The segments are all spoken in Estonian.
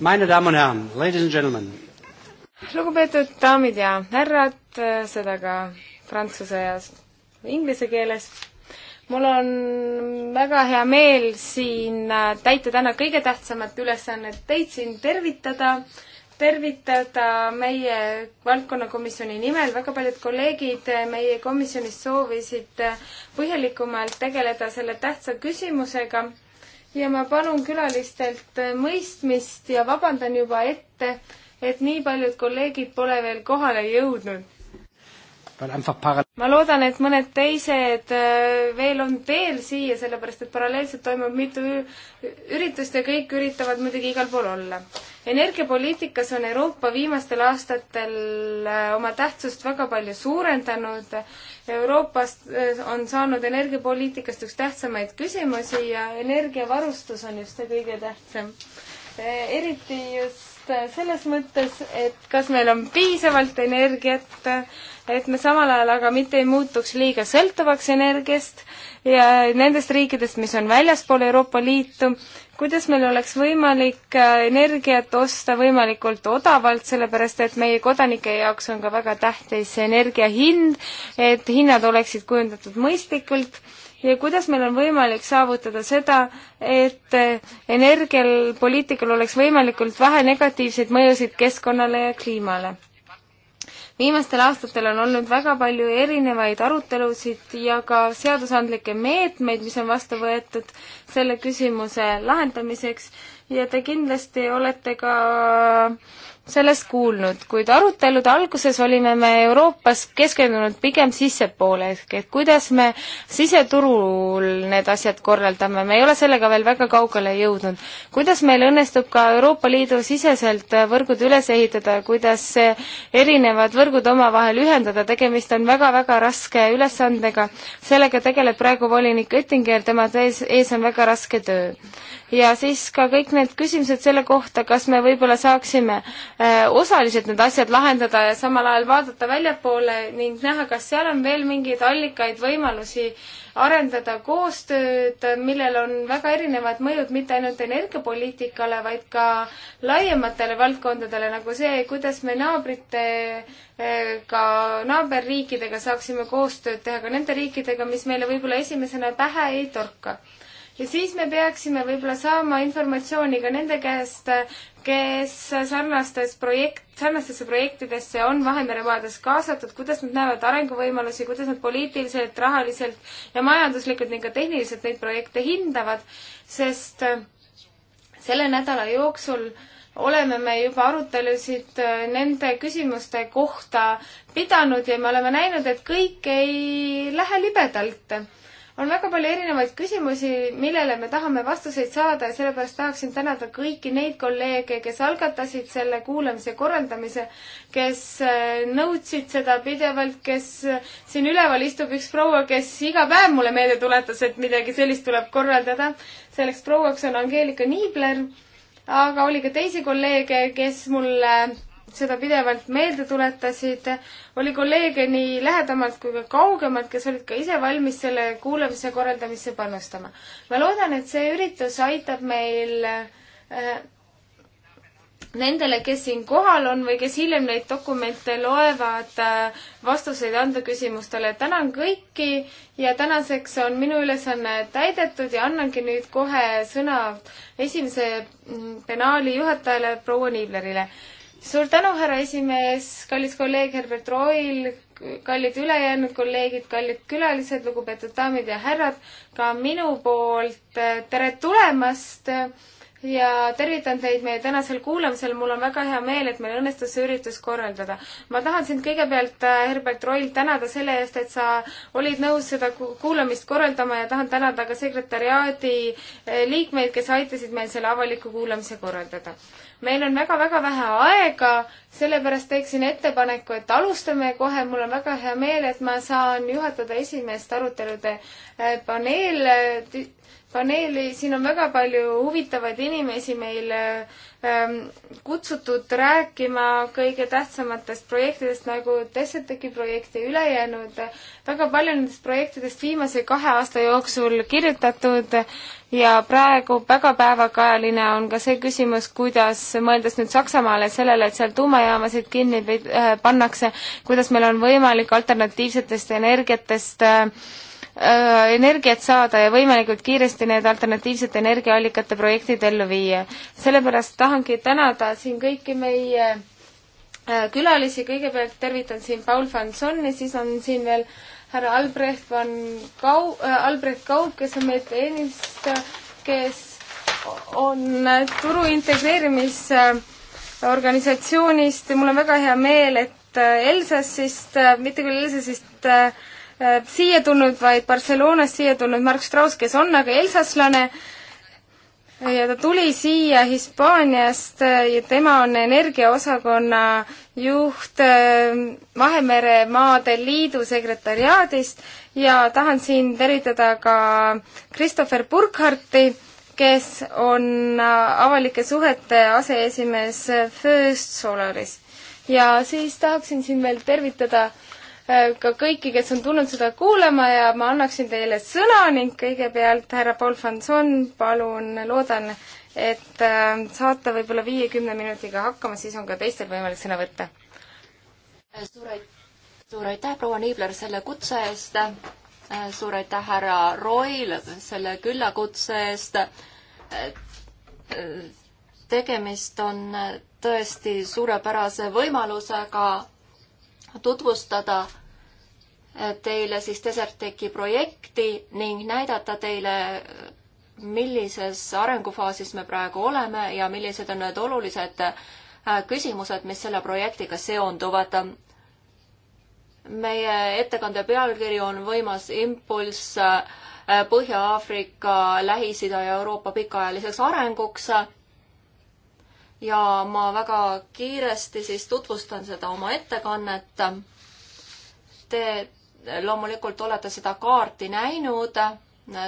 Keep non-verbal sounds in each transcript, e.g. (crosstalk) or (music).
lugupeetud daamid ja härrad, seda ka prantsuse ja inglise keeles. mul on väga hea meel siin äh, täita täna kõige tähtsamat ülesannet, teid siin tervitada, tervitada meie valdkonnakomisjoni nimel, väga paljud kolleegid meie komisjonis soovisid põhjalikumalt tegeleda selle tähtsa küsimusega ja ma palun külalistelt mõistmist ja vabandan juba ette, et nii paljud kolleegid pole veel kohale jõudnud ma loodan, et mõned teised äh, veel on teel siia, sellepärast et paralleelselt toimub mitu üritust ja kõik üritavad muidugi igal pool olla. energiapoliitikas on Euroopa viimastel aastatel äh, oma tähtsust väga palju suurendanud. Euroopast äh, on saanud energiapoliitikast üks tähtsamaid küsimusi ja energiavarustus on just see kõige tähtsam. eriti just selles mõttes, et kas meil on piisavalt energiat et me samal ajal aga mitte ei muutuks liiga sõltuvaks energiast ja nendest riikidest, mis on väljaspool Euroopa Liitu, kuidas meil oleks võimalik äh, energiat osta võimalikult odavalt, sellepärast et meie kodanike jaoks on ka väga tähtis energia hind, et hinnad oleksid kujundatud mõistlikult ja kuidas meil on võimalik saavutada seda, et äh, energial, poliitikal oleks võimalikult vähe negatiivseid mõjusid keskkonnale ja kliimale viimastel aastatel on olnud väga palju erinevaid arutelusid ja ka seadusandlikke meetmeid, mis on vastu võetud selle küsimuse lahendamiseks ja te kindlasti olete ka äh, sellest kuulnud, kuid arutelude alguses olime me Euroopas keskendunud pigem sissepoole, ehk et kuidas me siseturul need asjad korraldame, me ei ole sellega veel väga kaugele jõudnud. kuidas meil õnnestub ka Euroopa Liidu siseselt võrgud üles ehitada, kuidas erinevad võrgud omavahel ühendada, tegemist on väga-väga raske ülesandega, sellega tegeleb praegu volinik Oettinger, tema ees, ees on väga raske töö. ja siis ka kõik need küsimused selle kohta, kas me võib-olla saaksime Äh, osaliselt need asjad lahendada ja samal ajal vaadata väljapoole ning näha, kas seal on veel mingeid allikaid, võimalusi arendada koostööd, millel on väga erinevad mõjud mitte ainult energiapoliitikale, vaid ka laiematele valdkondadele, nagu see, kuidas me naabritega, äh, naaberriikidega saaksime koostööd teha, ka nende riikidega, mis meile võib-olla esimesena pähe ei torka ja siis me peaksime võib-olla saama informatsiooni ka nende käest, kes sarnastes projekt, sarnastesse projektidesse on Vahemere maades kaasatud, kuidas nad näevad arenguvõimalusi, kuidas nad poliitiliselt, rahaliselt ja majanduslikult ning ka tehniliselt neid projekte hindavad, sest äh, selle nädala jooksul oleme me juba arutelusid äh, nende küsimuste kohta pidanud ja me oleme näinud, et kõik ei lähe libedalt on väga palju erinevaid küsimusi, millele me tahame vastuseid saada ja sellepärast tahaksin tänada kõiki neid kolleege, kes algatasid selle kuulamise korraldamise, kes äh, nõudsid seda pidevalt, kes äh, siin üleval istub üks proua, kes iga päev mulle meelde tuletas, et midagi sellist tuleb korraldada. selleks prouaks on Angeelika Niibler, aga oli ka teisi kolleege, kes mulle seda pidevalt meelde tuletasid, oli kolleege nii lähedamalt kui ka kaugemalt, kes olid ka ise valmis selle kuulamise korraldamisse panustama. ma loodan, et see üritus aitab meil äh, nendele, kes siin kohal on või kes hiljem neid dokumente loevad äh,, vastuseid anda küsimustele. tänan kõiki ja tänaseks on minu ülesanne täidetud ja annangi nüüd kohe sõna esimese mm, penaali juhatajale proua Niiblerile suur tänu, härra esimees, kallis kolleeg Herbert Roil, kallid ülejäänud kolleegid, kallid külalised, lugupeetud daamid ja härrad, ka minu poolt tere tulemast ja tervitan teid meie tänasel kuulamisel, mul on väga hea meel, et meil õnnestus see üritus korraldada. ma tahan sind kõigepealt, äh, Herbert Roil, tänada selle eest, et sa olid nõus seda kuulamist korraldama ja tahan tänada ka sekretäriaadi äh, liikmeid, kes aitasid meil selle avaliku kuulamise korraldada meil on väga-väga vähe aega, sellepärast teeksin ettepaneku, et alustame kohe, mul on väga hea meel, et ma saan juhatada esimest arutelude äh, paneel, paneeli, siin on väga palju huvitavaid inimesi meil ähm, kutsutud rääkima kõige tähtsamatest projektidest nagu Deserteki projekt ja ülejäänud. väga palju nendest projektidest viimase kahe aasta jooksul kirjutatud ja praegu väga päevakajaline on ka see küsimus, kuidas, mõeldes nüüd Saksamaale sellele, et seal tuumajaamasid kinni äh, pannakse, kuidas meil on võimalik alternatiivsetest energiatest äh, äh, energiat saada ja võimalikult kiiresti need alternatiivsete energiaallikate projektid ellu viia. sellepärast tahangi tänada siin kõiki meie äh, külalisi, kõigepealt tervitan siin Paul Fansoni, siis on siin veel äh, härra Albrecht van Kau-, äh, Albrecht Kaug, kes on meie teenist, kes on turu integreerimisorganisatsioonist äh, ja mul on väga hea meel, et äh, Elsassist, mitte küll Elsassist siia tulnud, vaid Barcelonast siia tulnud Mark Strauss, kes on aga elsaslane, ja ta tuli siia Hispaaniast äh, ja tema on energiaosakonna juht äh, Vahemere Maade Liidu sekretariaadist ja tahan siin tervitada ka Christopher Burkharti, kes on äh, avalike suhete aseesimees First Solaris. ja siis tahaksin siin veel tervitada äh, Äh, ka kõiki, kes on tulnud seda kuulama ja ma annaksin teile sõna ning kõigepealt härra Paul Fanson, palun, loodan, et äh, saate võib-olla viiekümne minutiga hakkama, siis on ka teistel võimalik sõna võtta. suur aitäh, suur aitäh, proua Niibler, selle kutse eest. Äh, suur aitäh, härra Roil, selle küllakutse eest tegemist on tõesti suurepärase võimalusega tutvustada eh, teile siis Deserteki projekti ning näidata teile, millises arengufaasis me praegu oleme ja millised on need olulised eh, küsimused, mis selle projektiga seonduvad. meie ettekande pealkiri on Võimas impulss eh, Põhja-Aafrika, Lähis-Ida ja Euroopa pikaajaliseks arenguks ja ma väga kiiresti siis tutvustan seda oma ettekannet. Te loomulikult olete seda kaarti näinud,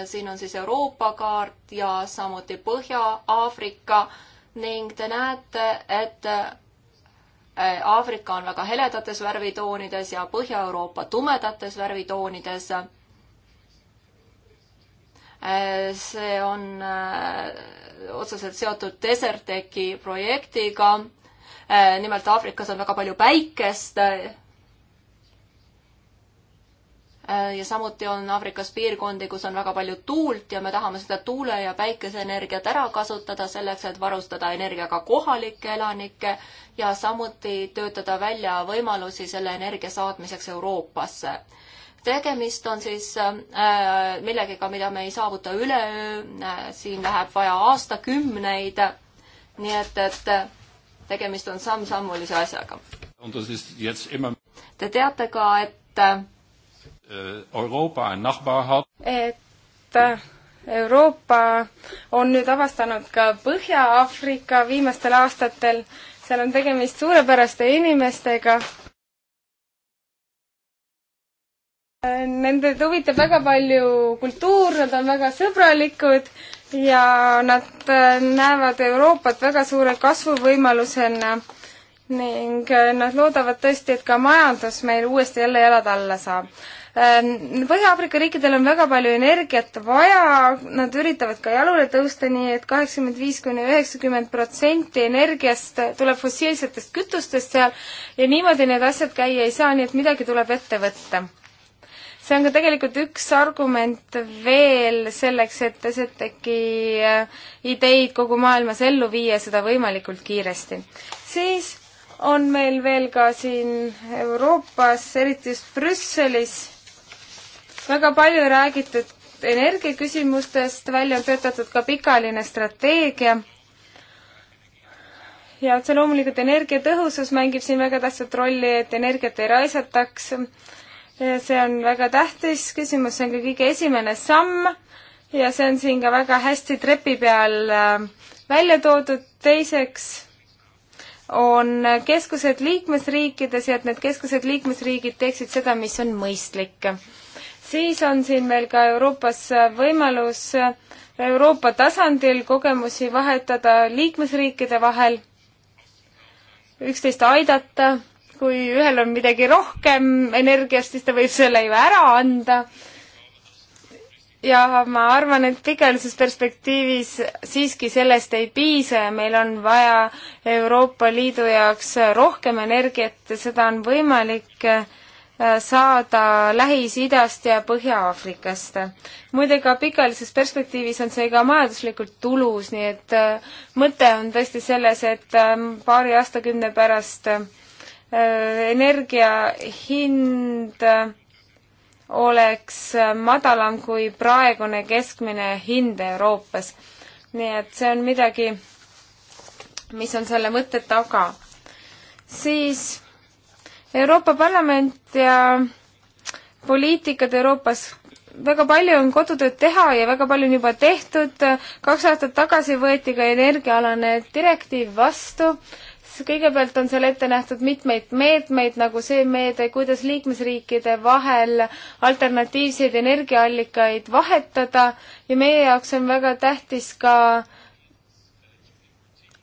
siin on siis Euroopa kaart ja samuti Põhja-Aafrika ning te näete, et eh, Aafrika on väga heledates värvitoonides ja Põhja-Euroopa tumedates värvitoonides Äh, see on äh, otseselt seotud Desertechi projektiga. Äh, nimelt Aafrikas on väga palju päikest. ja samuti on Aafrikas piirkondi, kus on väga palju tuult ja me tahame seda tuule- ja päikeseenergiat ära kasutada selleks, et varustada energiaga kohalikke elanikke ja samuti töötada välja võimalusi selle energia saatmiseks Euroopasse tegemist on siis äh, millegagi, mida me ei saavuta üleöö, äh, siin läheb vaja aastakümneid, nii et, et äh, tegemist on samm-sammulise asjaga. Te teate ka, et Euroopa et Euroopa on nüüd avastanud ka Põhja-Aafrika viimastel aastatel, seal on tegemist suurepäraste inimestega Nende huvitab väga palju kultuur, nad on väga sõbralikud ja nad äh, näevad Euroopat väga suure kasvuvõimalusena ning äh, nad loodavad tõesti, et ka majandus meil uuesti jälle jalad alla saab. Ähm, Põhja-Aafrika riikidel on väga palju energiat vaja, nad üritavad ka jalule tõusta, nii et kaheksakümmend viis kuni üheksakümmend protsenti energiast tuleb fossiilsetest kütustest seal ja niimoodi need asjad käia ei saa, nii et midagi tuleb ette võtta see on ka tegelikult üks argument veel selleks, et Eseteki äh, ideid kogu maailmas ellu viia, seda võimalikult kiiresti. siis on meil veel ka siin Euroopas, eriti just Brüsselis, väga palju räägitud energiaküsimustest, välja on töötatud ka pikaajaline strateegia ja otse loomulikult energiatõhusus mängib siin väga tähtsat rolli, et energiat ei raisataks see on väga tähtis küsimus, see on ka kõige esimene samm ja see on siin ka väga hästi trepi peal äh, välja toodud. teiseks on keskused liikmesriikides ja et need keskused liikmesriigid teeksid seda, mis on mõistlik. siis on siin meil ka Euroopas võimalus Euroopa tasandil kogemusi vahetada liikmesriikide vahel, üksteist aidata kui ühel on midagi rohkem energiast, siis ta võib selle ju ära anda. ja ma arvan, et pikaajalises perspektiivis siiski sellest ei piisa ja meil on vaja Euroopa Liidu jaoks rohkem energiat ja seda on võimalik äh, saada Lähis-Idast ja Põhja-Aafrikast. muide, ka pikaajalises perspektiivis on see ka majanduslikult tulus, nii et äh, mõte on tõesti selles, et ähm, paari aastakümne pärast äh, Äh, energia hind äh, oleks äh, madalam kui praegune keskmine hind Euroopas. nii et see on midagi, mis on selle mõtte taga. siis Euroopa Parlament ja poliitikad Euroopas väga palju on kodutööd teha ja väga palju on juba tehtud. kaks aastat tagasi võeti ka energiaalane direktiiv vastu äh, kõigepealt on seal ette nähtud mitmeid meetmeid, nagu see meede, kuidas liikmesriikide vahel alternatiivseid energiaallikaid vahetada ja meie jaoks on väga tähtis ka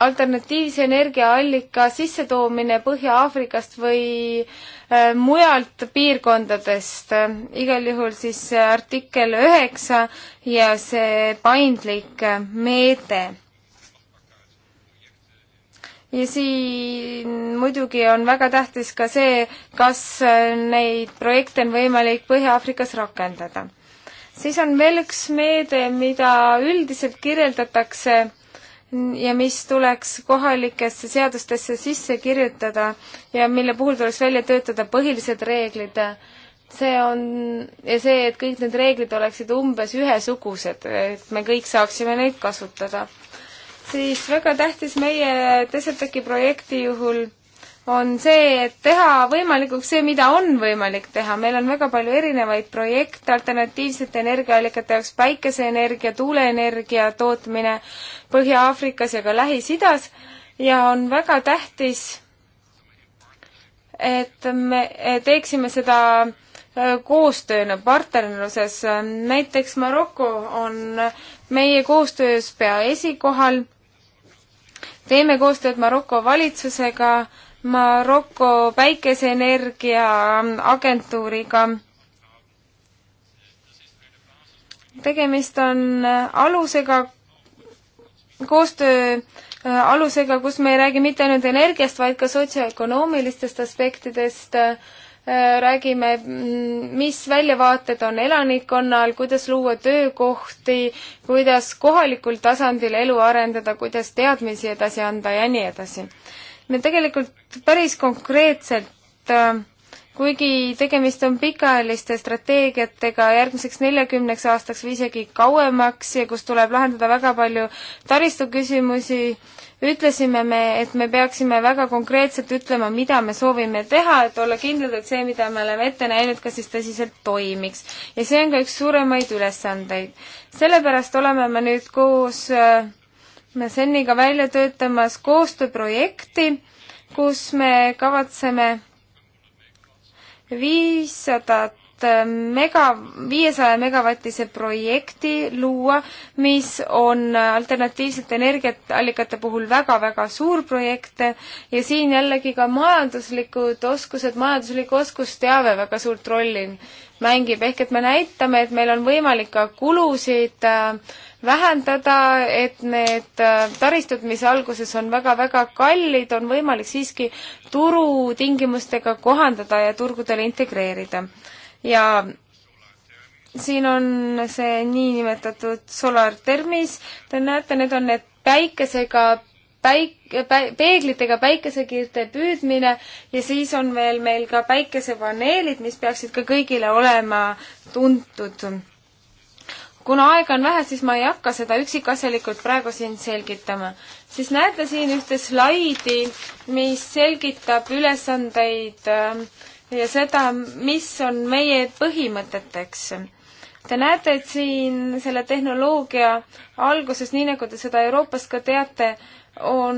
alternatiivse energiaallika sissetoomine Põhja-Aafrikast või äh, mujalt piirkondadest, igal juhul siis artikkel üheksa ja see paindlik meede ja siin muidugi on väga tähtis ka see, kas neid projekte on võimalik Põhja-Aafrikas rakendada. siis on veel üks meede, mida üldiselt kirjeldatakse ja mis tuleks kohalikesse seadustesse sisse kirjutada ja mille puhul tuleks välja töötada põhilised reeglid. see on, ja see, et kõik need reeglid oleksid umbes ühesugused, et me kõik saaksime neid kasutada siis väga tähtis meie Deserteki projekti juhul on see, et teha võimalikuks see, mida on võimalik teha. meil on väga palju erinevaid projekte alternatiivsete energiaallikate jaoks, päikeseenergia, tuuleenergia tootmine Põhja-Aafrikas ja ka Lähis-Idas ja on väga tähtis, et me teeksime seda äh, koostööna, partnerluses. näiteks Maroko on meie koostöös pea esikohal teeme koostööd Maroko valitsusega, Maroko päikeseenergia agentuuriga. tegemist on alusega, koostöö äh, alusega, kus me ei räägi mitte ainult energiast, vaid ka sotsioökonoomilistest aspektidest äh,, räägime, mis väljavaated on elanikkonnal, kuidas luua töökohti, kuidas kohalikul tasandil elu arendada, kuidas teadmisi edasi anda ja nii edasi. me tegelikult päris konkreetselt äh, kuigi tegemist on pikaajaliste strateegiatega järgmiseks neljakümneks aastaks või isegi kauemaks ja kus tuleb lahendada väga palju taristuküsimusi, ütlesime me, et me peaksime väga konkreetselt ütlema, mida me soovime teha, et olla kindlad, et see, mida me oleme ette näinud, ka siis tõsiselt toimiks. ja see on ka üks suuremaid ülesandeid. sellepärast oleme me nüüd koos äh, Seniga välja töötamas koostööprojekti, kus me kavatseme viissadat mega, viiesaja megavatise projekti luua, mis on alternatiivsete energiaallikate puhul väga-väga suur projekt ja siin jällegi ka majanduslikud oskused, majanduslik oskusteave väga suurt rolli mängib, ehk et me näitame, et meil on võimalik ka kulusid äh, vähendada, et need äh, taristud, mis alguses on väga-väga kallid, on võimalik siiski turutingimustega kohandada ja turgudele integreerida. ja siin on see niinimetatud solar thermis, te näete, need on need päikesega päik-, pä-, peeglitega päikesekiirte püüdmine ja siis on veel meil ka päikesepaneelid, mis peaksid ka kõigile olema tuntud kuna aega on vähe, siis ma ei hakka seda üksikasjalikult praegu siin selgitama. siis näete siin ühte slaidi, mis selgitab ülesandeid ähm, ja seda, mis on meie põhimõteteks. Te näete, et siin selle tehnoloogia alguses, nii nagu te seda Euroopast ka teate, on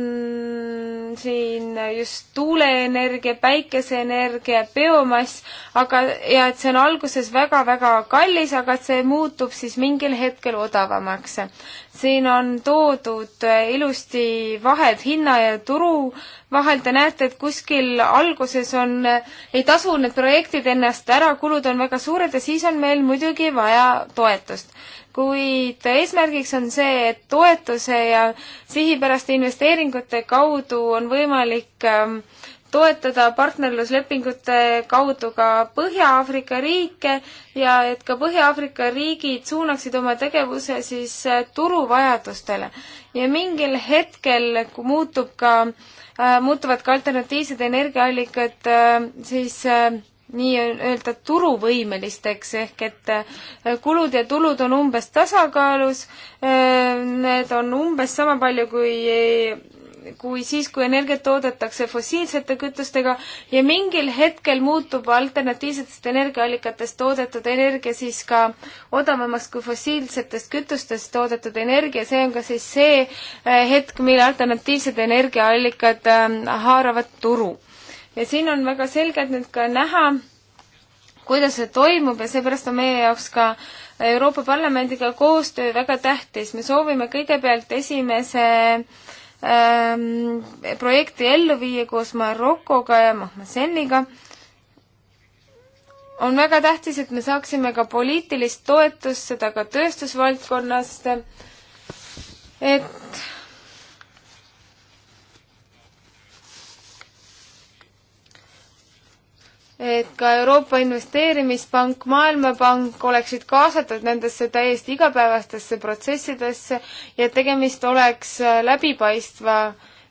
siin just tuuleenergia, päikeseenergia, biomass, aga, ja et see on alguses väga-väga kallis, aga et see muutub siis mingil hetkel odavamaks siin on toodud äh, ilusti vahed hinna ja turu vahel, te näete, et kuskil alguses on, äh, ei tasu need projektid ennast ära, kulud on väga suured ja siis on meil muidugi vaja toetust. kuid eesmärgiks on see, et toetuse ja sihipäraste investeeringute kaudu on võimalik ähm, toetada partnerluslepingute kaudu ka Põhja-Aafrika riike ja et ka Põhja-Aafrika riigid suunaksid oma tegevuse siis äh, turuvajadustele. ja mingil hetkel, kui muutub ka, äh, muutuvad ka alternatiivsed energiaallikad äh, siis nii-öelda turuvõimelisteks, ehk et kulud ja tulud on umbes tasakaalus, need on umbes sama palju, kui kui siis, kui energiat toodetakse fossiilsete kütustega ja mingil hetkel muutub alternatiivsetest energiaallikatest toodetud energia siis ka odavamaks kui fossiilsetest kütustest toodetud energia, see on ka siis see eh, hetk, mil alternatiivsed energiaallikad eh, haaravad turu. ja siin on väga selgelt nüüd ka näha, kuidas see toimub ja seepärast on meie jaoks ka Euroopa Parlamendiga koostöö väga tähtis. me soovime kõigepealt esimese äh, ähm, projekti ellu viia koos Marokoga ja Mahmaseniga, on väga tähtis, et me saaksime ka poliitilist toetust, seda ka tööstusvaldkonnast, et et ka Euroopa Investeerimispank, Maailmapank oleksid kaasatud nendesse täiesti igapäevastesse protsessidesse ja et tegemist oleks äh, läbipaistva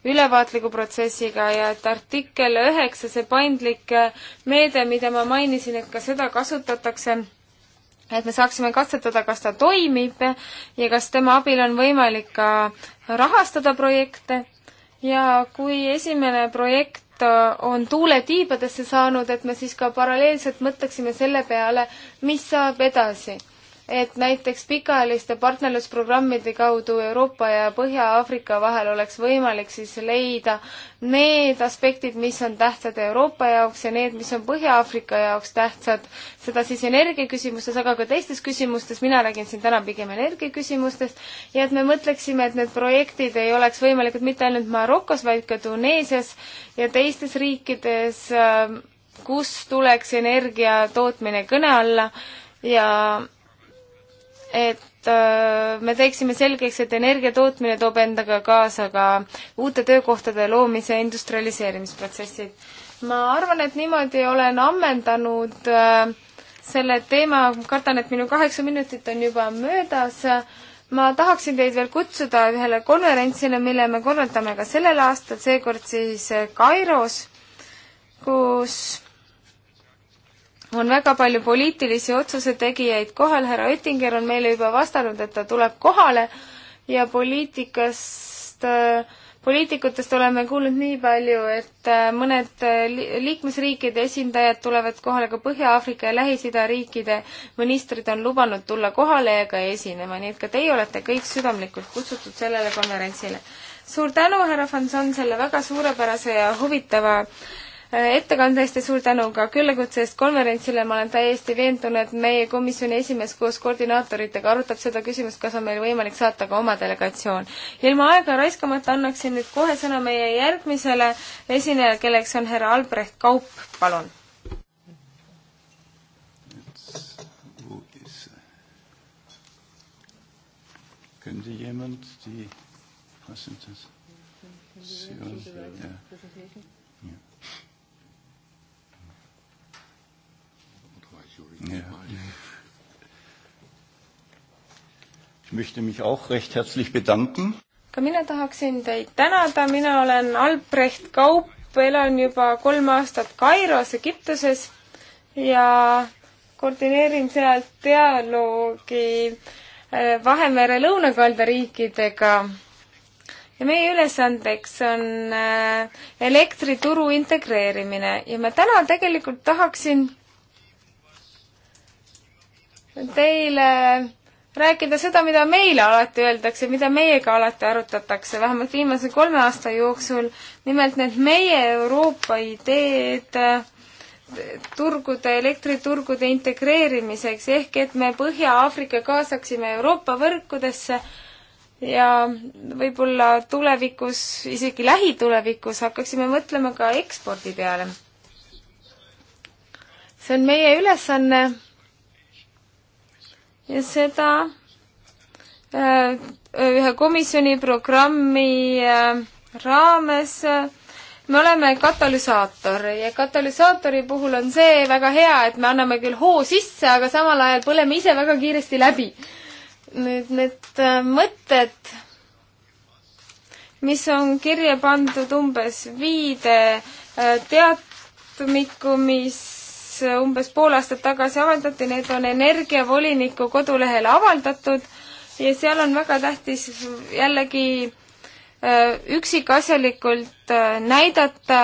ülevaatliku protsessiga ja et artikkel üheksa, see paindlik äh, meede, mida ma mainisin, et ka seda kasutatakse, et me saaksime katsetada, kas ta toimib ja kas tema abil on võimalik ka rahastada projekte ja kui esimene projekt Äh, on tuule tiibadesse saanud, et me siis ka paralleelselt mõtleksime selle peale, mis saab edasi et näiteks pikaajaliste partnerlusprogrammide kaudu Euroopa ja Põhja-Aafrika vahel oleks võimalik siis leida need aspektid, mis on tähtsad Euroopa jaoks ja need, mis on Põhja-Aafrika jaoks tähtsad, seda siis energiaküsimustes, aga ka teistes küsimustes, mina räägin siin täna pigem energiaküsimustest, ja et me mõtleksime, et need projektid ei oleks võimalikud mitte ainult Marokos, vaid ka Tuneesias ja teistes riikides, äh, kus tuleks energia tootmine kõne alla ja et äh, me teeksime selgeks, et energia tootmine toob endaga kaasa ka uute töökohtade loomise industrialiseerimisprotsessid. ma arvan, et niimoodi olen ammendanud äh, selle teema, kardan, et minu kaheksa minutit on juba möödas ma tahaksin teid veel kutsuda ühele konverentsile, mille me korraldame ka sellel aastal, seekord siis Kairos, kus on väga palju poliitilisi otsuse tegijaid kohal, härra Oettinger on meile juba vastanud, et ta tuleb kohale ja poliitikast äh, poliitikutest oleme kuulnud nii palju, et äh, mõned äh, liikmesriikide esindajad tulevad kohale, ka Põhja-Aafrika ja Lähis-Ida riikide ministrid on lubanud tulla kohale ja ka esinema, nii et ka teie olete kõik südamlikult kutsutud sellele konverentsile. suur tänu, härra Fanson, selle väga suurepärase ja huvitava ettekande eest ja suur tänu ka küllakutse eest konverentsile, ma olen täiesti veendunud, et meie komisjoni esimees koos koordinaatoritega arutab seda küsimust, kas on meil võimalik saata ka oma delegatsioon. ilma aega raiskamata annaksin nüüd kohe sõna meie järgmisele esinejale, kelleks on härra Albrecht Kaup, palun. Könnte jemand die, was sind das? Sie, ja. Ja. Ich möchte mich auch recht herzlich bedanken. ka mina tahaksin teid tänada, mina olen Albrecht Kaup, elan juba kolm aastat Kairos, Egiptuses ja koordineerin seal dialoogi äh, Vahemere lõunakalda riikidega. ja meie ülesandeks on äh, elektrituru integreerimine ja ma täna tegelikult tahaksin teile rääkida seda, mida meile alati öeldakse, mida meiega alati arutatakse, vähemalt viimase kolme aasta jooksul. nimelt need meie Euroopa ideed turgude, elektriturgude integreerimiseks ehk et me Põhja-Aafrika kaasaksime Euroopa võrkudesse ja võib-olla tulevikus, isegi lähitulevikus hakkaksime mõtlema ka ekspordi peale. see on meie ülesanne ja seda äh, ühe komisjoni programmi äh, raames äh, me oleme katalüsaator ja katalüsaatori puhul on see väga hea, et me anname küll hoo sisse, aga samal ajal põleme ise väga kiiresti läbi. nüüd need mõtted, mis on kirja pandud umbes viide teatumiku, mis mis umbes pool aastat tagasi avaldati, need on energiavoliniku kodulehel avaldatud ja seal on väga tähtis jällegi äh, üksikasjalikult äh, näidata,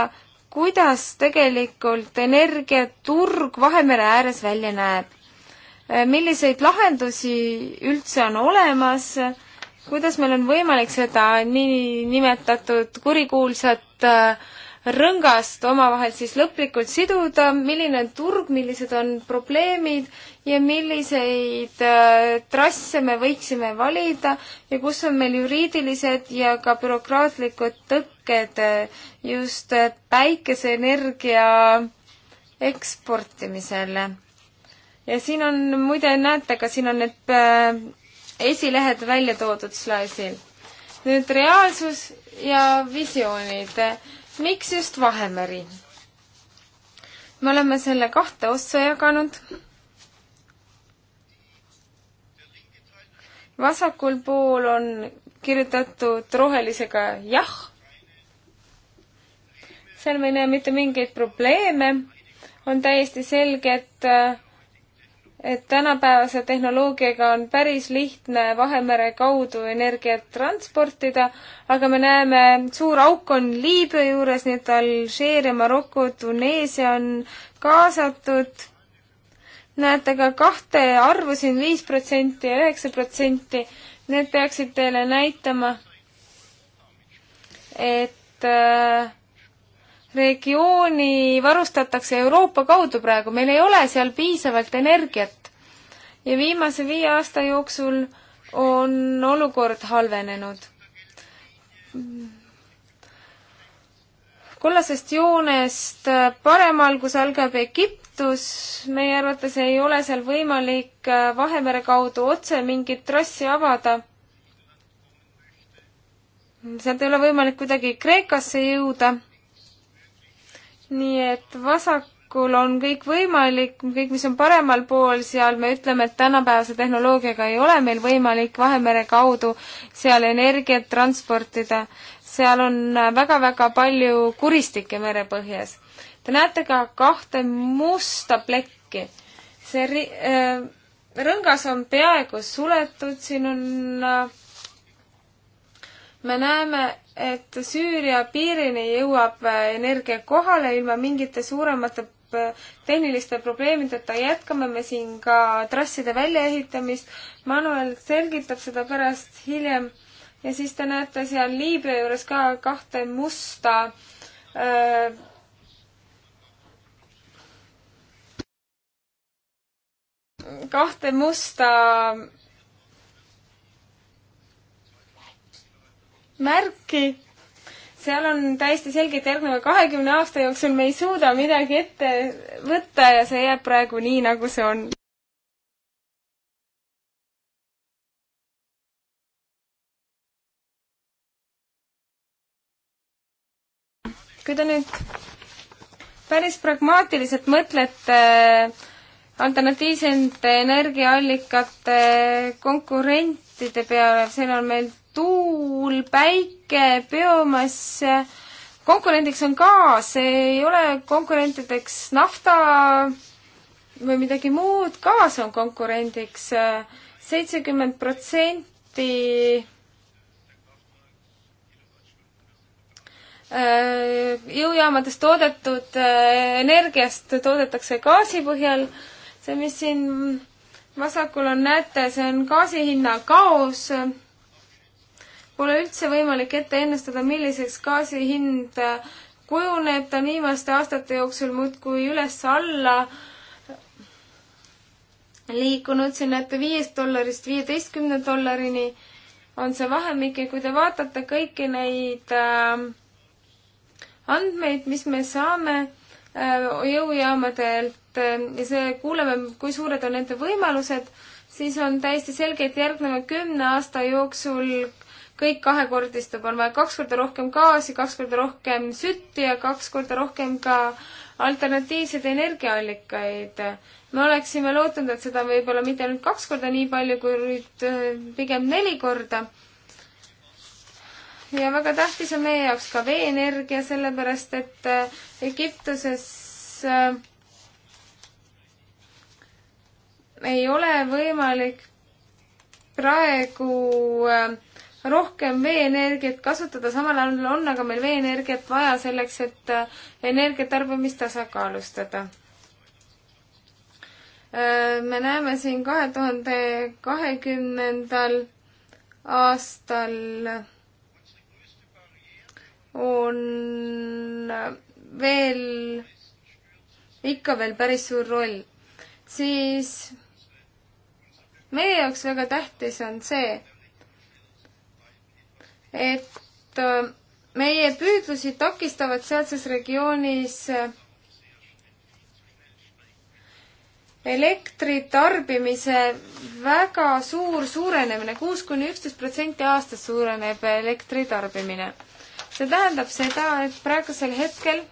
kuidas tegelikult energiaturg Vahemere ääres välja näeb. Äh, milliseid lahendusi üldse on olemas, kuidas meil on võimalik seda niinimetatud kurikuulsat äh, rõngast omavahel siis lõplikult siduda, milline on turg, millised on probleemid ja milliseid äh, trasse me võiksime valida ja kus on meil juriidilised ja ka bürokraatlikud tõkked äh, just äh, päikeseenergia eksportimisele. ja siin on, muide näete ka, siin on need äh, esilehed välja toodud slaisil. nüüd reaalsus ja visioonid miks just Vahemeri? me oleme selle kahte ossa jaganud. vasakul pool on kirjutatud rohelisega jah. seal me ei näe mitte mingeid probleeme. on täiesti selge, et äh, et tänapäevase tehnoloogiaga on päris lihtne Vahemere kaudu energiat transportida, aga me näeme, suur auk on Liibüa juures, nii et Alžeeria, Maroko, Tuneesia on kaasatud. näete ka kahte arvu siin, viis protsenti ja üheksa protsenti. Need peaksid teile näitama, et äh, regiooni varustatakse Euroopa kaudu praegu, meil ei ole seal piisavalt energiat. ja viimase viie aasta jooksul on olukord halvenenud. kollasest joonest paremal, kus algab Egiptus, meie arvates ei ole seal võimalik Vahemere kaudu otse mingit trassi avada. sealt ei ole võimalik kuidagi Kreekasse jõuda nii et vasakul on kõik võimalik, kõik, mis on paremal pool, seal me ütleme, et tänapäevase tehnoloogiaga ei ole meil võimalik Vahemere kaudu seal energiat transportida. seal on väga-väga palju kuristikke merepõhjas. Te näete ka kahte musta plekki. see ri-, äh, rõngas on peaaegu suletud, siin on äh, me näeme, et Süüria piirini jõuab äh, energia kohale ilma mingite suuremate äh, tehniliste probleemideta jätkame me siin ka trasside väljaehitamist. Manuel selgitab seda pärast hiljem ja siis te näete seal Liibüa juures ka kahte musta äh, kahte musta märki. seal on täiesti selgelt järgneva kahekümne aasta jooksul me ei suuda midagi ette võtta ja see jääb praegu nii, nagu see on. kui te nüüd päris pragmaatiliselt mõtlete äh, alternatiivsete energiaallikate konkurentide peale, siin on meil tuul, päike, biomass, konkurendiks on gaas, ei ole konkurentideks nafta või midagi muud, gaas on konkurendiks. seitsekümmend protsenti äh, jõujaamades toodetud äh, energiast toodetakse gaasi põhjal. see, mis siin vasakul on, näete, see on gaasi hinna kaos Pole üldse võimalik ette ennustada, milliseks gaasi hind äh, kujuneb, ta on viimaste aastate jooksul muudkui üles-alla liikunud, siin näete viiest dollarist viieteistkümne dollarini on see vahemik ja kui te vaatate kõiki neid äh, andmeid, mis me saame äh, jõujaamadelt äh, ja see, kuuleme, kui suured on nende võimalused, siis on täiesti selge, et järgneva kümne aasta jooksul kõik kahekordistub, on vaja kaks korda rohkem gaasi, kaks korda rohkem sütti ja kaks korda rohkem ka alternatiivseid energiaallikaid. me oleksime lootnud, et seda on võib-olla mitte ainult kaks korda nii palju, kuid äh, pigem neli korda. ja väga tähtis on meie jaoks ka veeenergia, sellepärast et äh, Egiptuses äh, ei ole võimalik praegu äh, rohkem veeenergiat kasutada, samal ajal on aga meil veeenergiat vaja selleks, et äh, energiatarbimist tasakaalustada. Äh, me näeme siin kahe tuhande kahekümnendal aastal on äh, veel, ikka veel päris suur roll, siis meie jaoks väga tähtis on see, et äh, meie püüdlusi takistavad sealses regioonis äh, elektri tarbimise väga suur suurenemine, kuus kuni üksteist protsenti aastas suureneb elektri tarbimine. see tähendab seda, et praegusel hetkel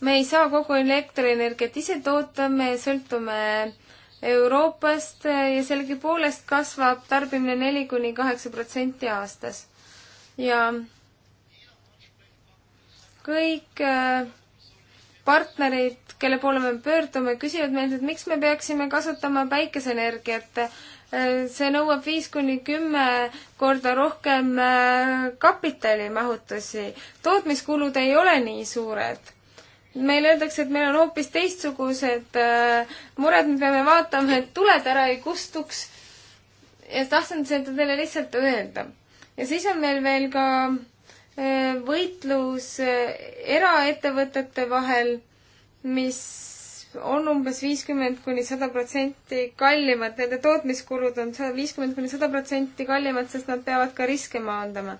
me ei saa kogu elektrienergiat ise toota, me sõltume Euroopast eh, ja sellegipoolest kasvab tarbimine neli kuni kaheksa protsenti aastas. ja kõik eh, partnerid, kelle poole me pöördume, küsivad meilt, et miks me peaksime kasutama päikeseenergiat. Eh, see nõuab viis kuni kümme korda rohkem kapitalimahutusi. tootmiskulud ei ole nii suured meile öeldakse, et meil on hoopis teistsugused äh, mured, me peame vaatama, et tuled ära ei kustuks. ja tahtsin seda teile lihtsalt öelda. ja siis on meil veel ka äh, võitlus äh, eraettevõtete vahel, mis on umbes viiskümmend kuni sada protsenti kallimad, nende tootmiskulud on sada viiskümmend kuni sada protsenti kallimad, sest nad peavad ka riske maandama.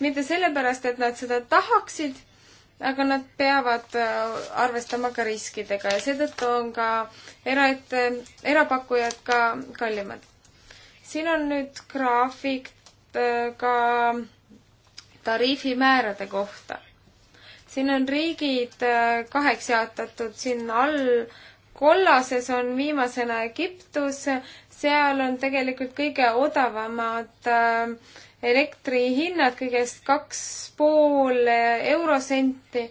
mitte sellepärast, et nad seda tahaksid aga nad peavad äh, arvestama ka riskidega ja seetõttu on ka eraette, erapakkujad ka kallimad. siin on nüüd graafik äh, ka tariifimäärade kohta. siin on riigid äh, kaheks jaotatud, siin all kollases on viimasena Egiptus, seal on tegelikult kõige odavamad äh, elektrihinnad kõigest kaks pool eurosenti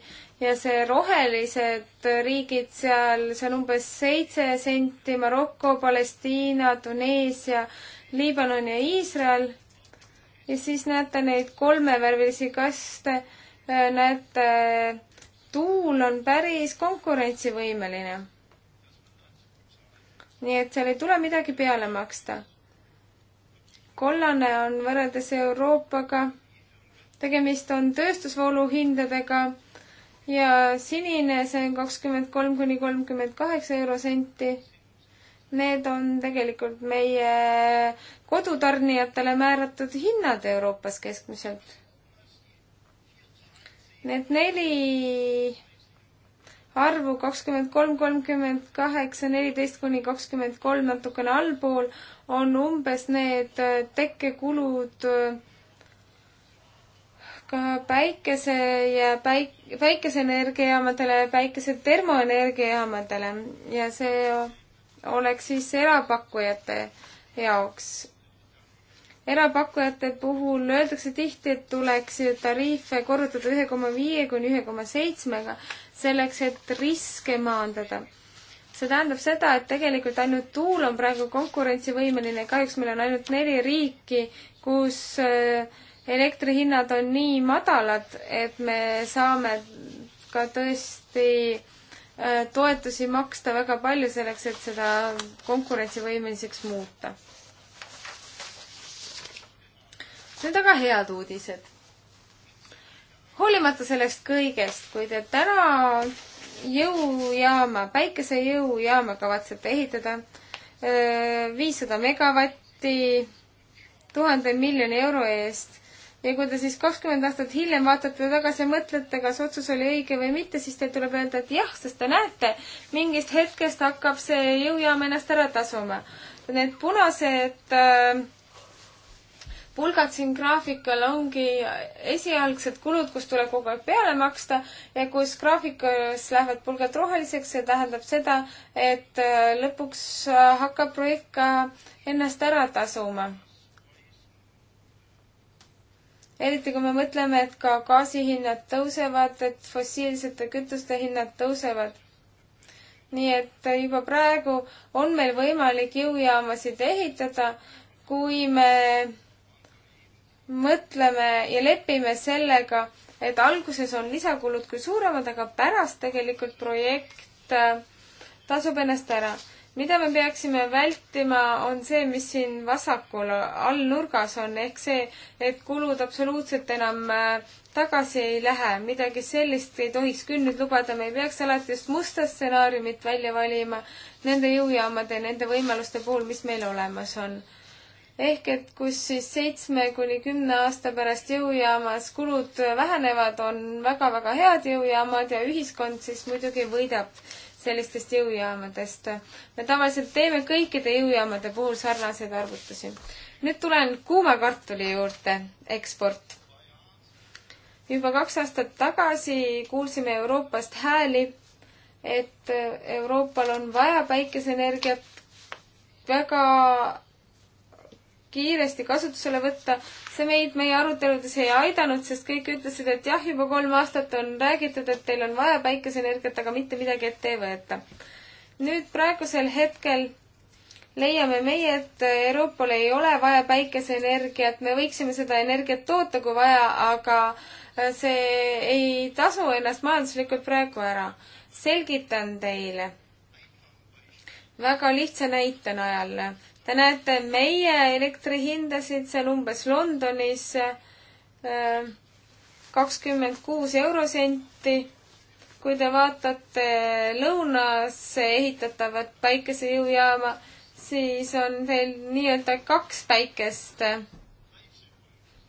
ja see rohelised riigid seal, see on umbes seitse senti, Maroko, Palestiina, Tuneesia, Liibanon ja Iisrael. ja siis näete neid kolmevärvilisi kaste, näete, tuul on päris konkurentsivõimeline. nii et seal ei tule midagi peale maksta kollane on võrreldes Euroopaga, tegemist on tööstusvoolu hindadega ja sinine, see on kakskümmend kolm kuni kolmkümmend kaheksa eurosenti. Need on tegelikult meie kodutarnijatele määratud hinnad Euroopas keskmiselt. Need neli arvu kakskümmend kolm, kolmkümmend kaheksa, neliteist kuni kakskümmend kolm natukene allpool on umbes need tekkekulud ka päikese ja päik-, päikeseenergiajaamadele ja päikese termoenergiajaamadele ja see oleks siis erapakkujate jaoks. erapakkujate puhul öeldakse tihti, et tuleks tariife korrutada ühe koma viie kuni ühe koma seitsmega, selleks et riske maandada see tähendab seda, et tegelikult ainult tuul on praegu konkurentsivõimeline, kahjuks meil on ainult neli riiki, kus äh, elektrihinnad on nii madalad, et me saame ka tõesti äh, toetusi maksta väga palju selleks, et seda konkurentsivõimeliseks muuta. Need aga head uudised. hoolimata sellest kõigest, kui te täna jõujaama, päikesejõujaama kavatsete ehitada, viissada megavatti tuhande miljoni euro eest ja kui te siis kakskümmend aastat hiljem vaatate tagasi ja mõtlete, kas otsus oli õige või mitte, siis teil tuleb öelda, et jah, sest te näete, mingist hetkest hakkab see jõujaam ennast ära tasuma. Need punased äh, pulgad siin graafikul ongi esialgsed kulud, kus tuleb kogu aeg peale maksta ja kus graafikus lähevad pulgad roheliseks, see tähendab seda, et äh, lõpuks äh, hakkab projekt ka ennast ära tasuma. eriti kui me mõtleme, et ka gaasihinnad tõusevad, et fossiilsete kütuste hinnad tõusevad nii et äh, juba praegu on meil võimalik jõujaamasid ehitada, kui me mõtleme ja lepime sellega, et alguses on lisakulud küll suuremad, aga pärast tegelikult projekt äh, tasub ennast ära. mida me peaksime vältima, on see, mis siin vasakul all nurgas on, ehk see, et kulud absoluutselt enam äh, tagasi ei lähe, midagi sellist ei tohiks küll nüüd lubada, me ei peaks alati just musta stsenaariumit välja valima nende jõujaamade, nende võimaluste puhul, mis meil olemas on ehk et kus siis seitsme kuni kümne aasta pärast jõujaamas kulud vähenevad, on väga-väga head jõujaamad ja ühiskond siis muidugi võidab sellistest jõujaamadest. me tavaliselt teeme kõikide jõujaamade puhul sarnaseid arvutusi. nüüd tulen kuuma kartuli juurde, eksport. juba kaks aastat tagasi kuulsime Euroopast hääli, et Euroopal on vaja päikeseenergiat väga kiiresti kasutusele võtta. see meid meie aruteludes ei aidanud, sest kõik ütlesid, et jah, juba kolm aastat on räägitud, et teil on vaja päikeseenergiat, aga mitte midagi ette ei võeta. nüüd praegusel hetkel leiame meie, et Euroopal ei ole vaja päikeseenergiat, me võiksime seda energiat toota, kui vaja, aga see ei tasu ennast majanduslikult praegu ära. selgitan teile väga lihtsa näite najal. Te näete meie elektrihindasid seal umbes Londonis äh, kakskümmend kuus eurosenti. kui te vaatate lõunasse ehitatavat päikesejõujaama, siis on teil nii-öelda kaks päikest.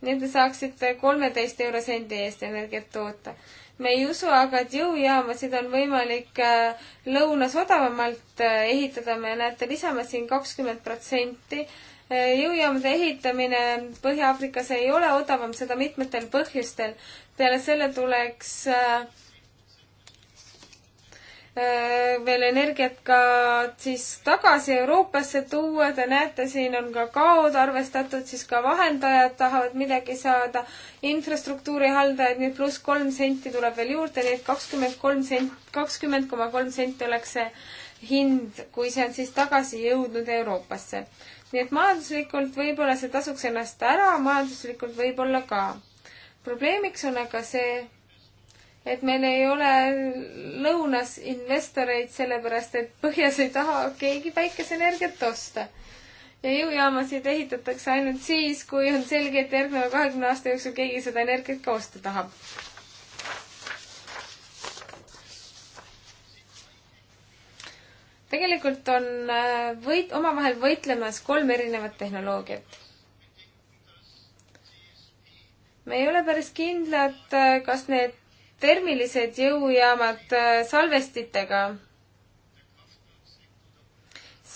nii et te saaksite kolmeteist eurosendi eest energiat toota me ei usu aga, et jõujaamasid on võimalik äh, lõunas odavamalt äh, ehitada, me näete, lisame siin kakskümmend protsenti. Äh, jõujaamade ehitamine Põhja-Aafrikas ei ole odavam, seda mitmetel põhjustel. peale selle tuleks äh, Äh, veel energiat ka siis tagasi Euroopasse tuua, te näete, siin on ka kaod arvestatud, siis ka vahendajad tahavad midagi saada, infrastruktuuri haldajad, nii et pluss kolm senti tuleb veel juurde, nii et kakskümmend kolm sent, kakskümmend koma kolm senti oleks see hind, kui see on siis tagasi jõudnud Euroopasse. nii et majanduslikult võib-olla see tasuks ennast ära, majanduslikult võib-olla ka. probleemiks on aga see, et meil ei ole lõunas investoreid, sellepärast et põhjas ei taha keegi päikeseenergiat osta. ja jõujaamasid ehitatakse ainult siis, kui on selge, et järgneva kahekümne aasta jooksul keegi seda energiat ka osta tahab. tegelikult on äh, võit, omavahel võitlemas kolm erinevat tehnoloogiat me ei ole päris kindlad, äh, kas need termilised jõujaamad äh, salvestitega.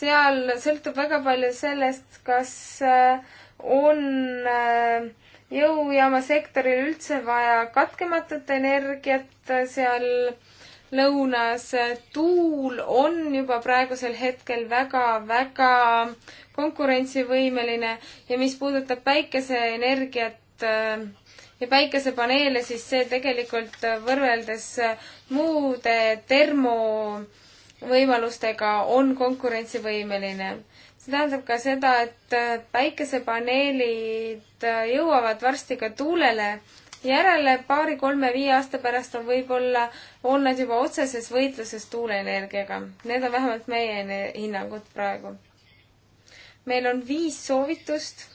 seal sõltub väga palju sellest, kas äh, on äh, jõujaamasektoril üldse vaja katkematut energiat seal lõunas. tuul on juba praegusel hetkel väga-väga konkurentsivõimeline ja mis puudutab päikeseenergiat, ja päikesepaneele, siis see tegelikult äh, võrreldes äh, muude termovõimalustega on konkurentsivõimeline. see tähendab ka seda, et äh, päikesepaneelid jõuavad varsti ka tuulele järele, paari-kolme-viie aasta pärast on võib-olla, on nad juba otseses võitluses tuuleenergiaga. Need on vähemalt meie hinnangud praegu. meil on viis soovitust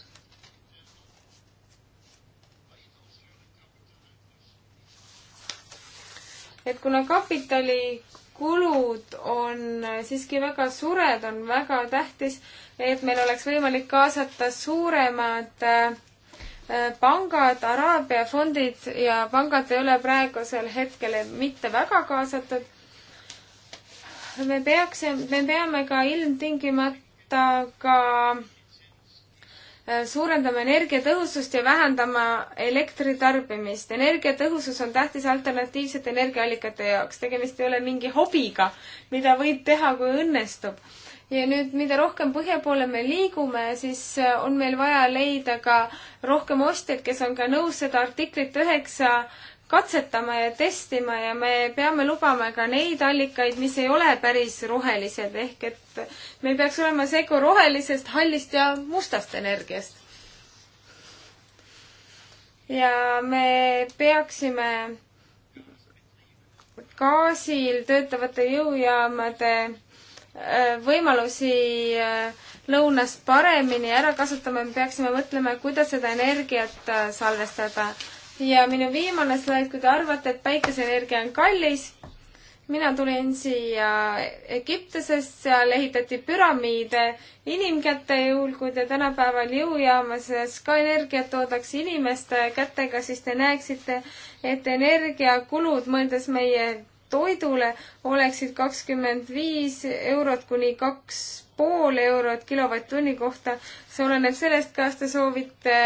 et kuna kapitalikulud on siiski väga suured, on väga tähtis, et meil oleks võimalik kaasata suuremad äh, pangad, Araabia fondid ja pangad ei ole praegusel hetkel mitte väga kaasatud. me peaksime, me peame ka ilmtingimata ka Äh, suurendama energiatõhusust ja vähendama elektritarbimist. energiatõhusus on tähtis alternatiivsete energiaallikate jaoks. tegemist ei ole mingi hobiga, mida võib teha, kui õnnestub. ja nüüd, mida rohkem põhja poole me liigume, siis äh, on meil vaja leida ka rohkem ostjaid, kes on ka nõus seda artiklit üheksa katsetama ja testima ja me peame lubama ka neid allikaid, mis ei ole päris rohelised, ehk et me ei peaks olema segu rohelisest, hallist ja mustast energiast. ja me peaksime gaasil töötavate jõujaamade äh, võimalusi äh, lõunast paremini ära kasutama, me peaksime mõtlema, kuidas seda energiat äh, salvestada ja minu viimane slaid, kui te arvate, et päikeseenergia on kallis, mina tulin siia Egiptusest, seal ehitati püramiide inimkäte jõul, kui te tänapäeval jõujaamas ka energiat toodaks inimeste kätega, siis te näeksite, et energiakulud, mõeldes meie toidule, oleksid kakskümmend viis eurot kuni kaks pool eurot kilovatt-tunni kohta. see oleneb sellest, kas te soovite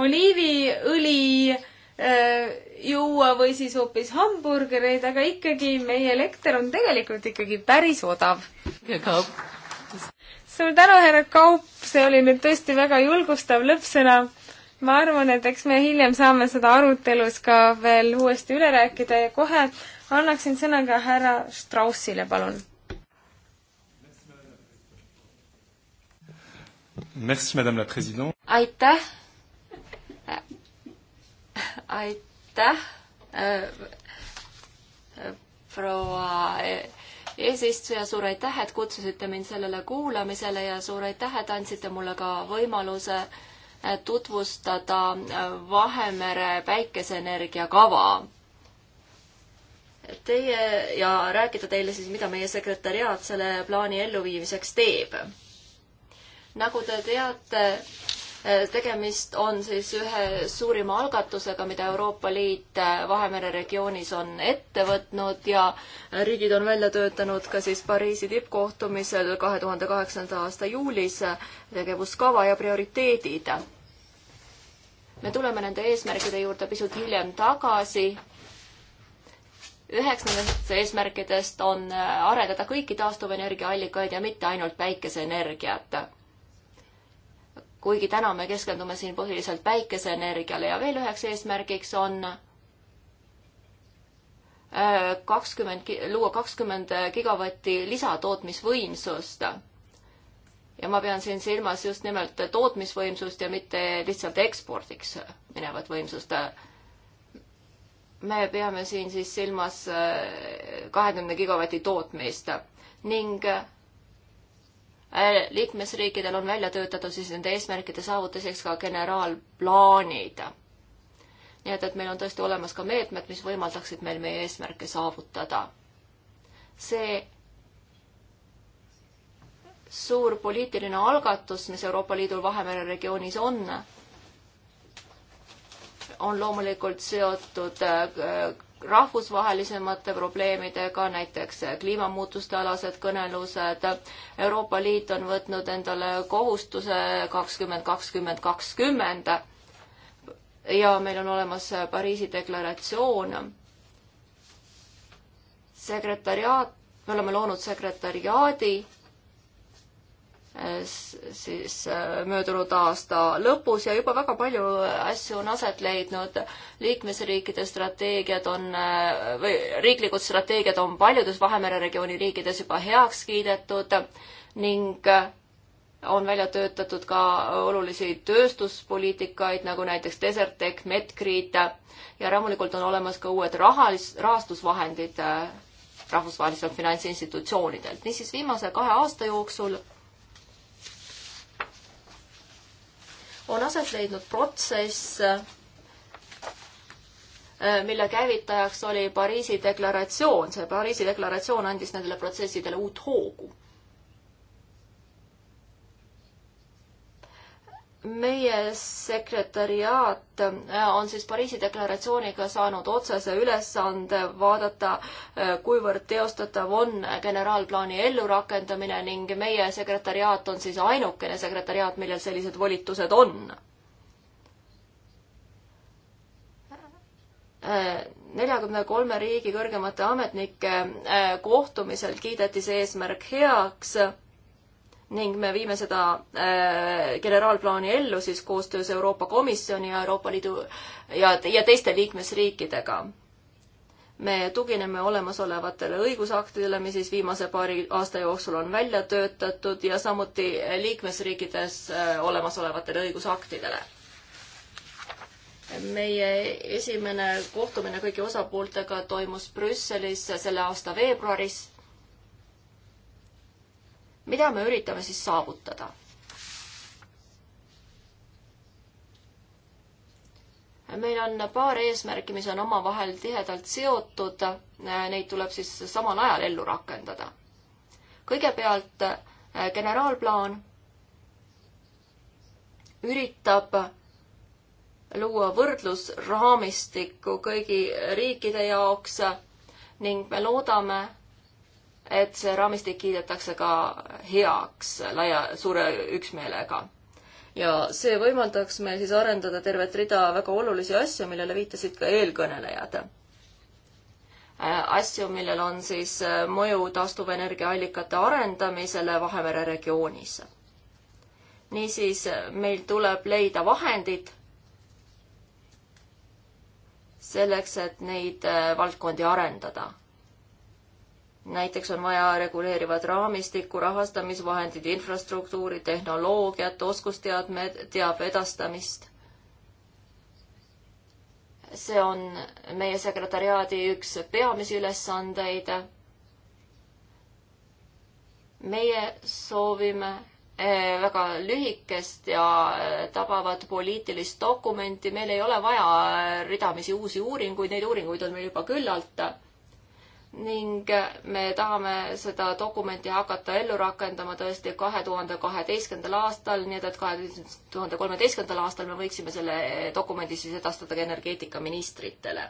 oliiviõli äh, juua või siis hoopis hamburgereid, aga ikkagi meie elekter on tegelikult ikkagi päris odav. suur tänu, härra Kaup, see oli nüüd tõesti väga julgustav lõppsõna ma arvan, et eks me hiljem saame seda arutelus ka veel uuesti üle rääkida ja kohe annaksin sõna ka härra Straussile, palun aitäh. aitäh, äh, proua eesistuja, suur aitäh, et kutsusite mind sellele kuulamisele ja suur aitäh, et andsite mulle ka võimaluse äh, tutvustada äh, Vahemere päikeseenergia kava. Teie ja rääkida teile siis, mida meie sekretäriaat selle plaani elluviimiseks teeb nagu te teate, eh, tegemist on siis ühe suurima algatusega, mida Euroopa Liit eh, Vahemere regioonis on ette võtnud ja riigid on välja töötanud ka siis Pariisi tippkohtumisel kahe tuhande kaheksanda aasta juulis eh, tegevuskava ja prioriteedid. me tuleme nende eesmärkide juurde pisut hiljem tagasi üheks nendest eesmärkidest on arendada kõiki taastuvenergia allikaid ja mitte ainult päikeseenergiat kuigi täna me keskendume siin põhiliselt päikeseenergiale ja veel üheks eesmärgiks on äh, kakskümmend, luua kakskümmend gigavatti lisatootmisvõimsust. ja ma pean siin silmas just nimelt tootmisvõimsust ja mitte lihtsalt ekspordiks minevat võimsust. me peame siin siis silmas äh, kahekümne gigavati tootmist ning Äh, liikmesriikidel on välja töötatud siis nende eesmärkide saavutuseks ka generaalplaanid. nii et, et meil on tõesti olemas ka meetmed, mis võimaldaksid meil meie eesmärke saavutada. see suur poliitiline algatus, mis Euroopa Liidul Vahemere regioonis on, on loomulikult seotud äh, rahvusvahelisemate probleemidega, näiteks kliimamuutuste alased kõnelused. Euroopa Liit on võtnud endale kohustuse kakskümmend, kakskümmend, kakskümmend ja meil on olemas Pariisi deklaratsioon. sekretariaat, me oleme loonud sekretariaadi siis äh, möödunud aasta lõpus ja juba väga palju asju on aset leidnud. liikmesriikide strateegiad on äh, või riiklikud strateegiad on paljudes Vahemere regiooni riikides juba heaks kiidetud ning äh, on välja töötatud ka olulisi tööstuspoliitikaid, nagu näiteks Desertec, Medgrid ja loomulikult on olemas ka uued rahalis-, rahastusvahendid rahvusvahelistelt finantsinstitutsioonidelt. niisiis viimase kahe aasta jooksul on aset leidnud protsess, äh, mille käivitajaks oli Pariisi deklaratsioon. see Pariisi deklaratsioon andis nendele protsessidele uut hoogu meie sekretäriaat äh, on siis Pariisi deklaratsiooniga saanud otsese ülesande vaadata, äh, kuivõrd teostatav on generaalplaani ellurakendamine ning meie sekretäriaat on siis ainukene sekretäriaat, millel sellised volitused on. Äh, neljakümne kolme riigi kõrgemate ametnike kohtumisel kiideti see eesmärk heaks ning me viime seda äh, generaalplaani ellu siis koostöös Euroopa Komisjoni ja Euroopa Liidu ja, ja teiste liikmesriikidega. me tugineme olemasolevatele õigusaktidele, mis siis viimase paari aasta jooksul on välja töötatud ja samuti liikmesriikides äh, olemasolevatele õigusaktidele. meie esimene kohtumine kõigi osapooltega toimus Brüsselis selle aasta veebruaris mida me üritame siis saavutada? meil on paar eesmärki, mis on omavahel tihedalt seotud, neid tuleb siis samal ajal ellu rakendada. kõigepealt eh, generaalplaan üritab luua võrdlusraamistikku kõigi riikide jaoks ning me loodame, et see raamistik kiidetakse ka heaks laia, suure üksmeelega. ja see võimaldaks meil siis arendada tervet rida väga olulisi asju, millele viitasid ka eelkõnelejad äh, asju, millel on siis äh, mõju taastuvenergiaallikate arendamisele Vahemere regioonis. niisiis, äh, meil tuleb leida vahendid selleks, et neid valdkondi arendada näiteks on vaja reguleerivat raamistikku, rahastamisvahendid, infrastruktuuri, tehnoloogiat, oskusteadmed, teabe edastamist. see on meie sekretariaadi üks peamisi ülesandeid. meie soovime eh, väga lühikest ja eh, tabavat poliitilist dokumenti, meil ei ole vaja ridamisi uusi uuringuid, neid uuringuid on meil juba küllalt ning me tahame seda dokumenti hakata ellu rakendama tõesti kahe tuhande kaheteistkümnendal aastal, nii et, et kahe tuhande kolmeteistkümnendal aastal me võiksime selle dokumendi siis edastada ka energeetikaministritele.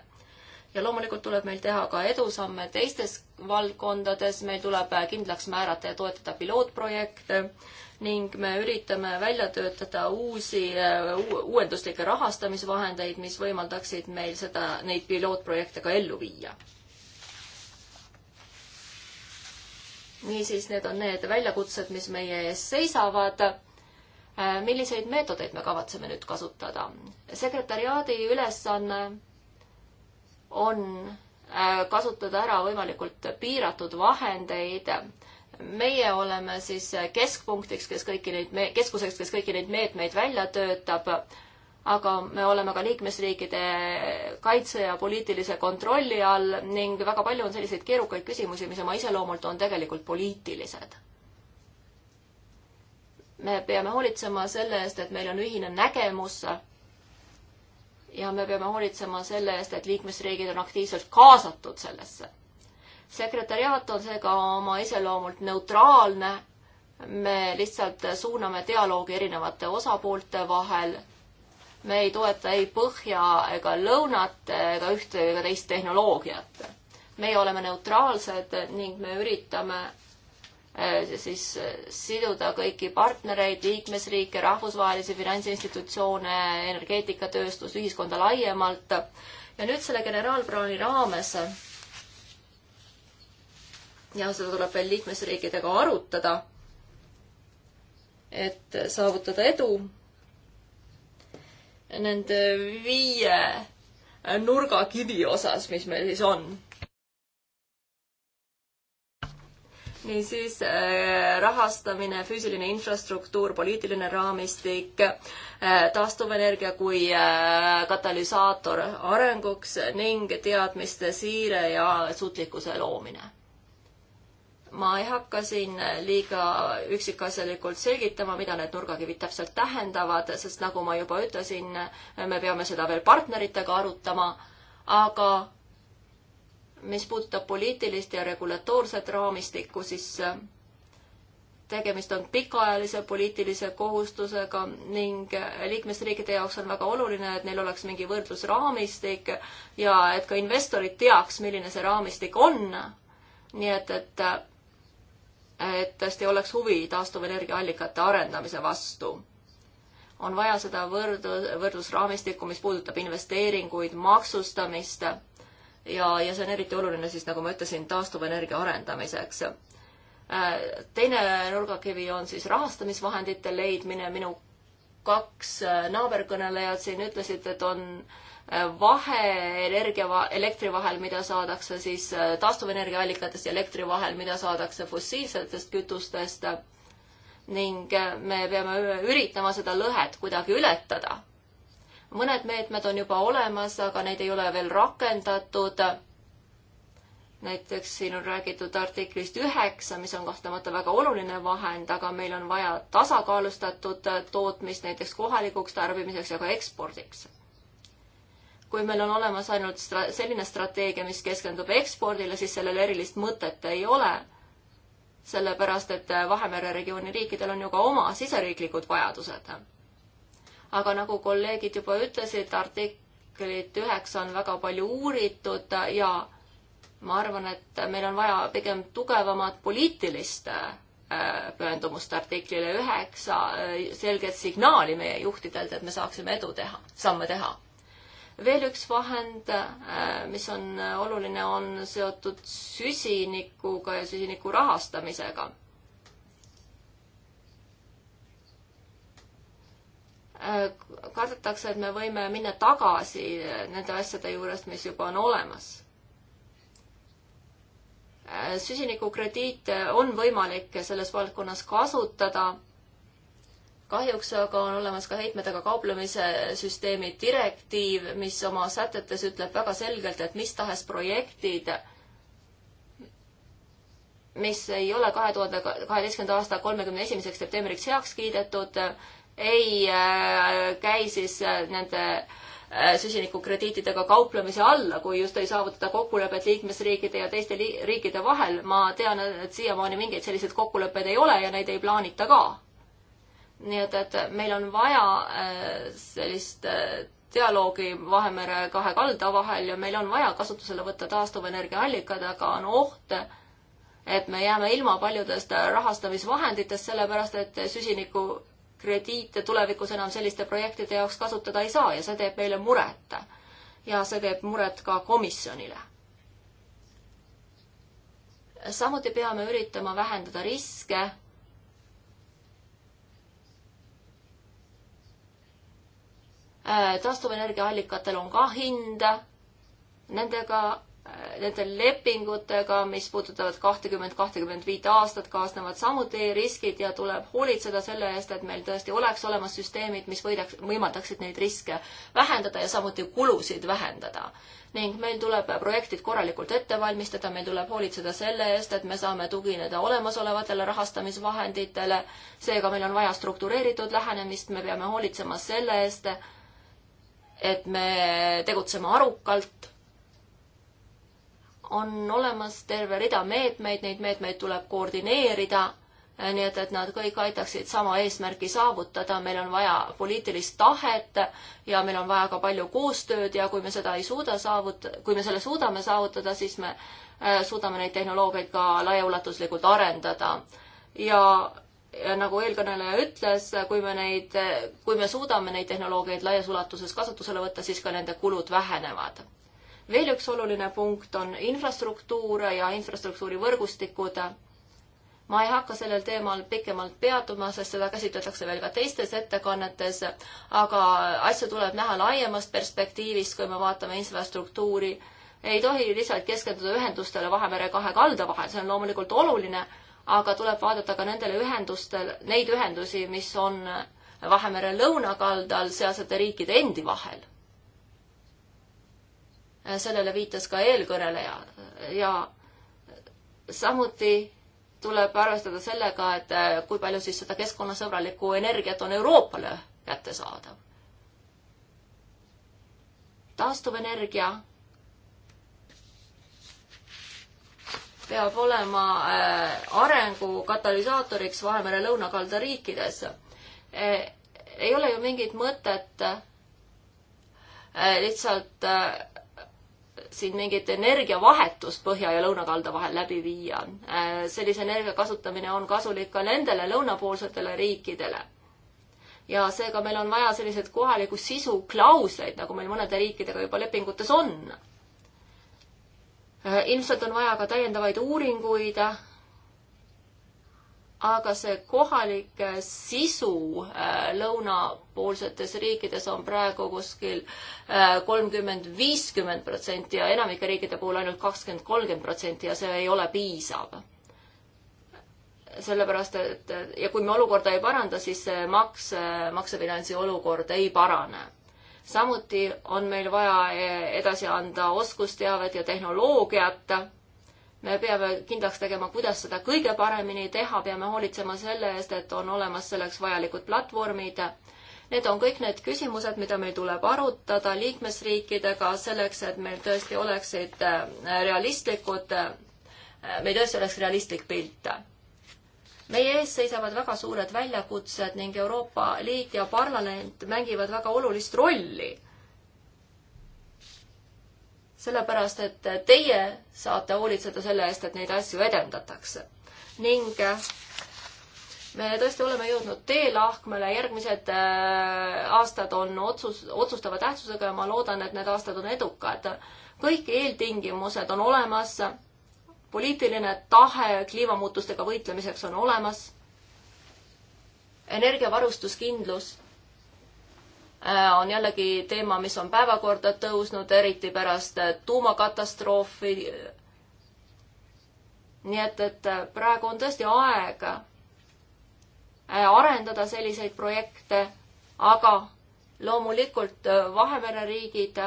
ja loomulikult tuleb meil teha ka edusamme teistes valdkondades, meil tuleb kindlaks määrata ja toetada pilootprojekte ning me üritame välja töötada uusi uuenduslikke rahastamisvahendeid, mis võimaldaksid meil seda, neid pilootprojekte ka ellu viia niisiis, need on need väljakutsed, mis meie ees seisavad. Äh, milliseid meetodeid me kavatseme nüüd kasutada? sekretäriaadi ülesanne on, on äh, kasutada ära võimalikult piiratud vahendeid. meie oleme siis keskpunktiks, kes kõiki neid, keskuseks, kes kõiki neid meetmeid välja töötab aga me oleme ka liikmesriikide kaitse ja poliitilise kontrolli all ning väga palju on selliseid keerukaid küsimusi, mis oma iseloomult on tegelikult poliitilised. me peame hoolitsema selle eest, et meil on ühine nägemus ja me peame hoolitsema selle eest, et liikmesriigid on aktiivselt kaasatud sellesse. sekretäriaat on seega oma iseloomult neutraalne, me lihtsalt suuname dialoogi erinevate osapoolte vahel me ei toeta ei põhja ega lõunat ega ühte ega teist tehnoloogiat. meie oleme neutraalsed ning me üritame eh, siis eh, siduda kõiki partnereid, liikmesriike, rahvusvahelisi finantsinstitutsioone, energeetikatööstust, ühiskonda laiemalt. ja nüüd selle generaalplaani raames ja seda tuleb veel liikmesriikidega arutada, et saavutada edu nende viie nurgakivi osas, mis meil siis on. niisiis äh, rahastamine, füüsiline infrastruktuur, poliitiline raamistik äh,, taastuvenergia kui äh, katalüsaator arenguks ning teadmiste siire ja suutlikkuse loomine ma ei hakka siin liiga üksikasjalikult selgitama, mida need nurgakivid täpselt tähendavad, sest nagu ma juba ütlesin, me peame seda veel partneritega arutama, aga mis puudutab poliitilist ja regulatoorset raamistikku, siis tegemist on pikaajalise poliitilise kohustusega ning liikmesriikide jaoks on väga oluline, et neil oleks mingi võrdlusraamistik ja et ka investorid teaks, milline see raamistik on. nii et, et et tõesti oleks huvi taastuvenergiaallikate arendamise vastu. on vaja seda võrdu, võrdlusraamistikku, mis puudutab investeeringuid, maksustamist ja, ja see on eriti oluline siis, nagu ma ütlesin, taastuvenergia arendamiseks äh, teine nurgakivi on siis rahastamisvahendite leidmine. minu kaks äh, naaberkõnelejat siin ütlesid, et on vahe energia, elektri vahel, mida saadakse siis äh, taastuvenergiaallikatest ja elektri vahel, mida saadakse fossiilsetest kütustest. ning äh, me peame üritama seda lõhet kuidagi ületada. mõned meetmed on juba olemas, aga neid ei ole veel rakendatud. näiteks siin on räägitud artiklist üheksa, mis on kahtlemata väga oluline vahend, aga meil on vaja tasakaalustatud äh, tootmist näiteks kohalikuks tarbimiseks ja ka ekspordiks kui meil on olemas ainult stra-, selline strateegia, mis keskendub ekspordile, siis sellel erilist mõtet ei ole. sellepärast, et Vahemere regiooni riikidel on ju ka oma siseriiklikud vajadused. aga nagu kolleegid juba ütlesid, artiklit üheksa on väga palju uuritud ja ma arvan, et meil on vaja pigem tugevamat poliitilist äh, pühendumust artiklile üheksa, äh, selget signaali meie juhtidelt, et me saaksime edu teha, samme teha veel üks vahend, äh, mis on äh, oluline, on seotud süsinikuga ja süsiniku rahastamisega. Äh, kardetakse, et me võime minna tagasi nende asjade juurest, mis juba on olemas. süsinikukrediite on võimalik selles valdkonnas kasutada kahjuks aga on olemas ka heitmetega kauplemise süsteemi direktiiv, mis oma sätetes ütleb väga selgelt, et mis tahes projektid, mis ei ole kahe tuhande kaheteistkümnenda aasta kolmekümne esimeseks septembriks heaks kiidetud, ei äh, käi siis äh, nende äh, süsinikukrediitidega kauplemise alla, kui just ei saavutata kokkulepet liikmesriikide ja teiste li riikide vahel. ma tean, et siiamaani mingeid selliseid kokkuleppeid ei ole ja neid ei plaanita ka nii et, et meil on vaja äh, sellist äh, dialoogi Vahemere kahe kalda vahel ja meil on vaja kasutusele võtta taastuvenergiaallikad, aga on oht, et me jääme ilma paljudest rahastamisvahenditest, sellepärast et süsinikukrediite tulevikus enam selliste projektide jaoks kasutada ei saa ja see teeb meile muret. ja see teeb muret ka komisjonile samuti peame üritama vähendada riske Äh, taastuvenergiaallikatel on ka hind. Nendega, äh, nende lepingutega, mis puudutavad kahtekümmet, kahtekümmet viit aastat, kaasnevad samuti riskid ja tuleb hoolitseda selle eest, et meil tõesti oleks olemas süsteemid, mis võidaks, võimaldaksid neid riske vähendada ja samuti kulusid vähendada ning meil tuleb projektid korralikult ette valmistada, meil tuleb hoolitseda selle eest, et me saame tugineda olemasolevatele rahastamisvahenditele. seega meil on vaja struktureeritud lähenemist, me peame hoolitsema selle eest, et me tegutseme arukalt. on olemas terve rida meetmeid, neid meetmeid tuleb koordineerida, eh, nii et, et nad kõik aitaksid sama eesmärki saavutada, meil on vaja poliitilist tahet ja meil on vaja ka palju koostööd ja kui me seda ei suuda saavut-, kui me selle suudame saavutada, siis me eh, suudame neid tehnoloogiaid ka laiaulatuslikult arendada. ja ja nagu eelkõneleja ütles, kui me neid, kui me suudame neid tehnoloogiaid laias ulatuses kasutusele võtta, siis ka nende kulud vähenevad. veel üks oluline punkt on infrastruktuur ja infrastruktuuri võrgustikud. ma ei hakka sellel teemal pikemalt peatuma, sest seda käsitletakse veel ka teistes ettekannetes, aga asja tuleb näha laiemast perspektiivist, kui me vaatame infrastruktuuri ei tohi lihtsalt keskenduda ühendustele Vahemere kahe kalda vahel, see on loomulikult oluline aga tuleb vaadata ka nendele ühendustel, neid ühendusi, mis on Vahemere lõunakaldal sealsete riikide endi vahel. sellele viitas ka eelkõneleja ja samuti tuleb arvestada sellega, et kui palju siis seda keskkonnasõbralikku energiat on Euroopale kättesaadav. taastuvenergia peab olema äh, arengu katalüsaatoriks Vahemere lõunakalda riikides. E, ei ole ju mingit mõtet äh, lihtsalt äh, siin mingit energiavahetust põhja ja lõunakalda vahel läbi viia. sellise energia kasutamine on kasulik ka nendele lõunapoolsetele riikidele. ja seega meil on vaja selliseid kohaliku sisu klausleid, nagu meil mõnede riikidega juba lepingutes on Äh, ilmselt on vaja ka täiendavaid uuringuid, aga see kohalik äh, sisu äh, lõunapoolsetes riikides on praegu kuskil kolmkümmend, viiskümmend protsenti ja enamike riikide puhul ainult kakskümmend, kolmkümmend protsenti ja see ei ole piisav. sellepärast, et ja kui me olukorda ei paranda, siis see maks, maksebilansi olukord ei parane samuti on meil vaja eh, edasi anda oskusteavet ja tehnoloogiat. me peame kindlaks tegema, kuidas seda kõige paremini teha, peame hoolitsema selle eest, et on olemas selleks vajalikud platvormid. Need on kõik need küsimused, mida meil tuleb arutada liikmesriikidega selleks, et meil tõesti oleksid eh, realistlikud, eh, meil tõesti oleks realistlik pilt meie ees seisavad väga suured väljakutsed ning Euroopa Liit ja parlament mängivad väga olulist rolli. sellepärast, et teie saate hoolitseda selle eest, et neid asju edendatakse. ning me tõesti oleme jõudnud teelahkmele, järgmised äh, aastad on otsus, otsustava tähtsusega ja ma loodan, et need aastad on edukad. kõik eeltingimused on olemas poliitiline tahe kliimamuutustega võitlemiseks on olemas. energiavarustuskindlus äh, on jällegi teema, mis on päevakorda tõusnud, eriti pärast äh, tuumakatastroofi. nii et, et äh, praegu on tõesti aeg arendada selliseid projekte, aga loomulikult Vahemere riigid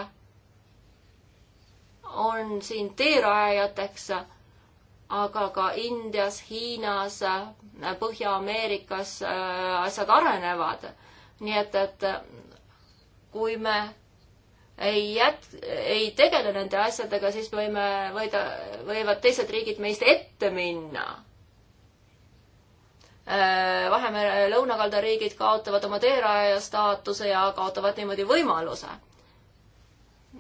on siin teerajajateks aga ka Indias, Hiinas, Põhja-Ameerikas äh, asjad arenevad. nii et, et kui me ei jät-, ei tegele nende asjadega, siis võime, võida, võivad teised riigid meist ette minna. Äh, Vahemere lõunakalda riigid kaotavad oma teeraja staatuse ja kaotavad niimoodi võimaluse.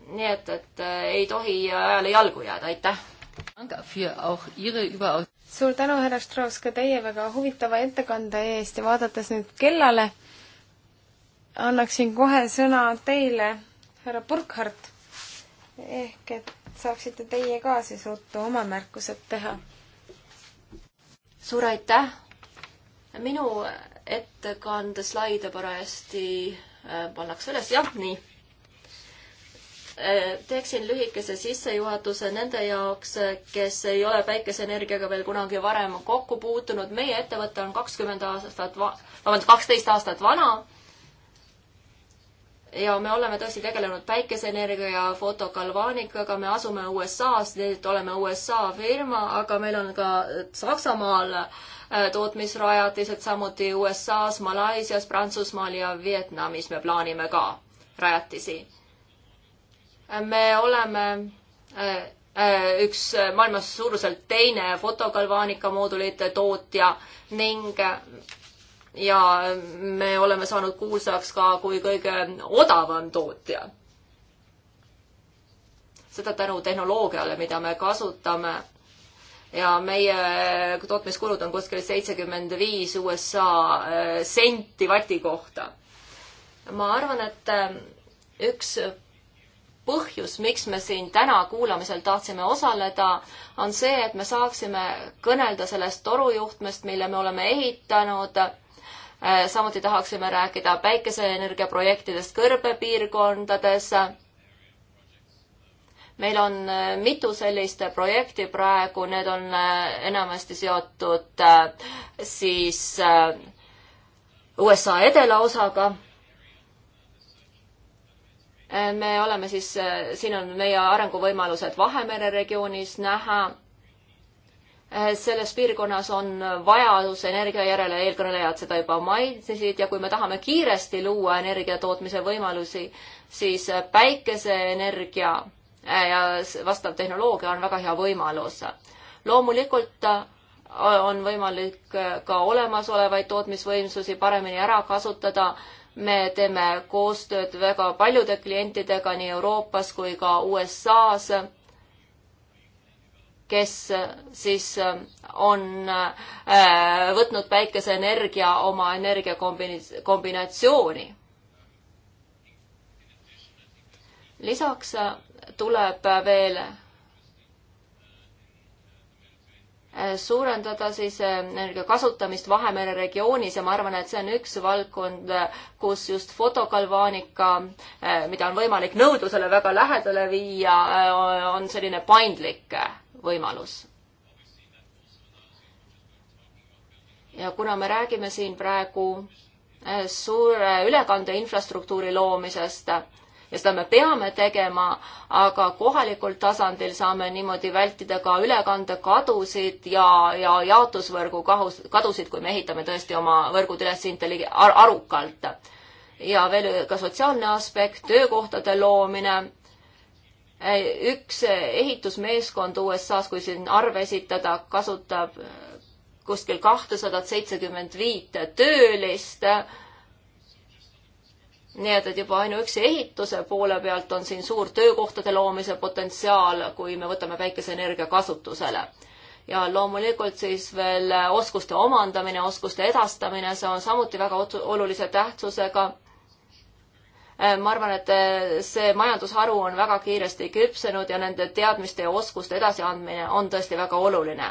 nii et, et äh, ei tohi ajale jalgu jääda, aitäh suur tänu, härra Strauss, ka teie väga huvitava ettekande eest ja vaadates nüüd kellale, annaksin kohe sõna teile, härra Burkhardt. ehk et saaksite teie ka siis ruttu oma märkused teha. suur aitäh! minu ettekande slaide parajasti äh, pannakse üles, jah, nii Äh, teeksin lühikese sissejuhatuse nende jaoks, kes ei ole päikeseenergiaga veel kunagi varem kokku puutunud. meie ettevõte on kakskümmend aastat, vabandust, kaksteist aastat vana. ja me oleme tõesti tegelenud päikeseenergia ja fotokalvaanikaga, me asume USA-s, nii et oleme USA firma, aga meil on ka Saksamaal äh, tootmisrajatised, samuti USA-s, Malaisias, Prantsusmaal ja Vietnamis me plaanime ka rajatisi me oleme äh, äh, üks maailmas suuruselt teine fotogalvaanika moodulite tootja ning äh, ja me oleme saanud kuulsaks ka kui kõige odavam tootja. seda tänu tehnoloogiale, mida me kasutame ja meie tootmiskulud on kuskil seitsekümmend viis USA senti vati kohta. ma arvan, et üks põhjus, miks me siin täna kuulamisel tahtsime osaleda, on see, et me saaksime kõnelda sellest torujuhtmest, mille me oleme ehitanud. Äh, samuti tahaksime rääkida päikeseenergia projektidest kõrbepiirkondades. meil on äh, mitu sellist projekti praegu, need on äh, enamasti seotud siis USA edelaosaga me oleme siis, äh, siin on meie arenguvõimalused Vahemere regioonis näha. Äh, selles piirkonnas on vajadus energia järele, eelkõnelejad seda juba mainisid ja kui me tahame kiiresti luua energiatootmise võimalusi, siis äh, päikeseenergia ja vastav tehnoloogia on väga hea võimalus. loomulikult on võimalik ka olemasolevaid tootmisvõimsusi paremini ära kasutada me teeme koostööd väga paljude klientidega nii Euroopas kui ka USA-s, kes siis äh, on äh, võtnud päikeseenergia oma energiakombinatsiooni. lisaks äh, tuleb veel suurendada siis äh, energia kasutamist Vahemere regioonis ja ma arvan, et see on üks valdkond, kus just fotokalvaanika, äh, mida on võimalik nõudlusele väga lähedale viia, äh, on selline paindlik võimalus. ja kuna me räägime siin praegu suure ülekandeinfrastruktuuri loomisest, ja seda me peame tegema, aga kohalikul tasandil saame niimoodi vältida ka ülekandekadusid ja, ja jaotusvõrgu kahus, kadusid, kui me ehitame tõesti oma võrgud üles intellig-, arukalt. ja veel ka sotsiaalne aspekt, töökohtade loomine üks ehitusmeeskond USA-s, kui siin arve esitada, kasutab kuskil kahtesadat seitsekümmend viit töölist nii et, et juba ainuüksi ehituse poole pealt on siin suur töökohtade loomise potentsiaal, kui me võtame päikeseenergia kasutusele. ja loomulikult siis veel oskuste omandamine, oskuste edastamine, see on samuti väga olulise tähtsusega. Äh, ma arvan, et äh, see majandusharu on väga kiiresti küpsenud ja nende teadmiste ja oskuste edasiandmine on tõesti väga oluline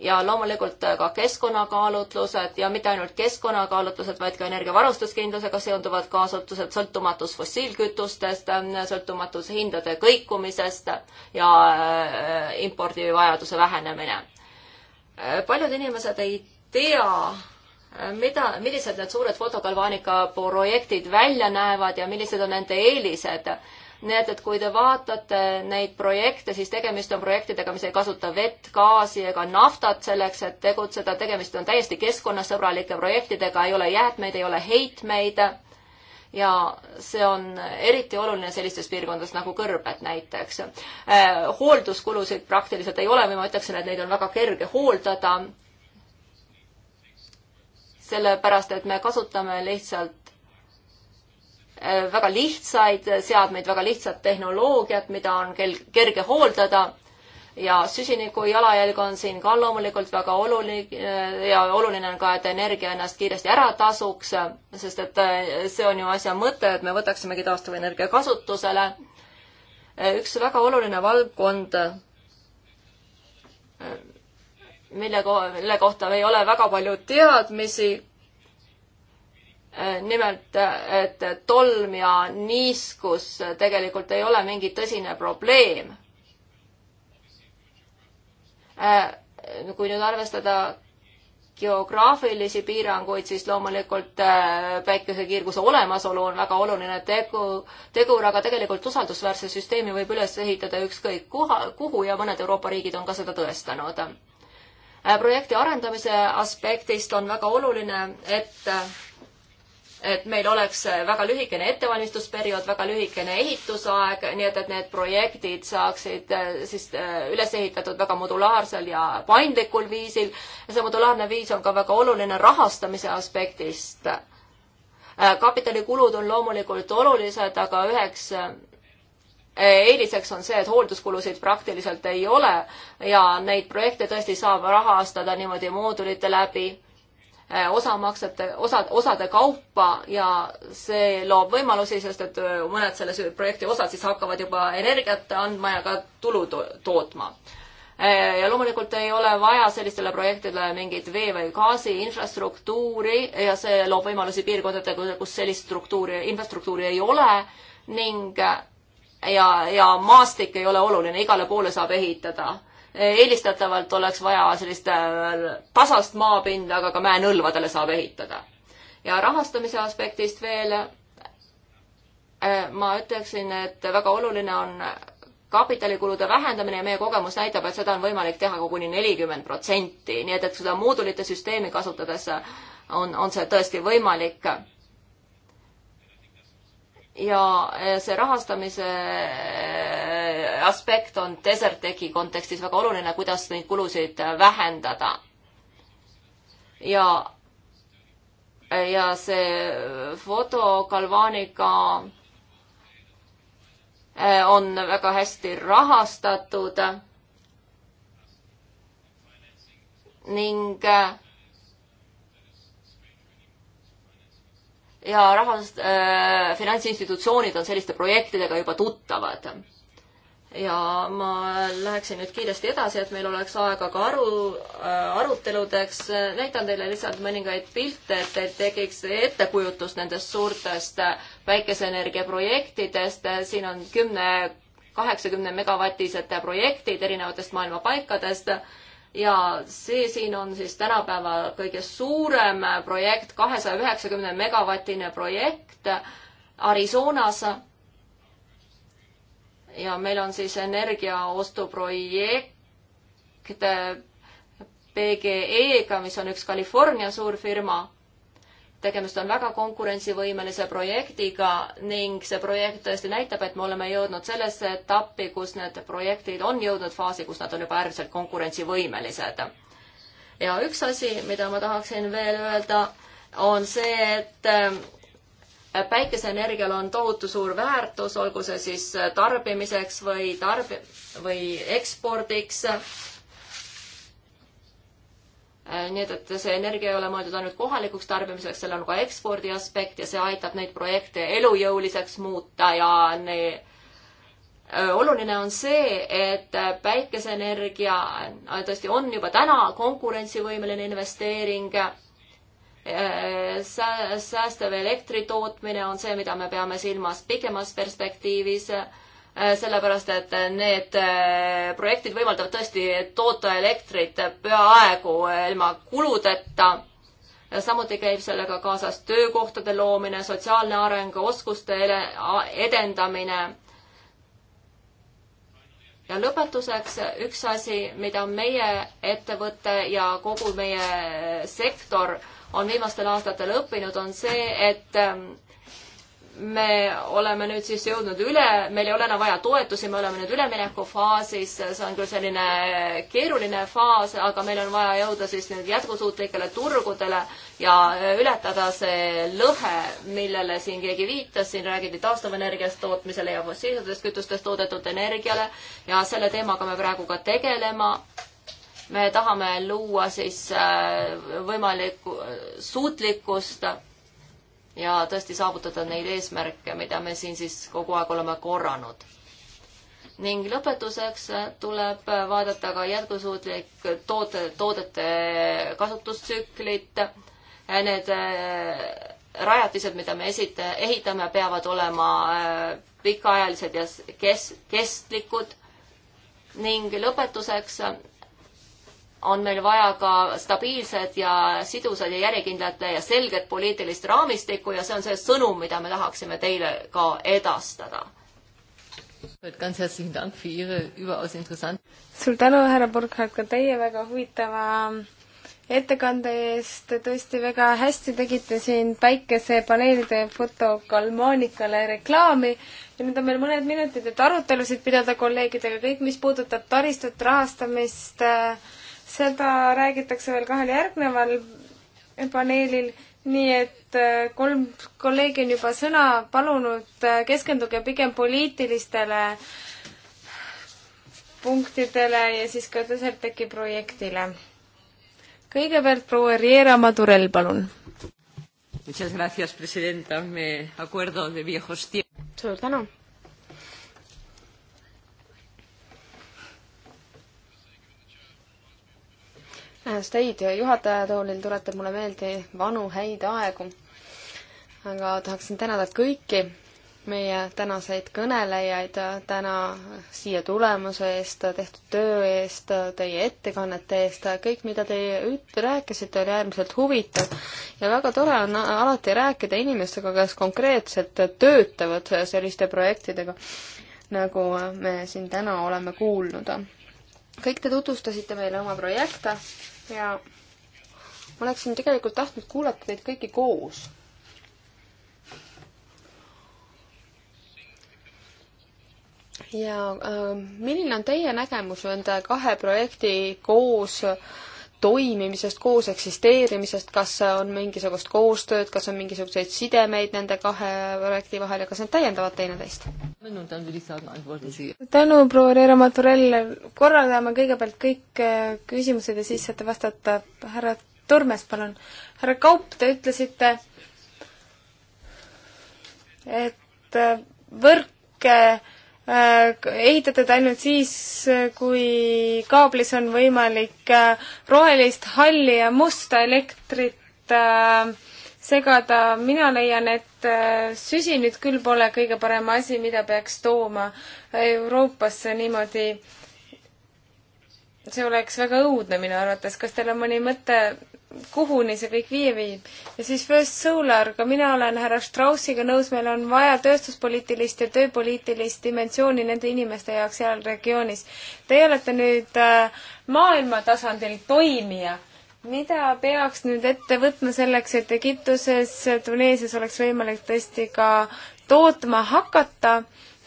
ja loomulikult ka keskkonnakaalutlused ja mitte ainult keskkonnakaalutlused, vaid ka energiavarustuskindlusega seonduvad kaasutused, sõltumatus fossiilkütustest, sõltumatus hindade kõikumisest ja äh, impordivajaduse vähenemine. paljud inimesed ei tea, mida, millised need suured fotogalvaanika projektid välja näevad ja millised on nende eelised nii et, et kui te vaatate neid projekte, siis tegemist on projektidega, mis ei kasuta vett, gaasi ega naftat selleks, et tegutseda. tegemist on täiesti keskkonnasõbralike projektidega, ei ole jäätmeid, ei ole heitmeid. ja see on eriti oluline sellistes piirkondades nagu kõrbed näiteks. Äh, hoolduskulusid praktiliselt ei ole või ma ütleksin, et neid on väga kerge hooldada sellepärast et me kasutame lihtsalt Äh, väga lihtsaid seadmeid, väga lihtsat tehnoloogiat, mida on kel-, kerge hooldada ja süsiniku jalajälg on siin ka loomulikult väga oluline äh, ja oluline on ka, et energia ennast kiiresti ära tasuks, sest et äh, see on ju asja mõte, et me võtaksimegi taastuvenergia kasutusele. üks väga oluline valdkond, mille ko-, mille kohta ei ole väga palju teadmisi, Äh, nimelt, äh, et tolm ja niiskus tegelikult ei ole mingi tõsine probleem. Äh, kui nüüd arvestada geograafilisi piiranguid, siis loomulikult päikesekiirguse olemasolu on väga oluline tegu, tegur, aga tegelikult usaldusväärse süsteemi võib üles ehitada ükskõik kuha, kuhu ja mõned Euroopa riigid on ka seda tõestanud. projekti arendamise aspektist on väga oluline, et et meil oleks väga lühikene ettevalmistusperiood, väga lühikene ehitusaeg, nii et, et need projektid saaksid äh, siis äh, üles ehitatud väga modulaarsel ja paindlikul viisil. see modulaarne viis on ka väga oluline rahastamise aspektist. Äh, kapitalikulud on loomulikult olulised, aga üheks eeliseks on see, et hoolduskulusid praktiliselt ei ole ja neid projekte tõesti saab rahastada niimoodi moodulite läbi Äh, osamaksete, osad, osade kaupa ja see loob võimalusi, sest et äh, mõned selle projekti osad siis hakkavad juba energiat andma ja ka tulu to tootma. Äh, ja loomulikult ei ole vaja sellistele projektidele mingit vee või gaasi infrastruktuuri ja see loob võimalusi piirkondadega, kus sellist struktuuri, infrastruktuuri ei ole ning ja, ja maastik ei ole oluline, igale poole saab ehitada eelistatavalt oleks vaja sellist pasast äh, maapinda, aga ka mäenõlvadele saab ehitada. ja rahastamise aspektist veel äh, ma ütleksin, et väga oluline on kapitalikulude vähendamine ja meie kogemus näitab, et seda on võimalik teha koguni nelikümmend protsenti, nii et, et seda moodulite süsteemi kasutades on, on see tõesti võimalik. ja äh, see rahastamise aspekt on Deserteki kontekstis väga oluline, kuidas neid kulusid vähendada. ja, ja see foto Galvaniga äh, on väga hästi rahastatud ning äh, ja rahast- äh,, finantsinstitutsioonid on selliste projektidega juba tuttavad ja ma läheksin nüüd kiiresti edasi, et meil oleks aega ka aru, äh, aruteludeks. näitan teile lihtsalt mõningaid pilte, et teil tekiks ettekujutus nendest suurtest päikeseenergiaprojektidest. siin on kümne, kaheksakümne megavatised projektid erinevatest maailma paikadest ja see siin on siis tänapäeva kõige suurem projekt, kahesaja üheksakümne megavatine projekt Arizonas ja meil on siis energiaostuprojekt PGE-ga, mis on üks California suurfirma. tegemist on väga konkurentsivõimelise projektiga ning see projekt tõesti näitab, et me oleme jõudnud sellesse etappi, kus need projektid on jõudnud faasi, kus nad on juba äärmiselt konkurentsivõimelised. ja üks asi, mida ma tahaksin veel öelda, on see, et päikeseenergial on tohutu suur väärtus, olgu see siis tarbimiseks või tarbi- või ekspordiks. nii et, et see energia ei ole mõeldud ainult kohalikuks tarbimiseks, seal on ka ekspordi aspekt ja see aitab neid projekte elujõuliseks muuta ja ne, oluline on see, et päikeseenergia tõesti on juba täna konkurentsivõimeline investeering Äh, säästev elektri tootmine on see, mida me peame silmas pikemas perspektiivis, äh, sellepärast et need äh, projektid võimaldavad tõesti toota elektrit peaaegu ilma kuludeta. samuti käib sellega kaasas töökohtade loomine, sotsiaalne areng, oskuste edendamine ja lõpetuseks üks asi, mida meie ettevõte ja kogu meie sektor on viimastel aastatel õppinud, on see, et ähm, me oleme nüüd siis jõudnud üle, meil ei ole enam vaja toetusi, me oleme nüüd üleminekufaasis, see on küll selline keeruline faas, aga meil on vaja jõuda siis nüüd jätkusuutlikele turgudele ja äh, ületada see lõhe, millele siin keegi viitas, siin räägiti taastuvenergiast tootmisele ja fossiilsetest kütustest toodetud energiale ja selle teemaga me praegu ka tegelema me tahame luua siis äh, võimalikku äh, suutlikkust ja tõesti saavutada neid eesmärke, mida me siin siis kogu aeg oleme korranud. ning lõpetuseks äh, tuleb vaadata ka jätkusuutlik toote, toodete kasutustsüklit. Need rajatised, mida me esita-, ehitame, peavad olema pikaajalised ja kes-, kestlikud ning lõpetuseks on meil vaja ka stabiilset ja sidusat ja järjekindlat ja selget poliitilist raamistikku ja see on see sõnum, mida me tahaksime teile ka edastada. suur tänu, härra Burkhardt, ka teie väga huvitava ettekande eest, tõesti väga hästi tegite siin päikesepaneelide fotokalmoonikale reklaami ja nüüd on meil mõned minutid, et arutelusid pidada kolleegidega, kõik, mis puudutab taristut, rahastamist äh,, seda räägitakse veel kahel järgneval paneelil, nii et äh, kolm kolleegi on juba sõna palunud, äh, keskenduge pigem poliitilistele punktidele ja siis ka Deserteki projektile. kõigepealt proua Riera Madurell, palun. suur tänu teid juhataja toolil tuletab mulle meelde vanu häid aegu. aga tahaksin tänada kõiki meie tänaseid kõnelejaid täna siia tulemuse eest, tehtud töö eest, teie ettekannete eest, kõik, mida te üt-, rääkisite, oli äärmiselt huvitav. ja väga tore on alati rääkida inimestega, kes konkreetselt töötavad selliste projektidega, nagu me siin täna oleme kuulnud. kõik te tutvustasite meile oma projekte ja ma oleksin tegelikult tahtnud kuulata teid kõiki koos. ja äh, milline on teie nägemus nende kahe projekti koos äh, toimimisest, koos eksisteerimisest, kas on mingisugust koostööd, kas on mingisuguseid sidemeid nende kahe projekti vahel ja kas need täiendavad teineteist? tänu, proua Reera Maturell, korraldame kõigepealt kõik äh, küsimused ja siis saate vastata. härra Turmes, palun. härra Kaup, te ütlesite, et äh, võrke Äh, ehitatud ainult siis, kui kaablis on võimalik äh, rohelist, halli ja musta elektrit äh, segada. mina leian, et süsi nüüd küll pole kõige parem asi, mida peaks tooma Euroopasse niimoodi. see oleks väga õudne minu arvates. kas teil on mõni mõte kuhuni see kõik viia viib. ja siis First Solar, ka mina olen härra Straussiga nõus, meil on vaja tööstuspoliitilist ja tööpoliitilist dimensiooni nende inimeste jaoks seal regioonis. Teie olete nüüd äh, maailma tasandil toimija. mida peaks nüüd ette võtma selleks, et Egiptuses, Tuneesias oleks võimalik tõesti ka tootma hakata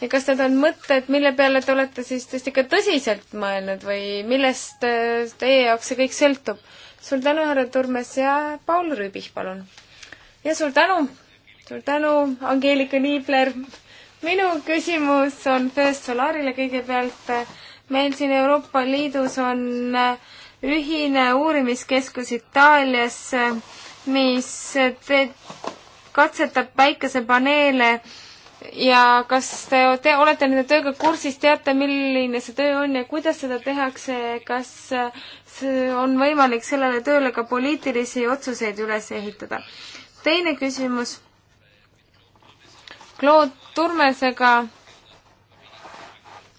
ja kas need on mõtted, mille peale te olete siis tõesti ka tõsiselt mõelnud või millest äh, teie jaoks see kõik sõltub? suur tänu, härra Turmes ja Paul Rüübih, palun. ja suur tänu, suur tänu, Angeelika Niibler. minu küsimus on First Solarile kõigepealt. meil siin Euroopa Liidus on ühine uurimiskeskus Itaalias, mis katsetab päikesepaneele ja kas te, te olete nende tööga kursis, teate, milline see töö on ja kuidas seda tehakse, kas äh, on võimalik sellele tööle ka poliitilisi otsuseid üles ehitada? teine küsimus. Claude Turmesega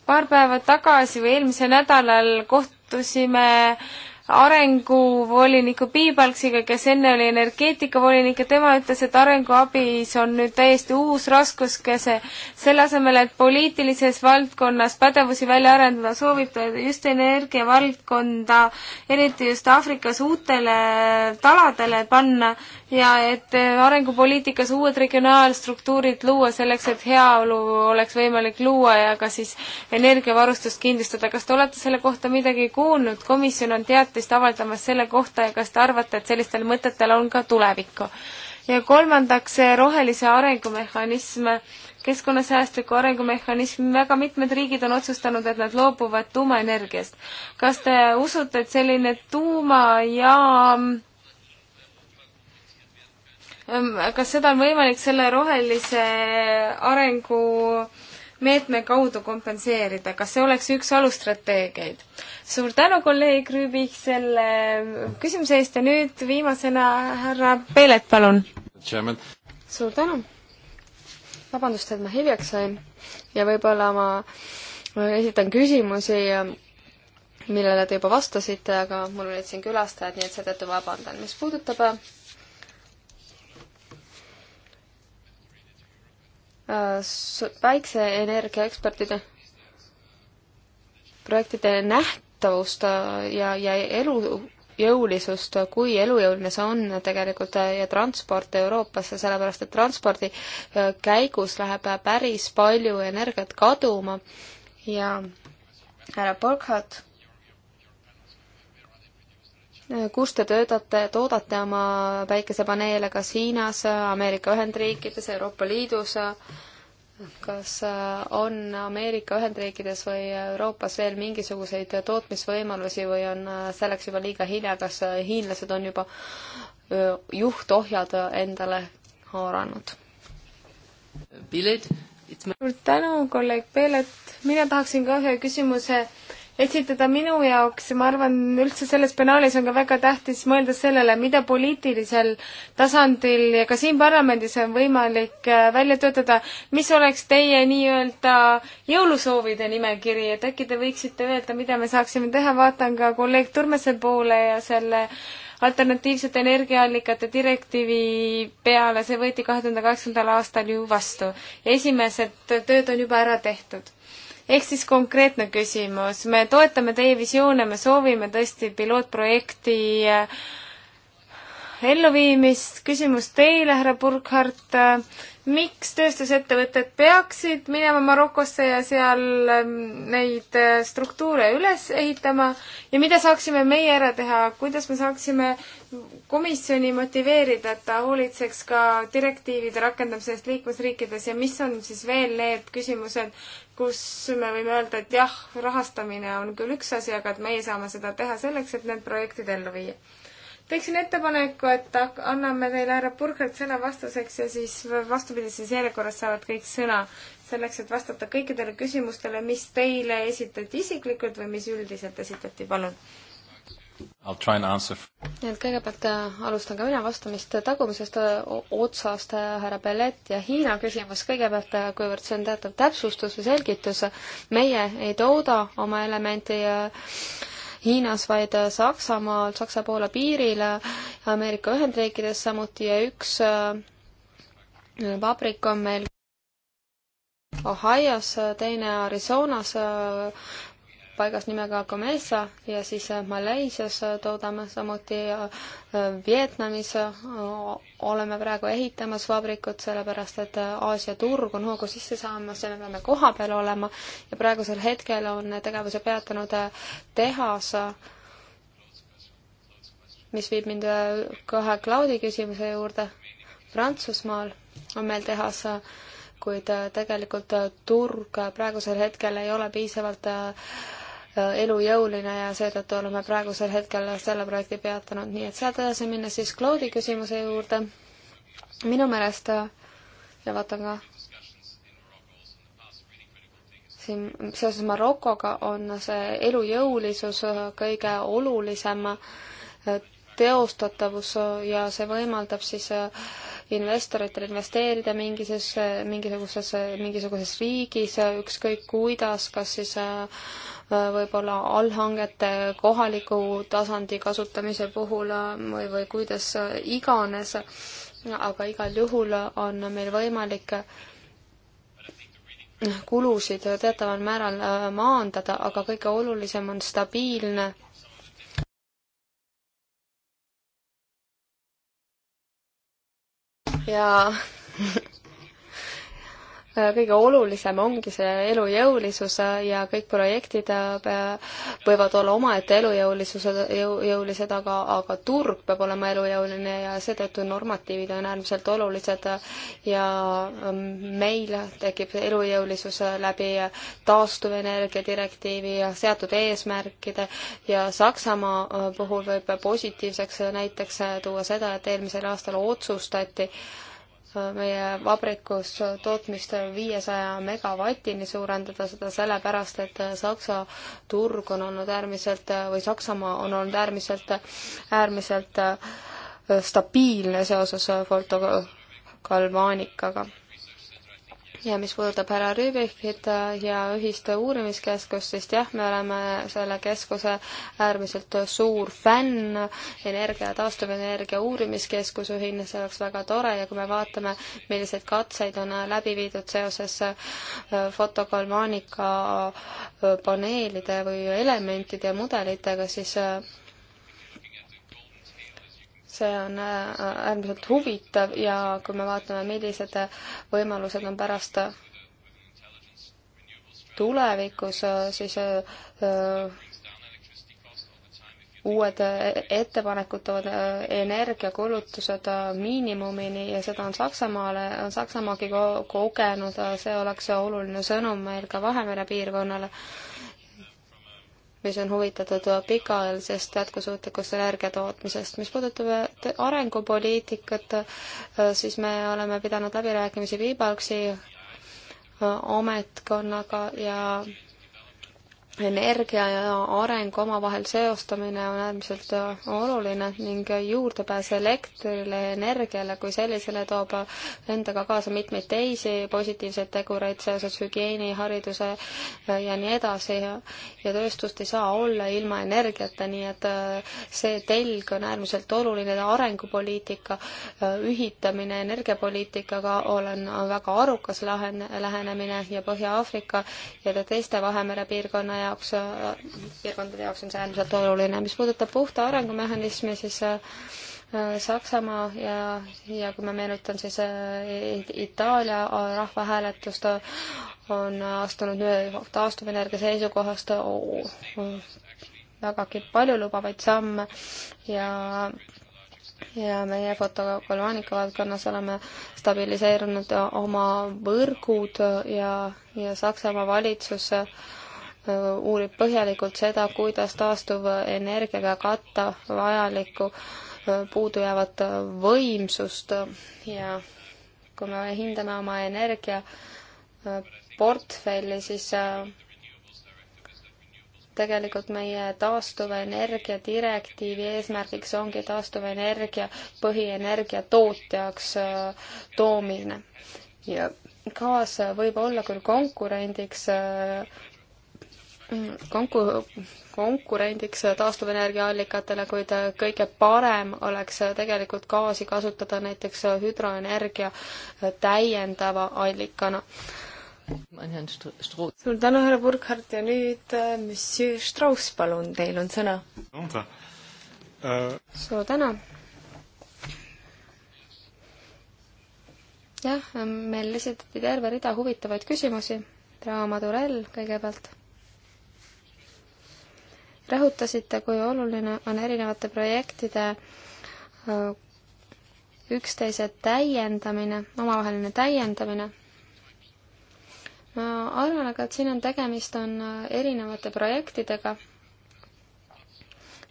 paar päeva tagasi või eelmisel nädalal kohtusime äh, arenguvoliniku Piibalksiga, kes enne oli energeetikavolinik ja tema ütles, et arenguabis on nüüd täiesti uus raskuskese. selle asemel, et poliitilises valdkonnas pädevusi välja arendada, soovib ta just energiavaldkonda, eriti just Aafrikas uutele taladele panna ja et arengupoliitikas uued regionaalstruktuurid luua selleks, et heaolu oleks võimalik luua ja ka siis energiavarustust kindlustada. kas te olete selle kohta midagi kuulnud? komisjon on teatanud, tahtist avaldamas selle kohta ja kas te arvate, et sellistel mõtetel on ka tulevikku? ja kolmandaks, rohelise arengumehhanism, keskkonnasäästliku arengumehhanism, väga mitmed riigid on otsustanud, et nad loobuvad tuumaenergiast. kas te usute, et selline tuumajaam ähm, kas seda on võimalik selle rohelise arengu meetme kaudu kompenseerida, kas see oleks üks alusstrateegiaid? suur tänu, kolleeg Rüübik, selle küsimuse eest ja nüüd viimasena härra Peelet, palun. suur tänu. vabandust, et ma hiljaks sain ja võib-olla ma, ma esitan küsimusi ja millele te juba vastasite, aga mul olid siin külastajad, nii et seetõttu vabandan. mis puudutab äh, päikseenergia ekspertide projektide näht-, vastavust äh, ja, ja elujõulisust, kui elujõuline see on tegelikult äh, ja transport Euroopasse, sellepärast et transpordi äh, käigus läheb päris palju energiat kaduma ja härra Borghardt, kus te töötate, toodate oma päikesepaneele, kas Hiinas, Ameerika Ühendriikides, Euroopa Liidus äh,, kas äh, on Ameerika Ühendriikides või Euroopas veel mingisuguseid tootmisvõimalusi või on äh, selleks juba liiga hilja, kas äh, hiinlased on juba juhtohjad endale haaranud? suur tänu, kolleeg Peelet, mina tahaksin ka ühe küsimuse esitada minu jaoks ja ma arvan, üldse selles penaalis on ka väga tähtis mõelda sellele, mida poliitilisel tasandil ja ka siin parlamendis on võimalik äh, välja töötada, mis oleks teie nii-öelda jõulusoovide nimekiri, et äkki te võiksite öelda, mida me saaksime teha, vaatan ka kolleeg Turmese poole ja selle alternatiivsete energiaallikate direktiivi peale, see võeti kahe tuhande kaheksandal aastal ju vastu. esimesed tööd on juba ära tehtud ehk siis konkreetne küsimus, me toetame teie visioone, me soovime tõesti pilootprojekti äh, elluviimist, küsimus teile, härra Burkhardt, äh, miks tööstusettevõtted peaksid minema Marokosse ja seal ähm, neid äh, struktuure üles ehitama ja mida saaksime meie ära teha, kuidas me saaksime komisjoni motiveerida, et ta hoolitseks ka direktiivide rakendamise eest liikmesriikides ja mis on siis veel need küsimused, kus me võime öelda, et jah, rahastamine on küll üks asi, aga et meie saame seda teha selleks, et need projektid ellu viia. teeksin ettepaneku, et anname teile, härra Burkhardt, sõna vastuseks ja siis vastupidises järjekorras saavad kõik sõna, selleks et vastata kõikidele küsimustele, mis teile esitati isiklikult või mis üldiselt esitati, palun nii et kõigepealt äh, alustan ka mina vastamist tagumisest äh, otsast, äh, härra Bellet ja Hiina küsimus. kõigepealt, kuivõrd see on teatav täpsustus või selgitus, meie ei tooda oma elementi Hiinas, vaid Saksamaal, Saksa-Poola piiril, Ameerika Ühendriikides samuti ja üks vabrik on meil Ohio's, teine Arizonas, paigas nimega Gomesa ja siis äh, Malaisias äh, toodame samuti äh, Vietnamis oleme praegu ehitamas vabrikut, sellepärast et Aasia turg on hoogu sisse saamas ja me peame kohapeal olema ja praegusel hetkel on tegevuse peatanud tehas, mis viib mind kahe cloud'i küsimuse juurde. Prantsusmaal on meil tehas kuid tegelikult turg praegusel hetkel ei ole piisavalt elujõuline ja seetõttu oleme praegusel hetkel selle projekti peatanud, nii et sealt edasi minna siis Claude'i küsimuse juurde. minu meelest ja vaatan ka siin seoses Marokoga on see elujõulisus kõige olulisem teostatavus ja see võimaldab siis investoritel investeerida mingisuguses, mingisuguses, mingisuguses riigis, ükskõik kuidas, kas siis äh, võib-olla allhangete kohaliku tasandi kasutamise puhul äh, või, või kuidas äh, iganes, aga igal juhul on meil võimalik äh, kulusid teataval määral maandada, aga kõige olulisem on stabiilne ja (laughs) Äh, kõige olulisem ongi see elujõulisus ja kõik projektid äh, võivad olla omaette elujõulisused, jõu, jõulised, aga, aga turg peab olema elujõuline ja seetõttu normatiivid on äärmiselt olulised ja ähm, meil tekib elujõulisus läbi taastuvenergia direktiivi ja seatud eesmärkide ja Saksamaa äh, puhul võib positiivseks näiteks tuua seda, et eelmisel aastal otsustati meie vabrikus tootmist viiesaja megavatini suurendada, seda sellepärast, et Saksa turg on olnud äärmiselt või Saksamaa on olnud äärmiselt, äärmiselt stabiilne seoses fotokalvaanikaga ja mis puudutab härra Rüübikit äh, ja ühist uurimiskeskust, siis jah, me oleme selle keskuse äärmiselt suur fänn, energia, taastuvenergia uurimiskeskus ühine, see oleks väga tore ja kui me vaatame, milliseid katseid on äh, läbi viidud seoses äh, fotokalmaanika paneelide või elementide ja mudelitega, siis see on äh, äärmiselt huvitav ja kui me vaatame, millised võimalused on pärast tulevikus, siis äh, uued ettepanekud toovad äh, energiakulutused miinimumini ja seda on Saksamaale, on Saksamaagi kogenud, see oleks oluline sõnum meil ka Vahemere piirkonnale mis on huvitatud pikaajalisest jätkusuutlikust energiatootmisest. mis puudutab äh, arengupoliitikat, äh, siis me oleme pidanud läbirääkimisi Viibalksi ametkonnaga äh, ja energia ja arengu omavahel seostamine on äärmiselt äh, oluline ning juurdepääs elektrile ja energiale kui sellisele toob endaga kaasa mitmeid teisi positiivseid tegureid seoses hügieeni, hariduse äh, ja nii edasi ja ja tööstust ei saa olla ilma energiata, nii et äh, see telg on äärmiselt oluline, arengupoliitika ühitamine energiapoliitikaga olen väga arukas lahen-, lähenemine ja Põhja-Aafrika ja teiste Vahemere piirkonna jaoks, piirkondade jaoks on see äärmiselt oluline. mis puudutab puhta arengumehhanismi, siis äh, Saksamaa ja, ja kui ma meenutan, siis äh, Itaalia äh, rahvahääletust on astunud taastuvenergia seisukohast vägagi paljulubavaid samme ja ja meie fotokoloonika valdkonnas oleme stabiliseerunud oma võrgud ja, ja Saksamaa valitsus äh, Äh, uurib põhjalikult seda, kuidas taastuvenergiaga katta vajalikku äh, puudujäävat äh, võimsust ja kui me hindame oma energiaportfelli, siis tegelikult meie taastuvenergia direktiivi eesmärgiks ongi taastuvenergia põhienergia tootjaks toomine. ja gaas võib olla küll konkurendiks konku-, konkurendiks taastuvenergiaallikatele, kuid kõige parem oleks tegelikult gaasi kasutada näiteks hüdroenergia täiendava allikana. suur tänu, härra Burkhardt ja nüüd äh, Monsieur Strauss, palun, teil on sõna. suur tänu. jah, meil esitati terve rida huvitavaid küsimusi. Raama Turell kõigepealt rõhutasite, kui oluline on erinevate projektide äh, üksteise täiendamine, omavaheline täiendamine. ma arvan aga, et siin on tegemist, on äh, erinevate projektidega.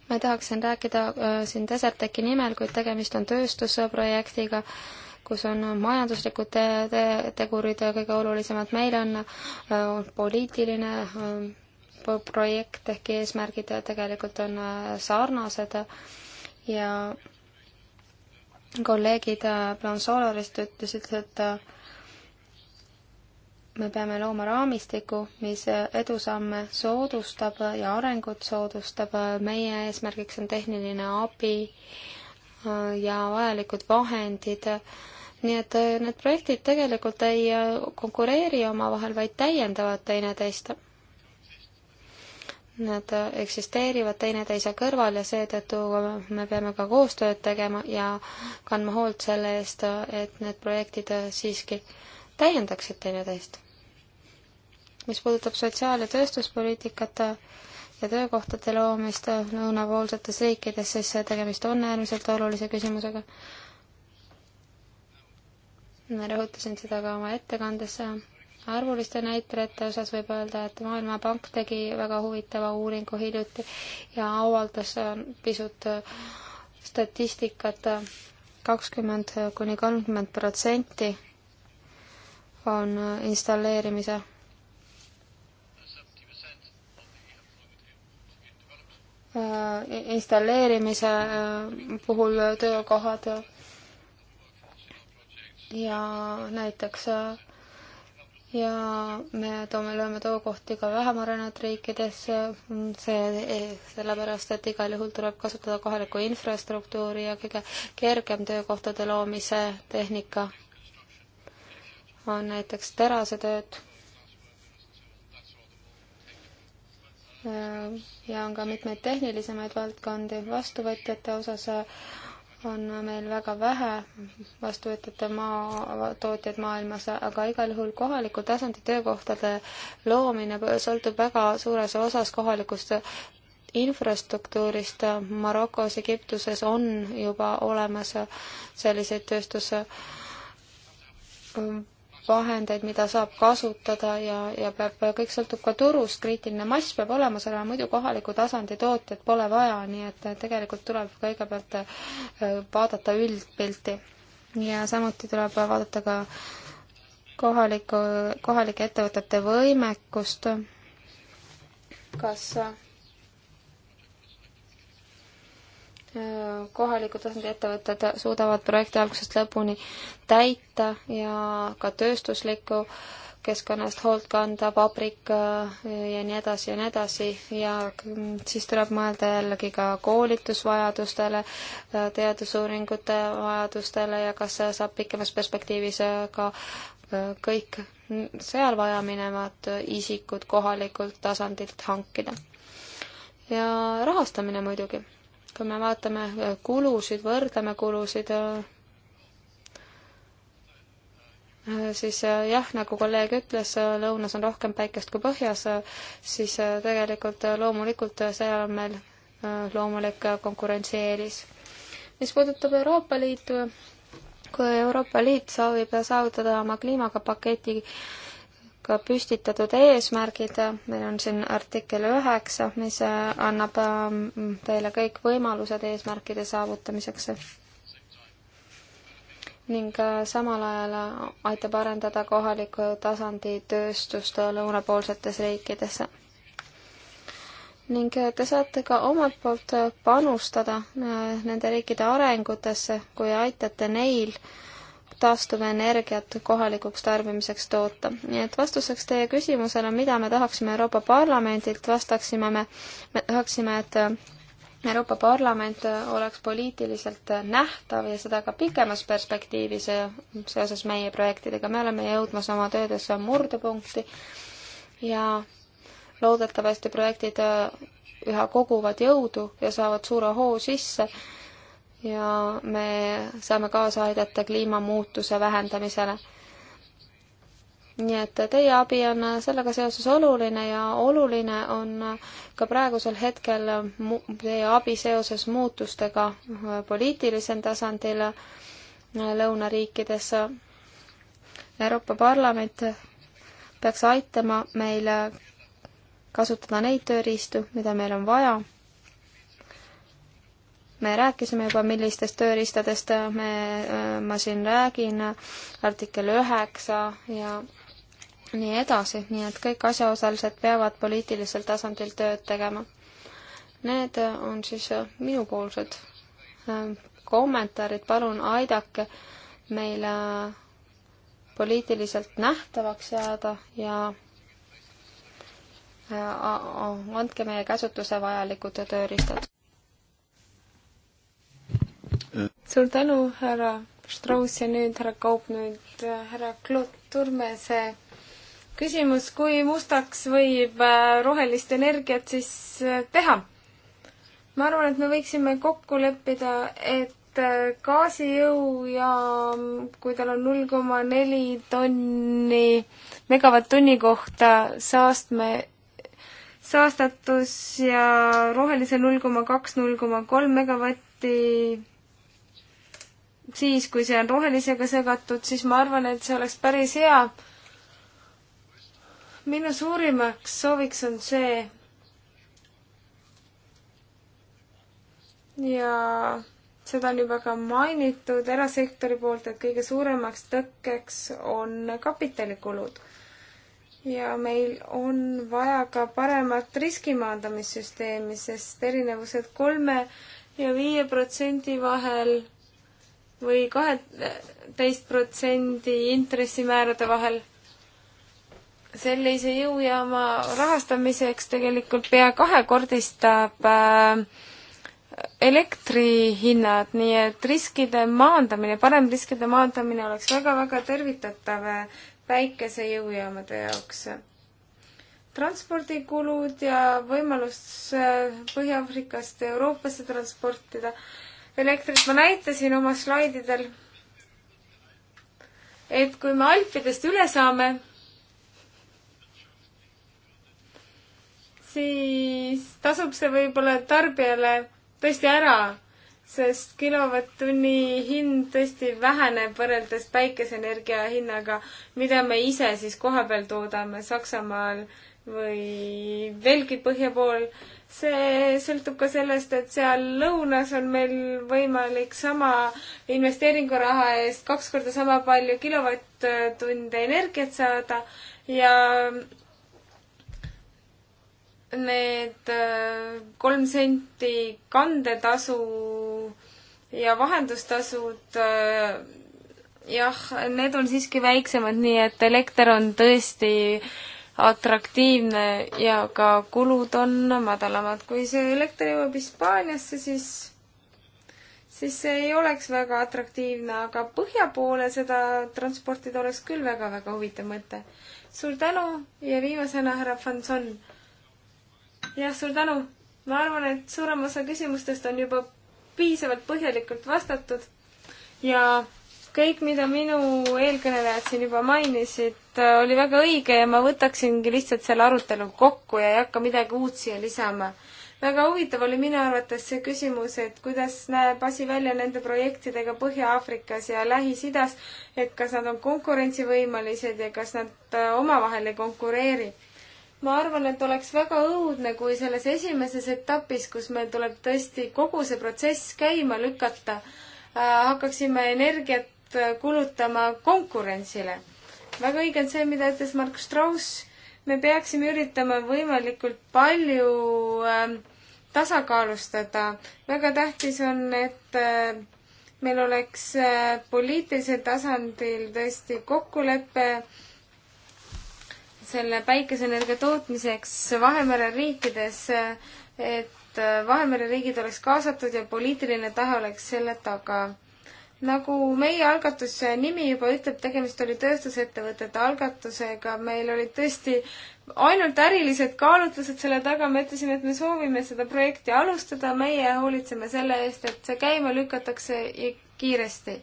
ma ei tahaks äh, siin rääkida siin Desertechi nimel, kuid tegemist on tööstusprojektiga, kus on majanduslikud te te tegurid kõige olulisemad, meil on, on poliitiline projekt ehk eesmärgid tegelikult on äh, sarnased ja kolleegid Plansolarist äh, ütlesid, et äh, me peame looma raamistiku, mis edusamme soodustab ja arengut soodustab. meie eesmärgiks on tehniline abi ja vajalikud vahendid. nii et need projektid tegelikult ei konkureeri omavahel, vaid täiendavad teineteist Nad eksisteerivad teineteise kõrval ja seetõttu me peame ka koostööd tegema ja kandma hoolt selle eest, et need projektid siiski täiendaksid teineteist. mis puudutab sotsiaal- ja tööstuspoliitikat, ja töökohtade loomist lõunapoolsetes riikides, siis tegemist on äärmiselt olulise küsimusega. ma rõhutasin seda ka oma ettekandes arvuliste näitajate osas võib öelda, et Maailmapank tegi väga huvitava uuringu hiljuti ja avaldas äh, pisut äh, statistikat, kakskümmend kuni kolmkümmend protsenti on äh, installeerimise installeerimise puhul töökohad ja näiteks ja me toome, lööme tookohti ka vähem arenenud riikidesse, see, e, sellepärast et igal juhul tuleb kasutada kohalikku infrastruktuuri ja kõige kergem töökohtade loomise tehnika on näiteks terasetööd. ja on ka mitmeid tehnilisemaid valdkondi vastuvõtjate osas on meil väga vähe vastuvõtjate maa, tootjaid maailmas, aga igal juhul kohaliku tasandi töökohtade loomine sõltub väga suures osas kohalikust infrastruktuurist. Marokos, Egiptuses on juba olemas selliseid tööstus vahendeid, mida saab kasutada ja, ja peab, kõik sõltub ka turust, kriitiline mass peab olemas olema, muidu kohaliku tasandi tootjat pole vaja, nii et tegelikult tuleb kõigepealt äh, vaadata üldpilti. ja samuti tuleb vaadata ka kohaliku, kohalike ettevõtete võimekust, kas kohaliku tasandi ettevõtted suudavad projekti algusest lõpuni täita ja ka tööstuslikku keskkonnast hoolt kanda, vabrik äh, ja nii edasi ja nii edasi ja siis tuleb mõelda jällegi ka koolitusvajadustele, äh, teadusuuringute vajadustele ja kas saab pikemas perspektiivis äh, ka kõik seal vajaminevad isikud kohalikult tasandilt hankida. ja rahastamine muidugi kui me vaatame äh, kulusid, võrdleme kulusid, äh, äh, siis jah, nagu kolleeg ütles, lõunas on rohkem päikest kui põhjas, siis tegelikult loomulikult seal on meil loomulik konkurentsieelis. mis puudutab Euroopa Liitu, kui Euroopa Liit soovib saavutada oma kliimaga paketi ka püstitatud eesmärgid, meil on siin artikkel üheksa, mis äh, annab ähm, teile kõik võimalused eesmärkide saavutamiseks. ning äh, samal ajal äh, aitab arendada kohaliku tasandi tööstust lõunapoolsetes riikides. ning te saate ka omalt poolt panustada nende riikide arengutesse, kui aitate neil äh, taastuvenergiat kohalikuks tarbimiseks toota. nii et vastuseks teie küsimusele, mida me tahaksime Euroopa Parlamendilt, vastaksime me, me tahaksime, et äh, Euroopa Parlament äh, oleks poliitiliselt äh, nähtav ja seda ka pikemas perspektiivis seoses meie projektidega. me oleme jõudmas oma töödes murdepunkti ja loodetavasti projektid üha koguvad jõudu ja saavad suure hoo sisse ja me saame kaasa aidata kliimamuutuse vähendamisele. nii et teie abi on sellega seoses oluline ja oluline on ka praegusel hetkel teie abi seoses muutustega poliitilisel tasandil lõunariikides. Euroopa Parlament peaks aitama meil kasutada neid tööriistu, mida meil on vaja me rääkisime juba, millistest tööriistadest äh, me, äh, ma siin räägin, artikkel üheksa ja nii edasi, nii et kõik asjaosalised peavad poliitilisel tasandil tööd tegema. Need äh, on siis minupoolsed kommentaarid, palun aidake meile poliitiliselt nähtavaks jääda ja andke meie käsutuse vajalikud tööriistad suur tänu, härra Strauss ja nüüd härra Kaup, nüüd äh, härra Klot Turmese küsimus, kui mustaks võib äh, rohelist energiat siis äh, teha? ma arvan, et me võiksime kokku leppida, et gaasijõujaam, mm, kui tal on null koma neli tonni megavatt-tunni kohta saastme, saastatus ja rohelise null koma kaks, null koma kolm megavatti siis, kui see on rohelisega segatud, siis ma arvan, et see oleks päris hea. minu suurimaks sooviks on see ja seda on juba ka mainitud erasektori poolt, et kõige suuremaks tõkkeks on kapitalikulud. ja meil on vaja ka paremat riskimaandamissüsteemi, sest erinevused kolme ja viie protsendi vahel või kaheteist protsendi intressimäärade vahel. sellise jõujaama rahastamiseks tegelikult pea kahekordistab äh, elektrihinnad, nii et riskide maandamine, parem riskide maandamine oleks väga-väga tervitatav äh, päikesejõujaamade jaoks transpordikulud ja võimalus äh, Põhja-Aafrikast Euroopasse transportida elektrit, ma näitasin oma slaididel, et kui me Alpidest üle saame, siis tasub see võib-olla tarbijale tõesti ära, sest kilovatt-tunni hind tõesti väheneb võrreldes päikeseenergia hinnaga, mida me ise siis kohapeal toodame Saksamaal või veelgi põhja pool see sõltub ka sellest, et seal lõunas on meil võimalik sama investeeringuraha eest kaks korda sama palju kilovatt-tunde energiat saada ja need äh, kolm senti kandetasu ja vahendustasud äh, jah, need on siiski väiksemad, nii et elekter on tõesti äh, atraktiivne ja ka kulud on madalamad. kui see elekter jõuab Hispaaniasse, siis, siis see ei oleks väga atraktiivne, aga põhja poole seda transportida oleks küll väga-väga huvitav mõte. suur tänu ja viimasena härra Fanson. jah, suur tänu. ma arvan, et suurem osa küsimustest on juba piisavalt põhjalikult vastatud ja kõik, mida minu eelkõnelejad siin juba mainisid, äh, oli väga õige ja ma võtaksingi lihtsalt selle arutelu kokku ja ei hakka midagi uut siia lisama. väga huvitav oli minu arvates see küsimus, et kuidas näeb asi välja nende projektidega Põhja-Aafrikas ja Lähis-Idas, et kas nad on konkurentsivõimelised ja kas nad äh, omavahel ei konkureeri ma arvan, et oleks väga õudne, kui selles esimeses etapis, kus meil tuleb tõesti kogu see protsess käima lükata, äh, hakkaksime energiat ennast äh, kulutama konkurentsile. väga õige on see, mida ütles Mark Strauss, me peaksime üritama võimalikult palju äh, tasakaalustada. väga tähtis on, et äh, meil oleks äh, poliitilisel tasandil tõesti kokkulepe selle päikeseenergia tootmiseks Vahemere riikides, äh, et äh, Vahemere riigid oleks kaasatud ja poliitiline tahe oleks selle taga nagu meie algatuse nimi juba ütleb, tegemist oli tööstusettevõtete algatusega, meil olid tõesti ainult ärilised kaalutlused selle taga, me ütlesime, et me soovime seda projekti alustada, meie hoolitseme selle eest, et see käima lükatakse kiiresti.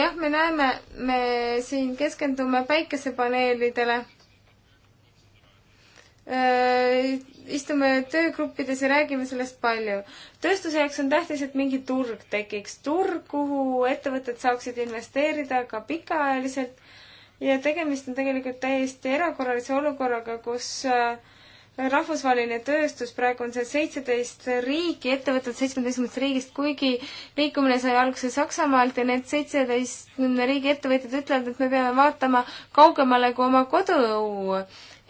jah, me näeme, me siin keskendume päikesepaneelidele Äh, istume töögruppides ja räägime sellest palju. tööstuse jaoks on tähtis, et mingi turg tekiks, turg, kuhu ettevõtted saaksid investeerida ka pikaajaliselt ja tegemist on tegelikult täiesti erakorralise olukorraga, kus äh, rahvusvaheline tööstus, praegu on seal seitseteist riiki, ettevõtted seitsmeteistkümnest riigist, kuigi liikumine sai alguse Saksamaalt ja need seitseteistkümne riigi ettevõtjad ütlevad, et me peame vaatama kaugemale kui oma koduõu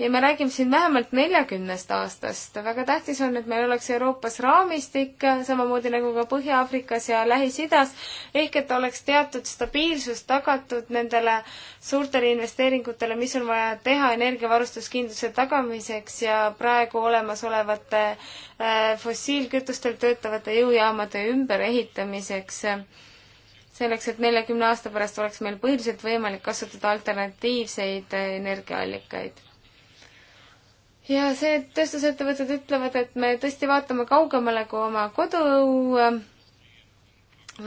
ja me räägime siin vähemalt neljakümnest aastast. väga tähtis on, et meil oleks Euroopas raamistik, samamoodi nagu ka Põhja-Aafrikas ja Lähis-Idas, ehk et oleks teatud stabiilsus tagatud nendele suurtele investeeringutele, mis on vaja teha energiavarustuskindluse tagamiseks ja praegu olemasolevate äh, fossiilkütustel töötavate jõujaamade ümberehitamiseks selleks, et neljakümne aasta pärast oleks meil põhiliselt võimalik kasutada alternatiivseid äh, energiaallikaid ja see, et tööstusettevõtted ütlevad, et me tõesti vaatame kaugemale kui oma koduõu,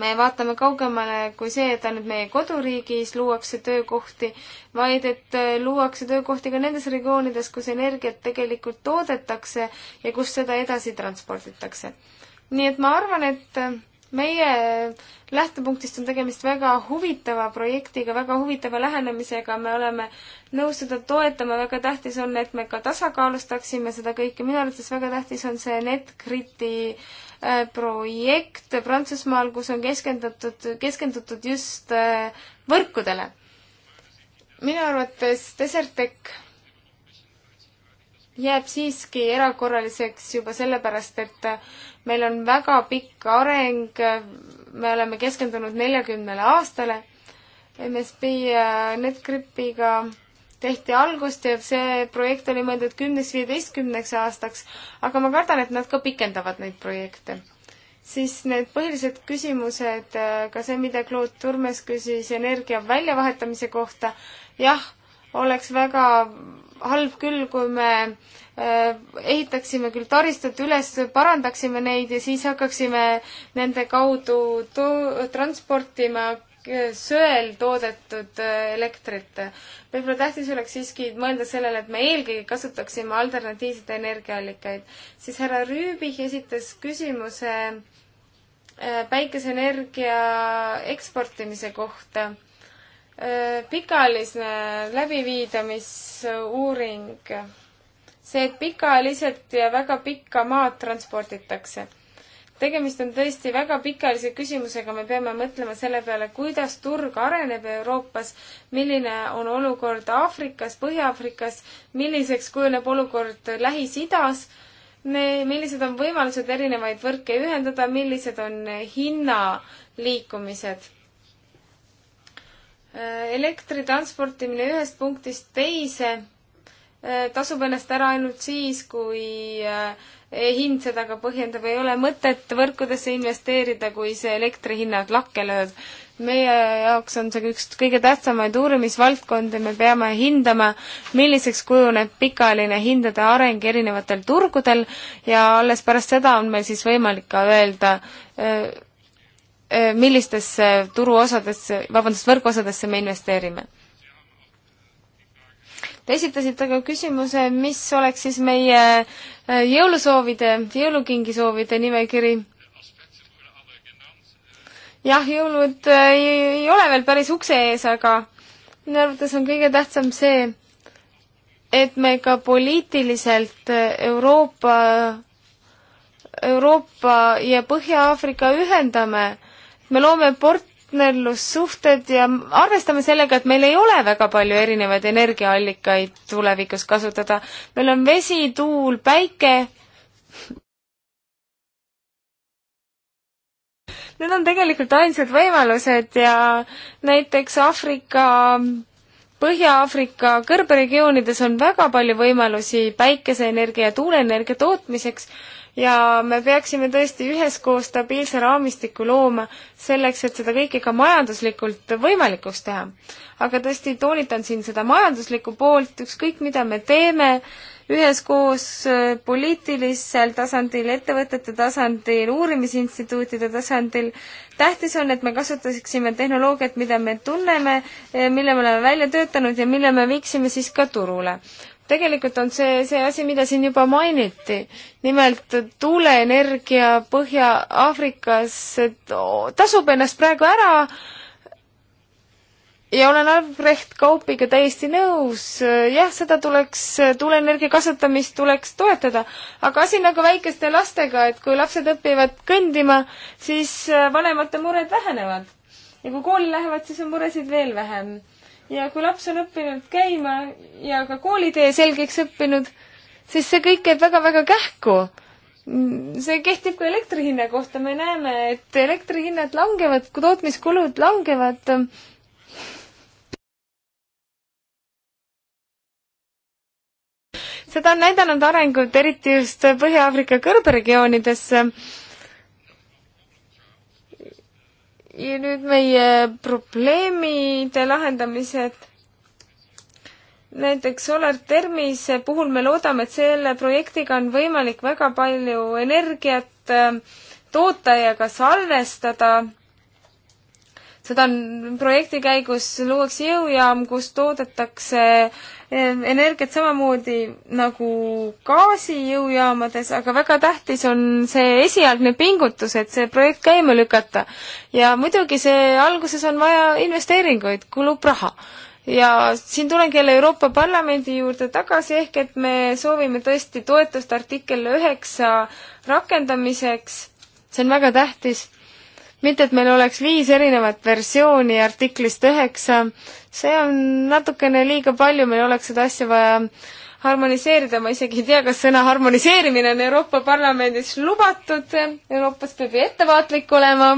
me vaatame kaugemale kui see, et ainult meie koduriigis luuakse töökohti, vaid et luuakse töökohti ka nendes regioonides, kus energiat tegelikult toodetakse ja kus seda edasi transporditakse. nii et ma arvan, et meie lähtepunktist on tegemist väga huvitava projektiga, väga huvitava lähenemisega, me oleme nõus seda toetama, väga tähtis on, et me ka tasakaalustaksime seda kõike, minu arvates väga tähtis on see NetGriti äh, projekt Prantsusmaal, kus on keskendatud, keskendutud just äh, võrkudele. minu arvates Desertec jääb siiski erakorraliseks juba sellepärast, et meil on väga pikk areng, me oleme keskendunud neljakümnele aastale. MSB NetGripiga tehti algust ja see projekt oli mõeldud kümneks, viieteistkümneks aastaks, aga ma kardan, et nad ka pikendavad neid projekte. siis need põhilised küsimused, ka see, mida Claude Turmes küsis energia väljavahetamise kohta, jah, oleks väga halb küll, kui me äh, ehitaksime küll taristut üles, parandaksime neid ja siis hakkaksime nende kaudu to-, transportima äh, söel toodetud äh, elektrit. võib-olla tähtis oleks siiski mõelda sellele, et me eelkõige kasutaksime alternatiivseid energiaallikaid. siis härra Rüübich esitas küsimuse päikeseenergia eksportimise kohta Äh, pikaajaline läbiviidamisuuring, see, et pikaajaliselt ja väga pikka maad transporditakse tegemist on tõesti väga pikaajalise küsimusega, me peame mõtlema selle peale, kuidas turg areneb Euroopas, milline on olukord Aafrikas, Põhja-Aafrikas, milliseks kujuneb olukord Lähis-Idas, millised on võimalused erinevaid võrke ühendada, millised on hinnaliikumised elektri transportimine ühest punktist teise äh, tasub ennast ära ainult siis, kui äh, e hind seda ka põhjendab, ei ole mõtet võrkudesse investeerida, kui see elektri hinnad lakke lööb. meie jaoks on see üks kõige tähtsamaid uurimisvaldkondi, me peame hindama, milliseks kujuneb pikaajaline hindade areng erinevatel turgudel ja alles pärast seda on meil siis võimalik ka öelda, äh, Äh, millistesse turuosadesse, vabandust, võrguosadesse me investeerime. Te esitasite ka küsimuse, mis oleks siis meie äh, jõulusoovide, jõulukingisoovide nimekiri jah, jõulud äh, ei, ei ole veel päris ukse ees, aga minu arvates on kõige tähtsam see, et me ka poliitiliselt Euroopa, Euroopa ja Põhja-Aafrika ühendame me loome partnerlussuhted ja arvestame sellega, et meil ei ole väga palju erinevaid energiaallikaid tulevikus kasutada. meil on vesi, tuul, päike. Need on tegelikult ainsad võimalused ja näiteks Aafrika Põhja-Aafrika kõrberegioonides on väga palju võimalusi päikeseenergia ja tuuleenergia tootmiseks ja me peaksime tõesti üheskoos stabiilse raamistiku looma selleks, et seda kõike ka majanduslikult võimalikuks teha. aga tõesti toonitan siin seda majanduslikku poolt, ükskõik mida me teeme, üheskoos äh, poliitilisel tasandil, ettevõtete tasandil, uurimisinstituutide tasandil. tähtis on, et me kasutaksime tehnoloogiat, mida me tunneme, äh, mille me oleme välja töötanud ja mille me viiksime siis ka turule tegelikult on see, see asi, mida siin juba mainiti. nimelt tuuleenergia Põhja-Aafrikas tasub ennast praegu ära ja olen Albrecht Kaupiga täiesti nõus, jah, seda tuleks, tuuleenergia kasutamist tuleks toetada, aga asi nagu väikeste lastega, et kui lapsed õpivad kõndima, siis vanemate mured vähenevad. ja kui kooli lähevad, siis on muresid veel vähem ja kui laps on õppinud käima ja ka koolitee selgeks õppinud, siis see kõik käib väga-väga kähku. see kehtib ka elektri hinna kohta, me näeme, et elektri hinnad langevad, tootmiskulud langevad seda on näidanud arengud eriti just Põhja-Aafrika kõrberegioonides, ja nüüd meie probleemide lahendamised. näiteks Solar Termise puhul me loodame, et selle projektiga on võimalik väga palju energiat ähm, toota ja ka salvestada seda on projekti käigus luuakse jõujaam, kus toodetakse energiat samamoodi nagu gaasijõujaamades, aga väga tähtis on see esialgne pingutus, et see projekt käima lükata. ja muidugi see alguses on vaja investeeringuid, kulub raha ja siin tulengi jälle Euroopa Parlamendi juurde tagasi, ehk et me soovime tõesti toetust artikkel üheksa rakendamiseks, see on väga tähtis mitte, et meil oleks viis erinevat versiooni artiklist üheksa, see on natukene liiga palju, meil oleks seda asja vaja harmoniseerida, ma isegi ei tea, kas sõna harmoniseerimine on Euroopa Parlamendis lubatud, Euroopas peab ju ettevaatlik olema.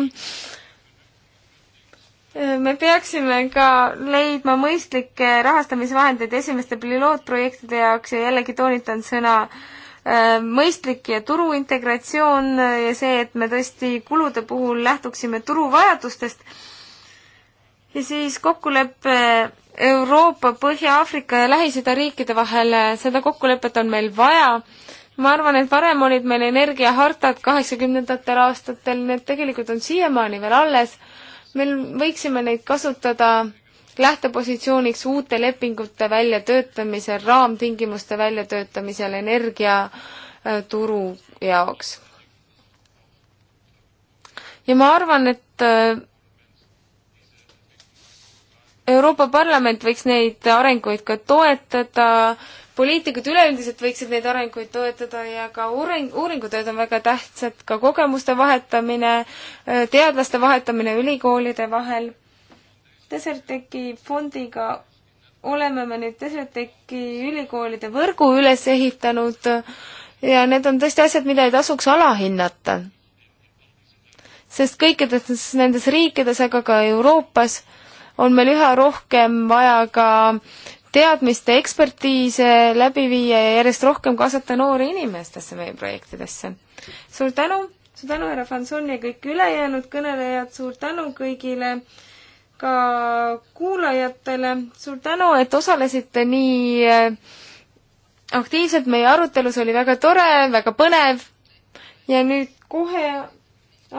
me peaksime ka leidma mõistlikke rahastamisvahendeid esimeste pilootprojektide jaoks ja jällegi toonitan sõna äh, Äh, mõistlik ja turu integratsioon äh, ja see, et me tõesti kulude puhul lähtuksime turuvajadustest. ja siis kokkulepe Euroopa, Põhja-Aafrika ja Lähis-Ida riikide vahel, äh, seda kokkulepet on meil vaja. ma arvan, et varem olid meil energiahartad kaheksakümnendatel aastatel, need tegelikult on siiamaani veel alles. me võiksime neid kasutada lähtepositsiooniks uute lepingute väljatöötamisel, raamtingimuste väljatöötamisel energiaturu jaoks. ja ma arvan, et äh, Euroopa Parlament võiks neid arenguid ka toetada, poliitikud üleüldiselt võiksid neid arenguid toetada ja ka uuring, uuringutööd on väga tähtsad, ka kogemuste vahetamine, äh, teadlaste vahetamine ülikoolide vahel Deserteki fondiga oleme me nüüd Deserteki ülikoolide võrgu üles ehitanud ja need on tõesti asjad, mida ei tasuks alahinnata. sest kõikides nendes riikides, aga ka Euroopas on meil üha rohkem vaja ka teadmiste ekspertiise läbi viia ja järjest rohkem kaasata noori inimestesse meie projektidesse. suur tänu, suur tänu, härra Fanson ja kõik ülejäänud kõnelejad, suur tänu kõigile ka kuulajatele. suur tänu, et osalesite nii äh, aktiivselt meie arutelus, oli väga tore, väga põnev. ja nüüd kohe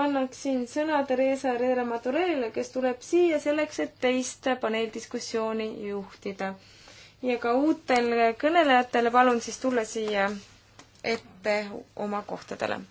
annaksin sõna Theresa Herrera Madureele, kes tuleb siia selleks, et teist paneeldiskussiooni juhtida. ja ka uutel kõnelejatele palun siis tulla siia ette oma kohtadele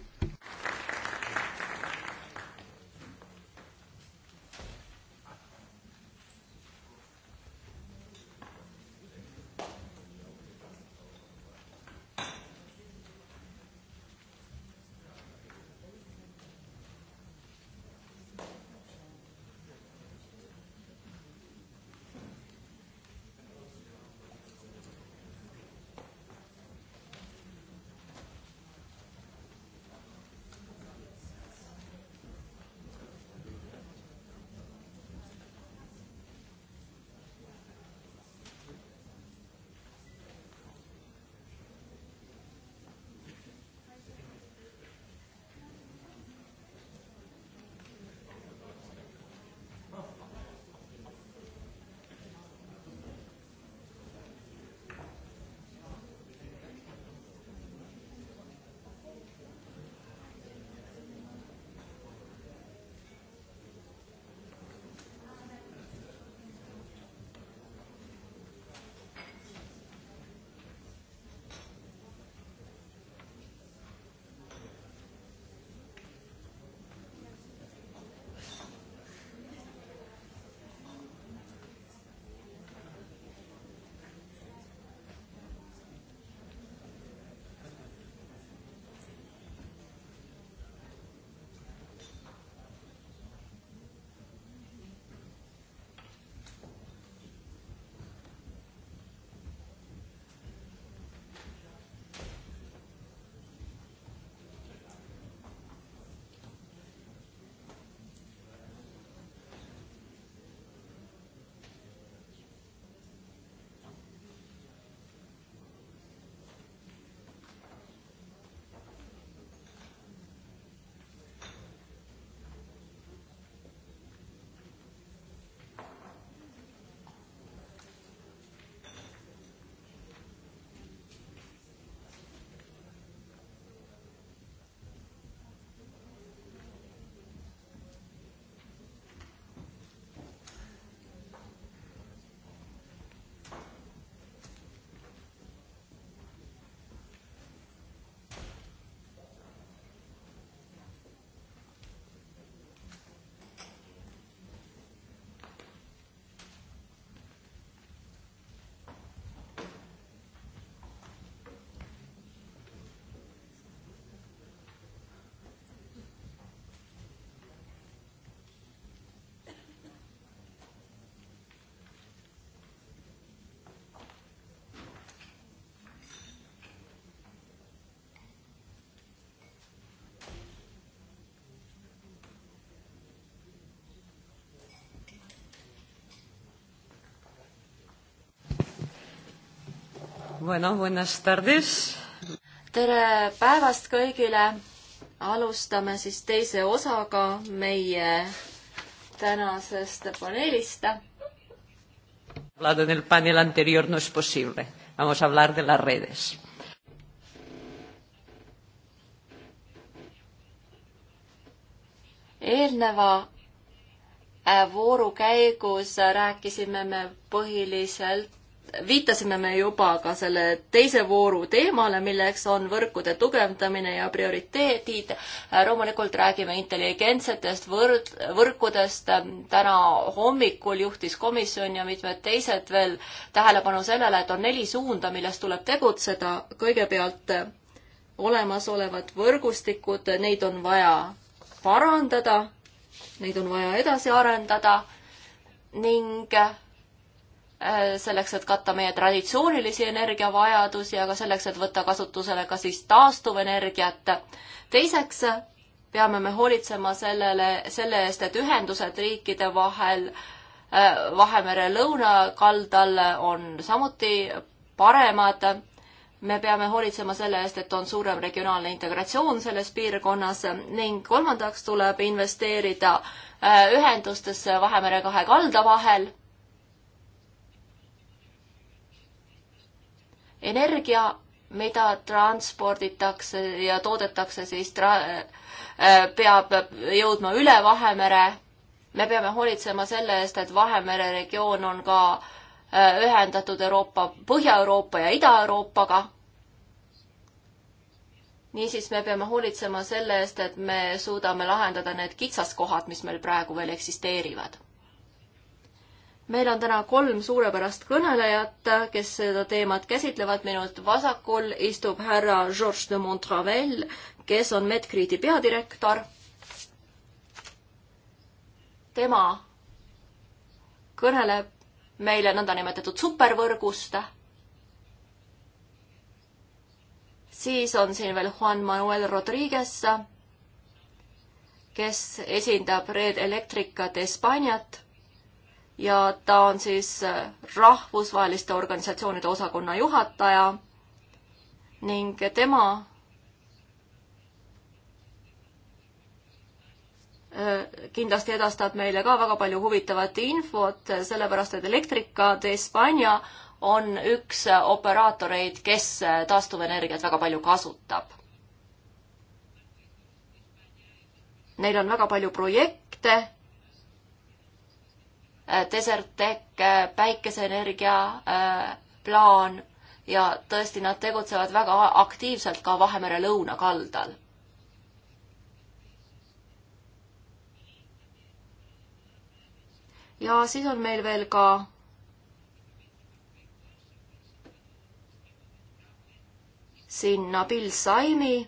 Bueno, buenas tardes. tere päevast kõigile. alustame siis teise osaga meie tänasest paneelist. Hablado en el panel anterior no es posible. Vamos a hablar de las redes. eelneva äh, vooru käigus rääkisime me põhiliselt viitasime me juba ka selle teise vooru teemale, milleks on võrkude tugevdamine ja prioriteedid. loomulikult räägime intelligentsetest võrd-, võrkudest. täna hommikul juhtis komisjon ja mitmed teised veel tähelepanu sellele, et on neli suunda, milles tuleb tegutseda. kõigepealt olemasolevad võrgustikud, neid on vaja parandada, neid on vaja edasi arendada ning Äh, selleks, et katta meie traditsioonilisi energiavajadusi, aga selleks, et võtta kasutusele ka siis taastuvenergiat. teiseks peame me hoolitsema sellele, selle eest, et ühendused riikide vahel äh, Vahemere lõunakaldal on samuti paremad. me peame hoolitsema selle eest, et on suurem regionaalne integratsioon selles piirkonnas ning kolmandaks tuleb investeerida äh, ühendustesse Vahemere kahe kalda vahel energia, mida transporditakse ja toodetakse, siis tra-, äh, peab jõudma üle Vahemere. me peame hoolitsema selle eest, et Vahemere regioon on ka äh, ühendatud Euroopa, Põhja-Euroopa ja Ida-Euroopaga niisiis me peame hoolitsema selle eest, et me suudame lahendada need kitsaskohad, mis meil praegu veel eksisteerivad meil on täna kolm suurepärast kõnelejat, kes seda teemat käsitlevad. minult vasakul istub härra Georges de Montravel, kes on Medgridi peadirektor. tema kõneleb meile nõndanimetatud supervõrgust. siis on siin veel Juan Manuel Rodriguez, kes esindab Red Electricat Hispaaniat ja ta on siis äh, rahvusvaheliste organisatsioonide osakonna juhataja ning tema äh, kindlasti edastab meile ka väga palju huvitavat infot, sellepärast et Elektrika de España on üks operaatoreid, kes äh, taastuvenergiat väga palju kasutab. Neil on väga palju projekte Äh, Desertec, äh, päikeseenergia äh, plaan ja tõesti, nad tegutsevad väga aktiivselt ka Vahemere lõunakaldal. ja siis on meil veel ka siin Nabil Saimi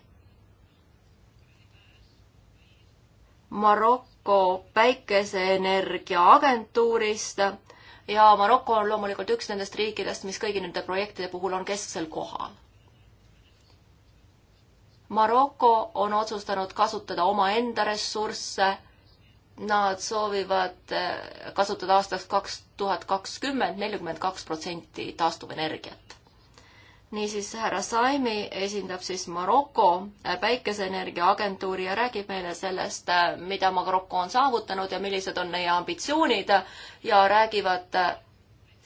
Marok-, Maroko päikeseenergia agentuurist ja Maroko on loomulikult üks nendest riikidest, mis kõigi nende projektide puhul on kesksel kohal. Maroko on otsustanud kasutada omaenda ressursse. Nad soovivad eh, kasutada aastaks kaks tuhat kakskümmend nelikümmend kaks protsenti taastuvenergiat niisiis, härra Saimi esindab siis Maroko Päikeseenergia Agentuuri ja räägib meile sellest, mida Maroko on saavutanud ja millised on neie ambitsioonid ja räägivad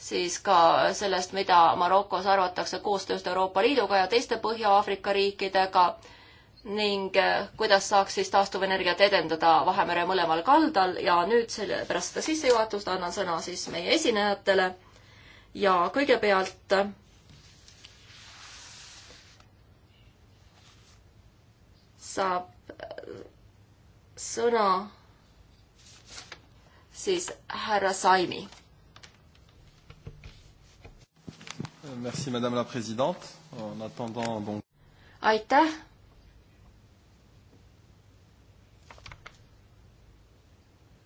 siis ka sellest, mida Marokos arvatakse koostööst Euroopa Liiduga ja teiste Põhja-Aafrika riikidega ning kuidas saaks siis taastuvenergiat edendada Vahemere mõlemal kaldal ja nüüd selle, pärast seda sissejuhatust annan sõna siis meie esinejatele ja kõigepealt saab äh, sõna siis härra Saimi. Merci, madame la présidente. En attendant, donc. aitäh.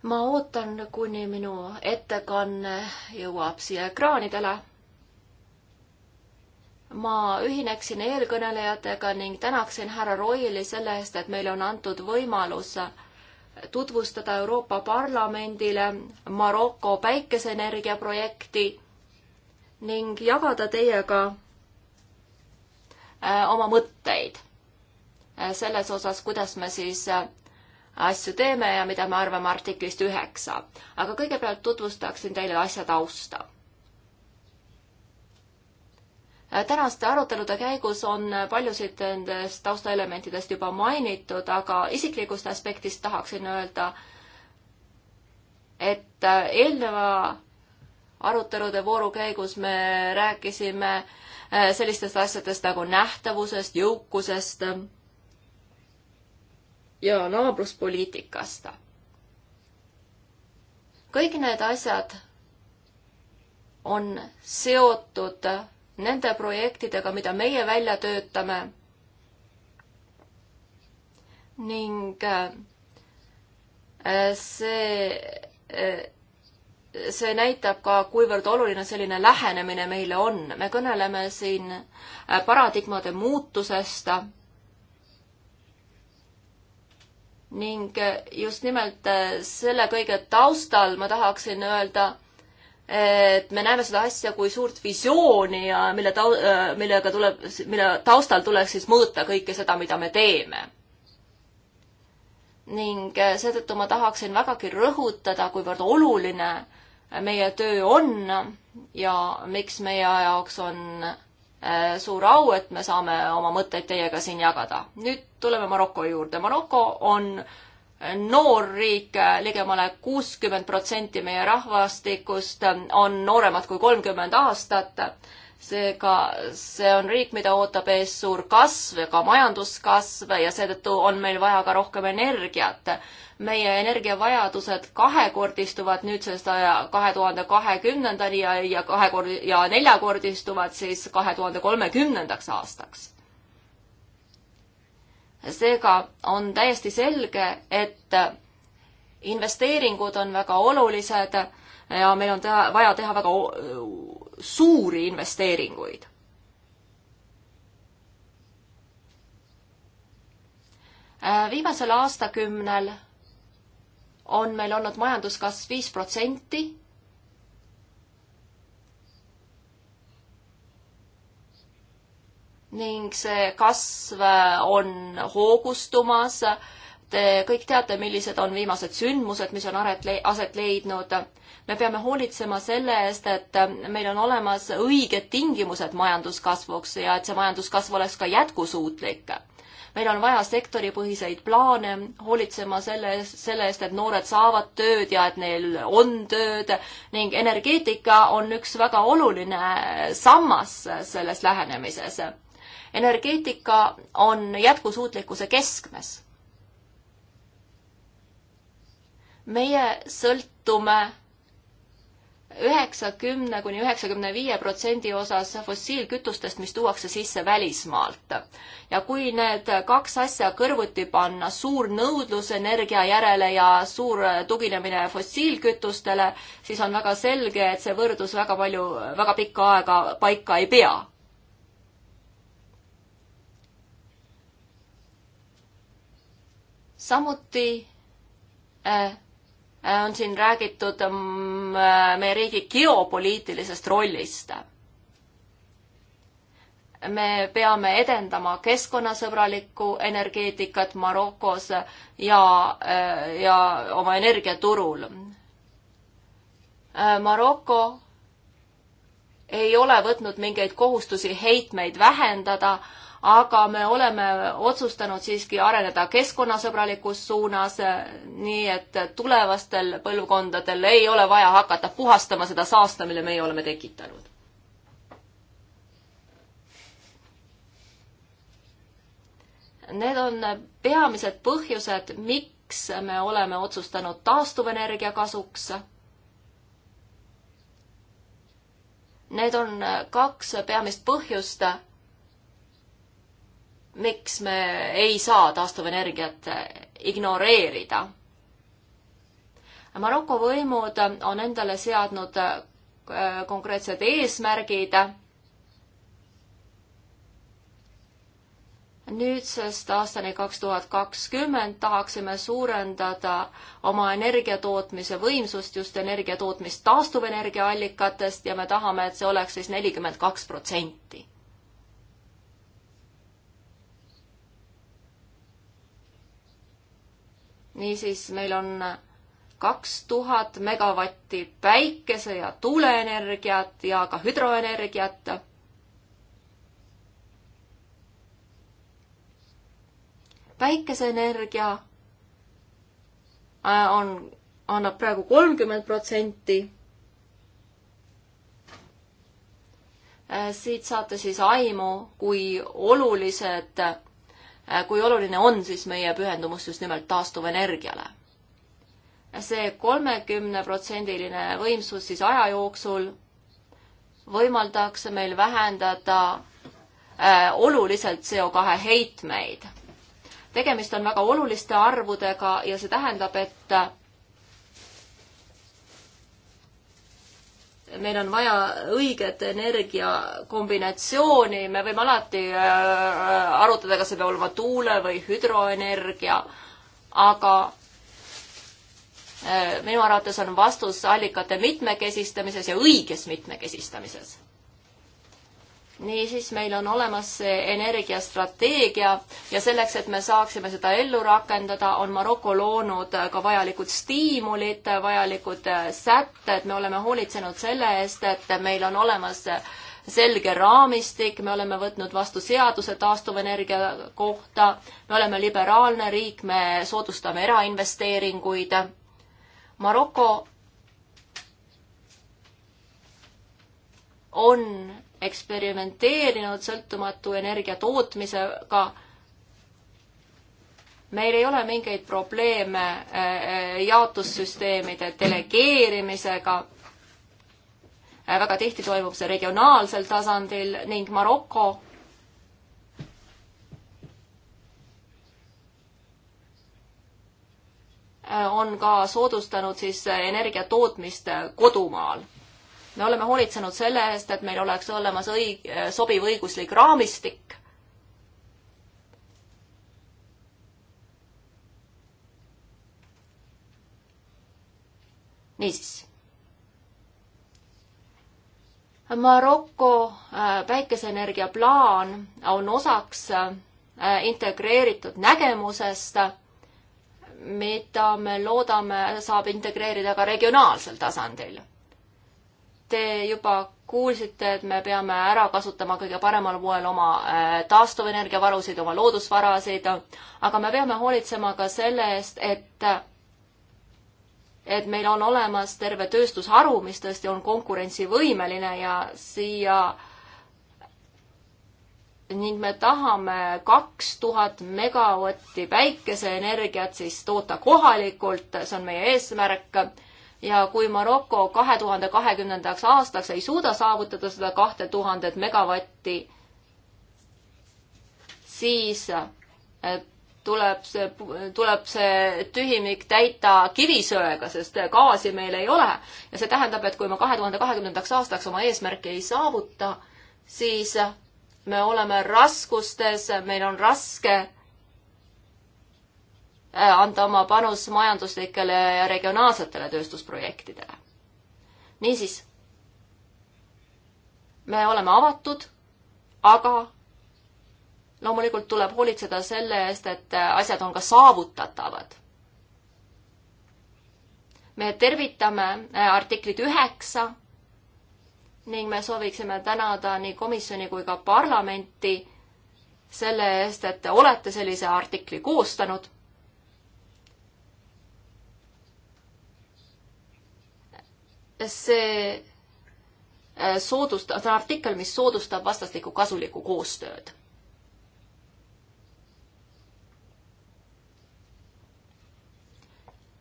ma ootan, kuni minu ettekanne jõuab siia ekraanidele ma ühineksin eelkõnelejatega ning tänaksin härra Roili selle eest, et meile on antud võimalus tutvustada Euroopa Parlamendile Maroko päikeseenergia projekti ning jagada teiega äh, oma mõtteid äh, selles osas, kuidas me siis äh, asju teeme ja mida me arvame artiklist üheksa. aga kõigepealt tutvustaksin teile asja tausta tänaste arutelude käigus on paljusid nendest taustaelementidest juba mainitud, aga isiklikust aspektist tahaksin öelda, et eelneva arutelude vooru käigus me rääkisime äh, sellistest asjadest nagu nähtavusest, jõukusest ja naabruspoliitikast. kõik need asjad on seotud nende projektidega, mida meie välja töötame ning äh, see, äh, see näitab ka, kuivõrd oluline selline lähenemine meile on. me kõneleme siin äh, paradigmade muutusest ning just nimelt selle kõige taustal ma tahaksin öelda, et me näeme seda asja kui suurt visiooni ja mille tau-, äh, millega tuleb, mille taustal tuleks siis mõõta kõike seda, mida me teeme. ning äh, seetõttu ma tahaksin vägagi rõhutada, kuivõrd oluline meie töö on ja miks meie jaoks on äh, suur au, et me saame oma mõtteid teiega siin jagada. nüüd tuleme Maroko juurde. Maroko on äh, noor riik ligemale, ligemale kuuskümmend protsenti meie rahvastikust on nooremad kui kolmkümmend aastat. seega see on riik, mida ootab ees suur kasv ja ka majanduskasv ja seetõttu on meil vaja ka rohkem energiat. meie energiavajadused kahekordistuvad nüüdsest kahe tuhande kahekümnendani ja, ja kahekordi- ja neljakordistuvad siis kahe tuhande kolmekümnendaks aastaks seega on täiesti selge, et investeeringud on väga olulised ja meil on teha, vaja teha väga suuri investeeringuid. viimasel aastakümnel on meil olnud majanduskasv viis protsenti ning see kasv on hoogustumas. Te kõik teate, millised on viimased sündmused, mis on aset leidnud. me peame hoolitsema selle eest, et meil on olemas õiged tingimused majanduskasvuks ja et see majanduskasv oleks ka jätkusuutlik. meil on vaja sektoripõhiseid plaane, hoolitsema selle eest, selle eest, et noored saavad tööd ja et neil on tööd ning energeetika on üks väga oluline sammas selles lähenemises energeetika on jätkusuutlikkuse keskmes. meie sõltume üheksakümne kuni üheksakümne viie protsendi osas fossiilkütustest, mis tuuakse sisse välismaalt. ja kui need kaks asja kõrvuti panna, suur nõudlus energia järele ja suur tuginemine fossiilkütustele, siis on väga selge, et see võrdlus väga palju, väga pikka aega paika ei pea. samuti äh, äh, on siin räägitud mm, äh, meie riigi geopoliitilisest rollist. me peame edendama keskkonnasõbralikku energeetikat Marokos ja, ja oma energiaturul. Maroko ei ole võtnud mingeid kohustusi heitmeid vähendada aga me oleme otsustanud siiski areneda keskkonnasõbralikus suunas, nii et tulevastel põlvkondadel ei ole vaja hakata puhastama seda saasta, mille meie oleme tekitanud. Need on peamised põhjused, miks me oleme otsustanud taastuvenergia kasuks Need on kaks peamist põhjust, miks me ei saa taastuvenergiat ignoreerida. Maroko võimud on endale seadnud äh, konkreetsed eesmärgid. nüüdsest aastani kaks tuhat kakskümmend tahaksime suurendada oma energiatootmise võimsust, just energiatootmist taastuvenergiaallikatest ja me tahame, et see oleks siis nelikümmend kaks protsenti niisiis meil on kaks tuhat megavatti päikese- ja tuuleenergiat ja ka hüdroenergiat. päikeseenergia äh, on, annab praegu kolmkümmend protsenti. Äh, siit saate siis aimu, kui olulised Äh, kui oluline on siis meie pühendumus just nimelt taastuvenergiale. see kolmekümneprotsendiline võimsus siis aja jooksul võimaldaks meil vähendada äh, oluliselt CO2 heitmeid. tegemist on väga oluliste arvudega ja see tähendab, et meil on vaja õiget energiakombinatsiooni, me võime alati äh, arutada, kas see peab olema tuule- või hüdroenergia, aga äh, minu arvates on vastus allikate mitmekesistamises ja õiges mitmekesistamises niisiis, meil on olemas see energiastrateegia ja selleks, et me saaksime seda ellu rakendada, on Maroko loonud ka vajalikud stiimulid, vajalikud äh, sätted, me oleme hoolitsenud selle eest, et meil on olemas selge raamistik, me oleme võtnud vastu seaduse taastuvenergia kohta, me oleme liberaalne riik, me soodustame erainvesteeringuid. Maroko on eksperimenteerinud sõltumatu energia tootmisega. meil ei ole mingeid probleeme eh, jaotussüsteemide delegeerimisega. Eh, väga tihti toimub see regionaalsel tasandil ning Maroko eh, on ka soodustanud siis energia tootmist kodumaal me oleme hoolitsenud selle eest, et meil oleks olemas õig-, sobiv õiguslik raamistik. niisiis. Maroko äh, päikeseenergia plaan on osaks äh, integreeritud nägemusest, mida me loodame, saab integreerida ka regionaalsel tasandil Te juba kuulsite, et me peame ära kasutama kõige paremal moel oma äh, taastuvenergiavarusid, oma loodusvarasid, aga me peame hoolitsema ka selle eest, et et meil on olemas terve tööstusharu, mis tõesti on konkurentsivõimeline ja siia ning me tahame kaks tuhat megavatti päikeseenergiat siis toota kohalikult, see on meie eesmärk ja kui Maroko kahe tuhande kahekümnendaks aastaks ei suuda saavutada seda kahte tuhandet megavatti, siis äh, tuleb see, tuleb see tühimik täita kivisöega, sest gaasi meil ei ole. ja see tähendab, et kui me kahe tuhande kahekümnendaks aastaks oma eesmärki ei saavuta, siis me oleme raskustes, meil on raske Äh, anda oma panus majanduslikele ja regionaalsetele tööstusprojektidele. niisiis, me oleme avatud, aga loomulikult tuleb hoolitseda selle eest, et asjad on ka saavutatavad. me tervitame äh, artiklit üheksa ning me sooviksime tänada nii komisjoni kui ka parlamenti selle eest, et te olete sellise artikli koostanud see äh, soodustab, see on artikkel, mis soodustab vastastikku kasulikku koostööd.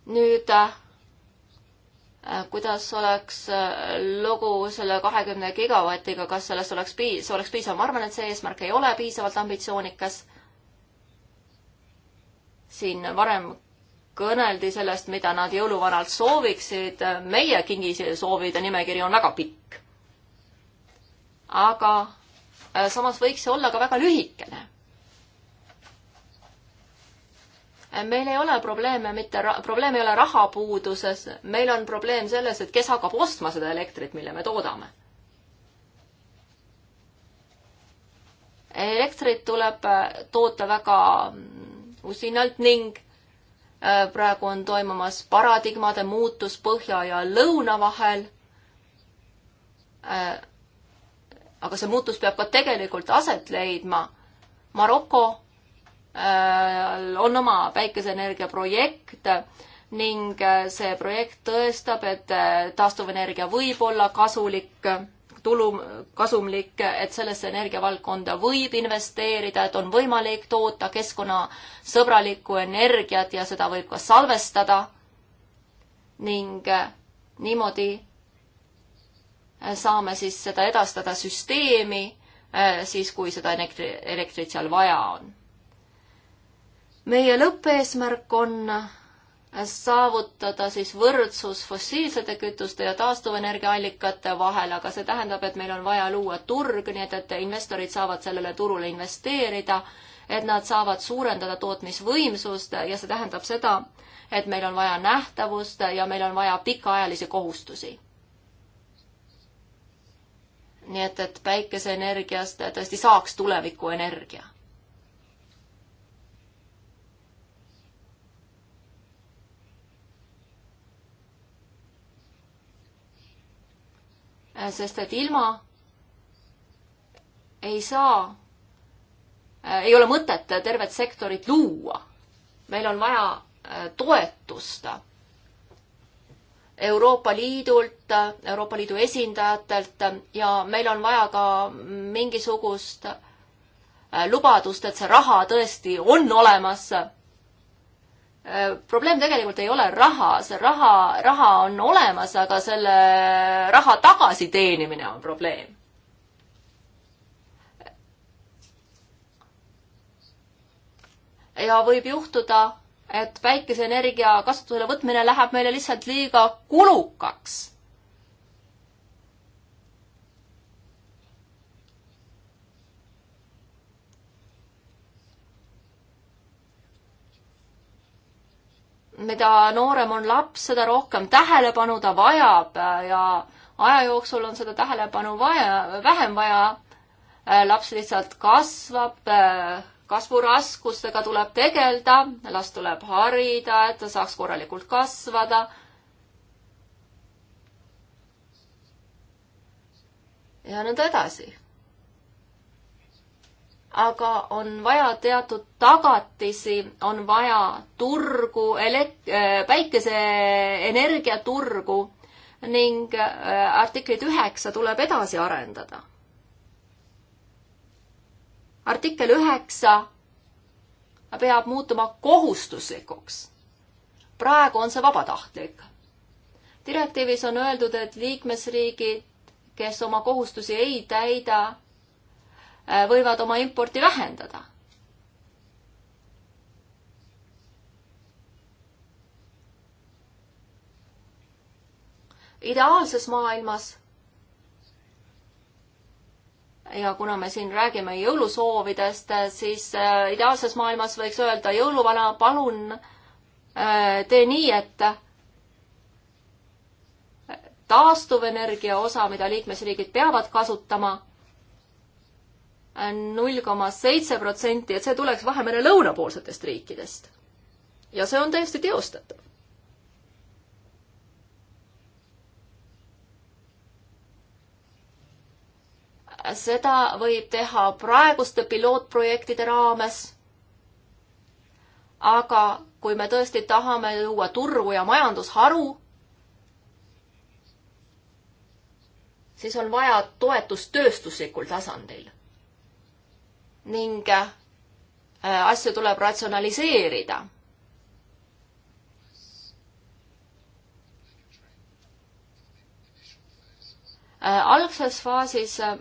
nüüd äh, kuidas oleks äh, lugu selle kahekümne gigavatiga, kas sellest oleks piis-, oleks piisav, ma arvan, et see eesmärk ei ole piisavalt ambitsioonikas. siin varem kõneldi sellest, mida nad jõuluvanalt sooviksid, meie kingisoovide nimekiri on väga pikk. aga äh, samas võiks see olla ka väga lühikene. Äh, meil ei ole probleeme mitte, probleem ei ole rahapuuduses, meil on probleem selles, et kes hakkab ostma seda elektrit, mille me toodame. elektrit tuleb äh, toota väga mm, usinalt ning Äh, praegu on toimumas paradigmade muutus põhja ja lõuna vahel. Äh, aga see muutus peab ka tegelikult aset leidma. Maroko äh, on oma päikeseenergia projekt ning see projekt tõestab, et taastuvenergia võib olla kasulik tulum, kasumlik, et sellesse energiavaldkonda võib investeerida, et on võimalik toota keskkonnasõbralikku energiat ja seda võib ka salvestada. ning äh, niimoodi äh, saame siis seda edastada süsteemi, äh, siis kui seda elektri, elektrit seal vaja on. meie lõppeesmärk on saavutada siis võrdsus fossiilsete kütuste ja taastuvenergiaallikate vahel, aga see tähendab, et meil on vaja luua turg, nii et, et investorid saavad sellele turule investeerida, et nad saavad suurendada tootmisvõimsust ja see tähendab seda, et meil on vaja nähtavust ja meil on vaja pikaajalisi kohustusi nii et, et päikeseenergiast tõesti saaks tulevikuenergia Äh, sest et ilma ei saa, äh, ei ole mõtet tervet sektorit luua. meil on vaja äh, toetust Euroopa Liidult, Euroopa Liidu esindajatelt ja meil on vaja ka mingisugust lubadust, et see raha tõesti on olemas Äh, probleem tegelikult ei ole rahas, raha, raha on olemas, aga selle raha tagasiteenimine on probleem. ja võib juhtuda, et päikeseenergia kasutusele võtmine läheb meile lihtsalt liiga kulukaks mida noorem on laps, seda rohkem tähelepanu ta vajab ja aja jooksul on seda tähelepanu vaja, vähem vaja. laps lihtsalt kasvab, kasvuraskustega tuleb tegeleda, last tuleb harida, et ta saaks korralikult kasvada. ja nõnda edasi aga on vaja teatud tagatisi, on vaja turgu, elek-, äh, päikeseenergia turgu ning äh, artiklit üheksa tuleb edasi arendada. artikkel üheksa peab muutuma kohustuslikuks. praegu on see vabatahtlik. direktiivis on öeldud, et liikmesriigid, kes oma kohustusi ei täida, Äh, võivad oma importi vähendada. ideaalses maailmas ja kuna me siin räägime jõulusoovidest, äh, siis äh, ideaalses maailmas võiks öelda jõuluvana, palun tee nii, et taastuvenergia osa, mida liikmesriigid peavad kasutama null koma seitse protsenti, et see tuleks Vahemere lõunapoolsetest riikidest. ja see on täiesti teostatav. seda võib teha praeguste pilootprojektide raames. aga kui me tõesti tahame luua turgu ja majandusharu, siis on vaja toetust tööstuslikul tasandil ning äh, asju tuleb ratsionaliseerida. Äh, algses faasis äh,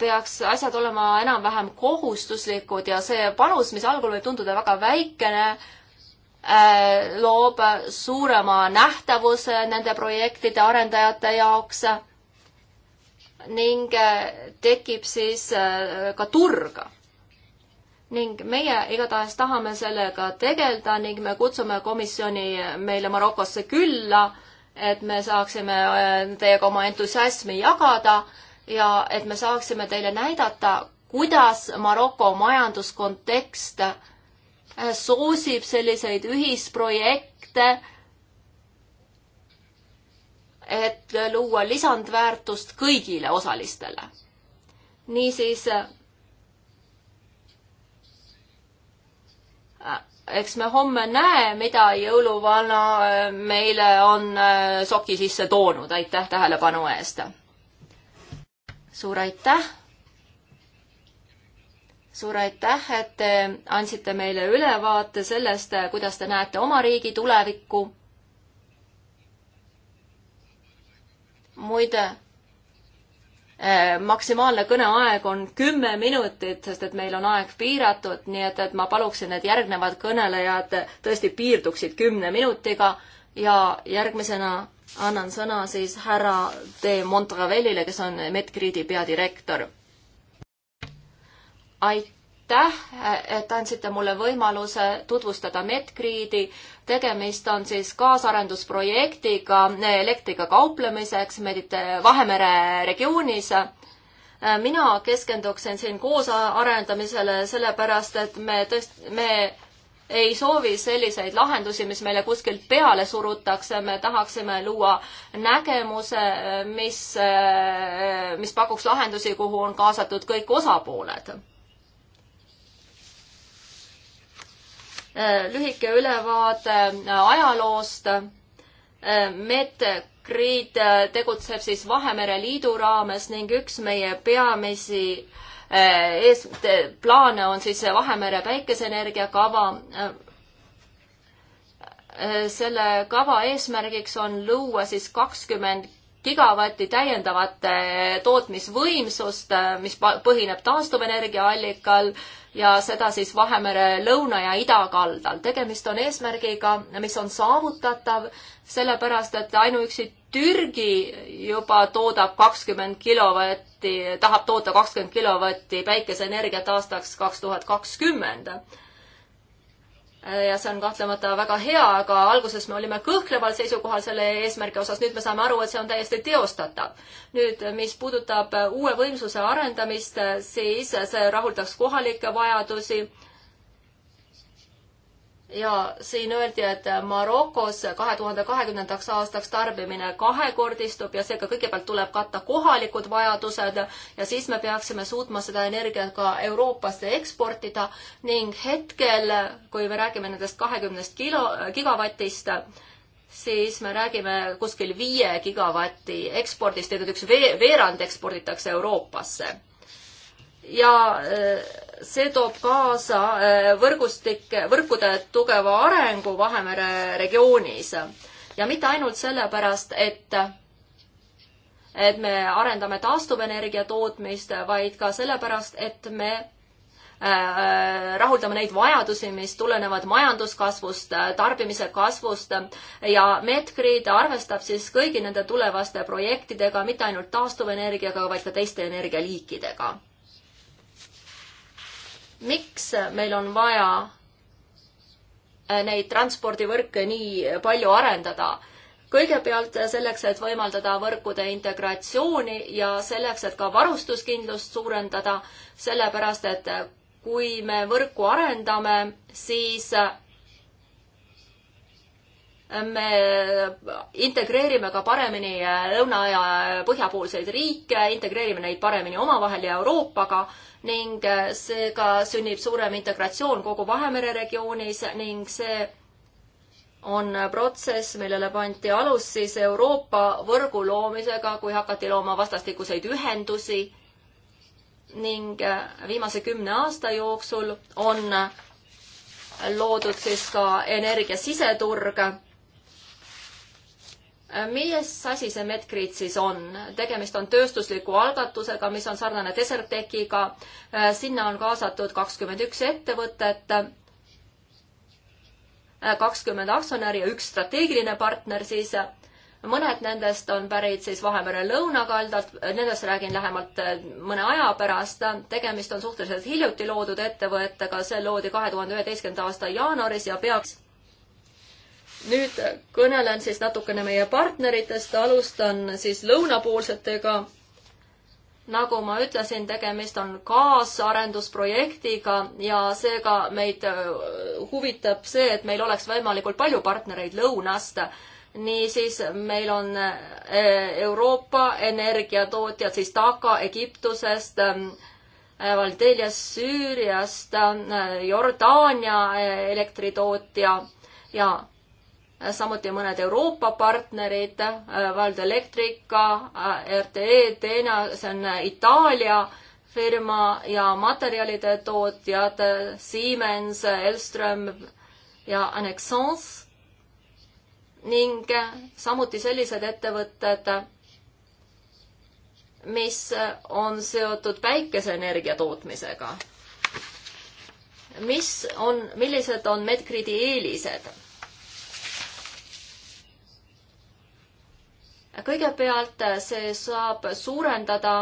peaks asjad olema enam-vähem kohustuslikud ja see panus, mis algul võib tunduda väga väikene, loob suurema nähtavuse nende projektide arendajate jaoks ning äh, tekib siis äh, ka turg. ning meie igatahes tahame sellega tegeleda ning me kutsume komisjoni meile Marokosse külla, et me saaksime äh, teiega oma entusiasmi jagada ja et me saaksime teile näidata, kuidas Maroko majanduskontekst soosib selliseid ühisprojekte et luua lisandväärtust kõigile osalistele. niisiis eks me homme näe, mida jõuluvana äh, meile on äh, soki sisse toonud, aitäh tähelepanu eest! suur aitäh! suur aitäh, et te andsite meile ülevaate sellest, äh, kuidas te näete oma riigi tulevikku muide, eh, maksimaalne kõneaeg on kümme minutit, sest et meil on aeg piiratud, nii et, et ma paluksin, et järgnevad kõnelejad tõesti piirduksid kümne minutiga ja järgmisena annan sõna siis härra de Montravelile, kes on Medgridi peadirektor. aitäh aitäh, et andsite mulle võimaluse tutvustada Medgridi. tegemist on siis kaasarendusprojektiga elektriga kauplemiseks Medite-, Vahemere regioonis mina keskenduksin siin koosarendamisele, sellepärast et me tõest-, me ei soovi selliseid lahendusi, mis meile kuskilt peale surutakse, me tahaksime luua nägemuse, mis, mis pakuks lahendusi, kuhu on kaasatud kõik osapooled Äh, lühike ülevaade äh, ajaloost. Äh, Medgrid tegutseb siis Vahemere Liidu raames ning üks meie peamisi ees-, plaane on siis Vahemere päikeseenergia kava. selle kava eesmärgiks on luua siis kakskümmend gigavatti täiendavat tootmisvõimsust, mis põhineb taastuvenergia allikal ja seda siis Vahemere lõuna- ja idakaldal. tegemist on eesmärgiga, mis on saavutatav, sellepärast et ainuüksi Türgi juba toodab kakskümmend kilovatti, tahab toota kakskümmend kilovatti päikeseenergiat aastaks kaks tuhat kakskümmend Äh, ja see on kahtlemata väga hea, aga alguses me olime kõhkleval seisukohal selle eesmärgi osas, nüüd me saame aru, et see on täiesti teostatav. nüüd, mis puudutab äh, uue võimsuse arendamist, äh, siis see rahuldaks kohalikke vajadusi ja siin öeldi, et Marokos kahe tuhande kahekümnendaks aastaks tarbimine kahekordistub ja seega kõigepealt tuleb katta kohalikud vajadused ja siis me peaksime suutma seda energiat ka Euroopasse eksportida ning hetkel, kui me räägime nendest kahekümnest kilo, gigavatist, siis me räägime kuskil viie gigavati ekspordist, tegelikult üks veerand eksporditakse Euroopasse. ja äh, see toob kaasa äh, võrgustike, võrkude tugeva arengu Vahemere regioonis ja mitte ainult sellepärast, et et me arendame taastuvenergia tootmist, vaid ka sellepärast, et me äh, äh, rahuldama neid vajadusi, mis tulenevad majanduskasvust, tarbimise kasvust ja Medgrid arvestab siis kõigi nende tulevaste projektidega, mitte ainult taastuvenergiaga, vaid ka teiste energialiikidega miks meil on vaja äh, neid transpordivõrke nii palju arendada. kõigepealt selleks, et võimaldada võrkude integratsiooni ja selleks, et ka varustuskindlust suurendada, sellepärast et kui me võrku arendame, siis äh, me integreerime ka paremini äh, lõuna ja äh, põhjapoolseid riike, integreerime neid paremini omavahel ja Euroopaga ning äh, seega sünnib suurem integratsioon kogu Vahemere regioonis ning see on protsess, millele pandi alus siis Euroopa võrgu loomisega, kui hakati looma vastastikuseid ühendusi ning viimase kümne aasta jooksul on loodud siis ka energia siseturg milles asi see Medgrid siis on? tegemist on tööstusliku algatusega, mis on sarnane Desertekiga. Äh, sinna on kaasatud kakskümmend üks ettevõtet, äh, kakskümmend aktsionäri ja üks strateegiline partner siis. mõned nendest on pärit siis Vahemere lõunakaldalt, nendest räägin lähemalt äh, mõne aja pärast. tegemist on suhteliselt hiljuti loodud ettevõttega, see loodi kahe tuhande üheteistkümnenda aasta jaanuaris ja peaks nüüd kõnelen siis natukene meie partneritest, alustan siis lõunapoolsetega. nagu ma ütlesin, tegemist on kaasarendusprojektiga ja seega meid äh, huvitab see, et meil oleks võimalikult palju partnereid lõunast. niisiis meil on äh, Euroopa energiatootjad siis Dhaka Egiptusest ähm, äh, Valdeelias Süüriast, Jordaania elektritootja ja samuti mõned Euroopa partnerid, äh, Valdo Electrica, äh, RTE, Teena, see on äh, Itaalia firma ja materjalide tootjad Siemens, Elström ja Annexons ning samuti sellised ettevõtted, mis on seotud päikeseenergia tootmisega. mis on, millised on Medgridi eelised? kõigepealt äh, see saab suurendada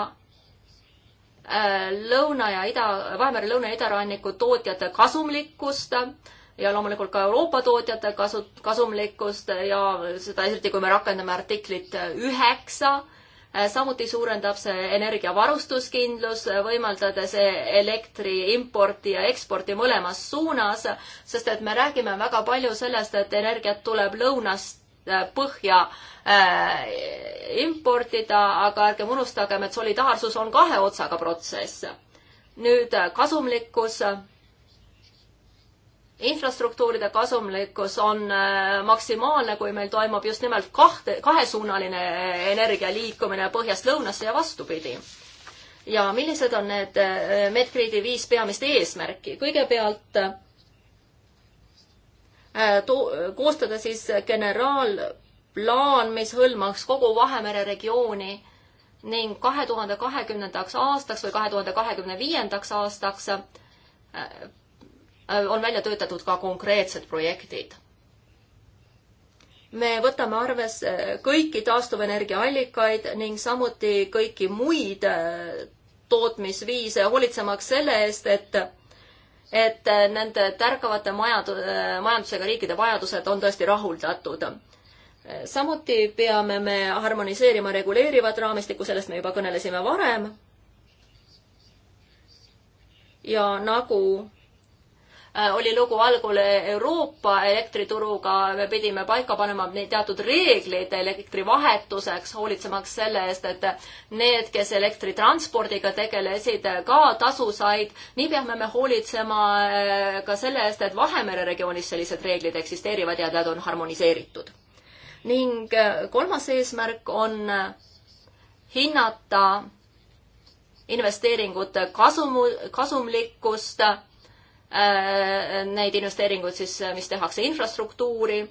äh, lõuna ja ida, Vahemere lõuna ja idaranniku tootjate kasumlikkust ja loomulikult ka Euroopa tootjate kasu, kasumlikkust ja seda eriti, kui me rakendame artiklit üheksa. Äh, samuti suurendab see energiavarustuskindlus, võimaldades e-, elektri importi ja eksporti mõlemas suunas, sest et me räägime väga palju sellest, et energiat tuleb lõunast põhja äh, importida, aga ärgem unustagem, et solidaarsus on kahe otsaga protsess. nüüd äh, kasumlikkus, infrastruktuuride kasumlikkus on äh, maksimaalne, kui meil toimub just nimelt kahte, kahesuunaline energia liikumine põhjast lõunasse ja vastupidi ja millised on need Medgridi viis peamist eesmärki? kõigepealt koostada siis generaalplaan, mis hõlmaks kogu Vahemere regiooni ning kahe tuhande kahekümnendaks aastaks või kahe tuhande kahekümne viiendaks aastaks äh, äh, on välja töötatud ka konkreetsed projektid. me võtame arvesse äh, kõiki taastuvenergia allikaid ning samuti kõiki muid tootmisviise, hoolitsemaks selle eest, et et äh, nende tärkavate majad, äh, majandusega riikide vajadused on tõesti rahuldatud. samuti peame me harmoniseerima reguleerivat raamistikku, sellest me juba kõnelesime varem. ja nagu Äh, oli lugu algul Euroopa elektrituruga, me pidime paika panema teatud reeglid elektrivahetuseks, hoolitsemaks selle eest, et need, kes elektritranspordiga tegelesid, ka tasu said. nii peame me hoolitsema äh, ka selle eest, et Vahemere regioonis sellised reeglid eksisteerivad ja nad on harmoniseeritud. ning äh, kolmas eesmärk on hinnata investeeringute kasumu, kasumlikkust Äh, neid investeeringuid siis, äh, mis tehakse infrastruktuuri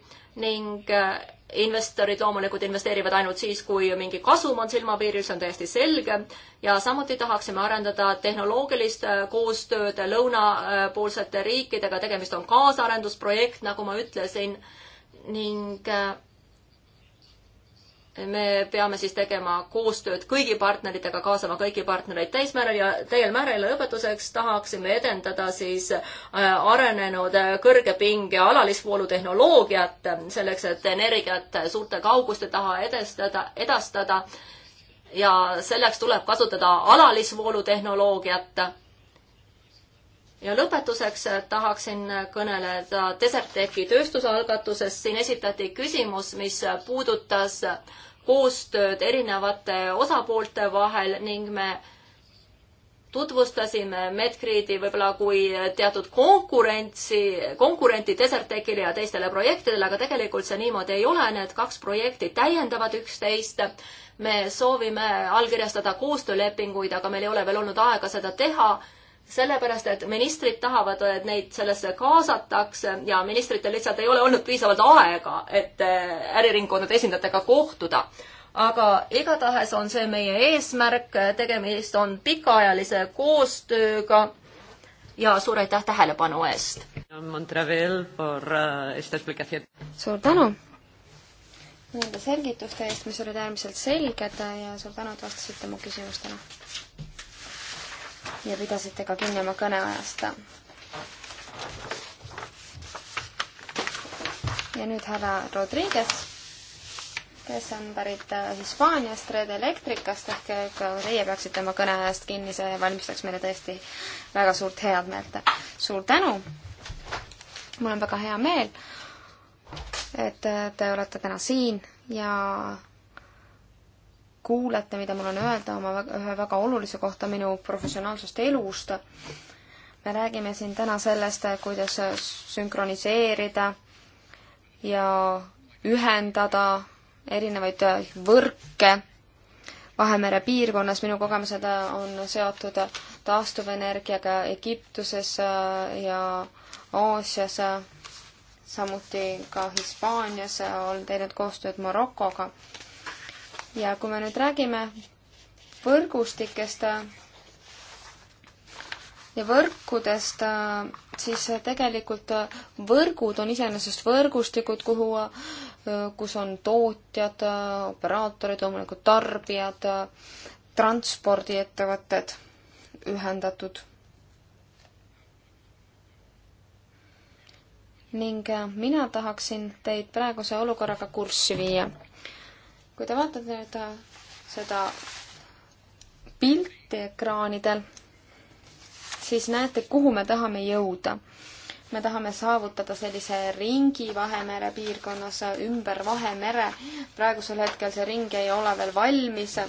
ning äh, investorid loomulikult investeerivad ainult siis, kui mingi kasum on silmapiiril, see on täiesti selge. ja samuti tahaksime arendada tehnoloogilist koostööd lõunapoolsete riikidega, tegemist on kaasarendusprojekt, nagu ma ütlesin, ning me peame siis tegema koostööd kõigi partneritega, kaasama kõiki partnereid täismääral ja täiel määral ja lõpetuseks tahaksime edendada siis äh, arenenud äh, kõrgepinge alalisvoolutehnoloogiat selleks, et energiat suurte kauguste taha edestada, edastada. ja selleks tuleb kasutada alalisvoolutehnoloogiat ja lõpetuseks tahaksin kõneleda Desertechi tööstusalgatusest. siin esitati küsimus, mis puudutas äh, koostööd erinevate osapoolte vahel ning me tutvustasime Medgridi võib-olla kui teatud konkurentsi, konkurenti Desertecile ja teistele projektidele, aga tegelikult see niimoodi ei ole, need kaks projekti täiendavad üksteist. me soovime allkirjastada koostöölepinguid, aga meil ei ole veel olnud aega seda teha sellepärast, et ministrid tahavad, et neid sellesse kaasatakse ja ministritel lihtsalt ei ole olnud piisavalt aega, et äh, äriringkondade esindajatega kohtuda. aga igatahes on see meie eesmärk, tegemist on pikaajalise koostööga ja suur aitäh tähelepanu eest! Äh, suur tänu nende selgituste eest, mis olid äärmiselt selged ja suur tänu, et vastasite mu küsimustele ja pidasite ka kinni oma kõneajast. ja nüüd härra Rodriguez, kes on pärit äh, Hispaaniast, Red Electricast, ehk äh, ka teie peaksite oma kõneajast kinni, see valmistaks meile tõesti väga suurt head meelt. suur tänu! mul on väga hea meel, et äh, te olete täna siin ja kuulete, mida mul on öelda oma väga, ühe väga olulise kohta minu professionaalsest elust. me räägime siin täna sellest, kuidas sünkroniseerida ja ühendada erinevaid võrke Vahemere piirkonnas. minu kogemused on seotud taastuvenergiaga Egiptuses ja Aasias, samuti ka Hispaanias, olen teinud koostööd Marokoga ja kui me nüüd räägime võrgustikest äh, ja võrkudest, äh, siis äh, tegelikult võrgud on iseenesest võrgustikud, kuhu, kus on tootjad, operaatorid, loomulikult tarbijad, transpordiettevõtted ühendatud. ning mina tahaksin teid praeguse olukorraga kurssi viia kui te vaatate nüüd äh, seda pilti ekraanidel, siis näete, kuhu me tahame jõuda. me tahame saavutada sellise ringi Vahemere piirkonnas äh, ümber Vahemere. praegusel hetkel see ring ei ole veel valmis.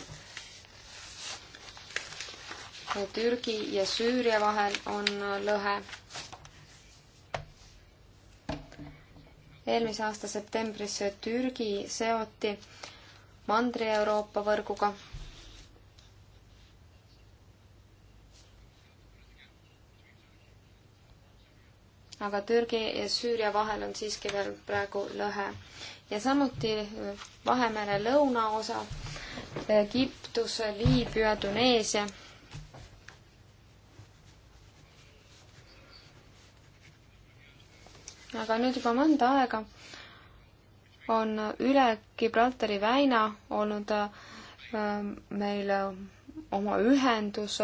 Türgi ja Süüria vahel on äh, lõhe eelmise aasta septembris Türgi seoti Mandri-Euroopa võrguga. aga Türgi ja Süüria vahel on siiski veel praegu lõhe. ja samuti Vahemere lõunaosa, Egiptus, Liibüa, Tuneesia aga nüüd juba mõnda aega on üle Gibraltari väina olnud ähm, meil äh, oma ühendus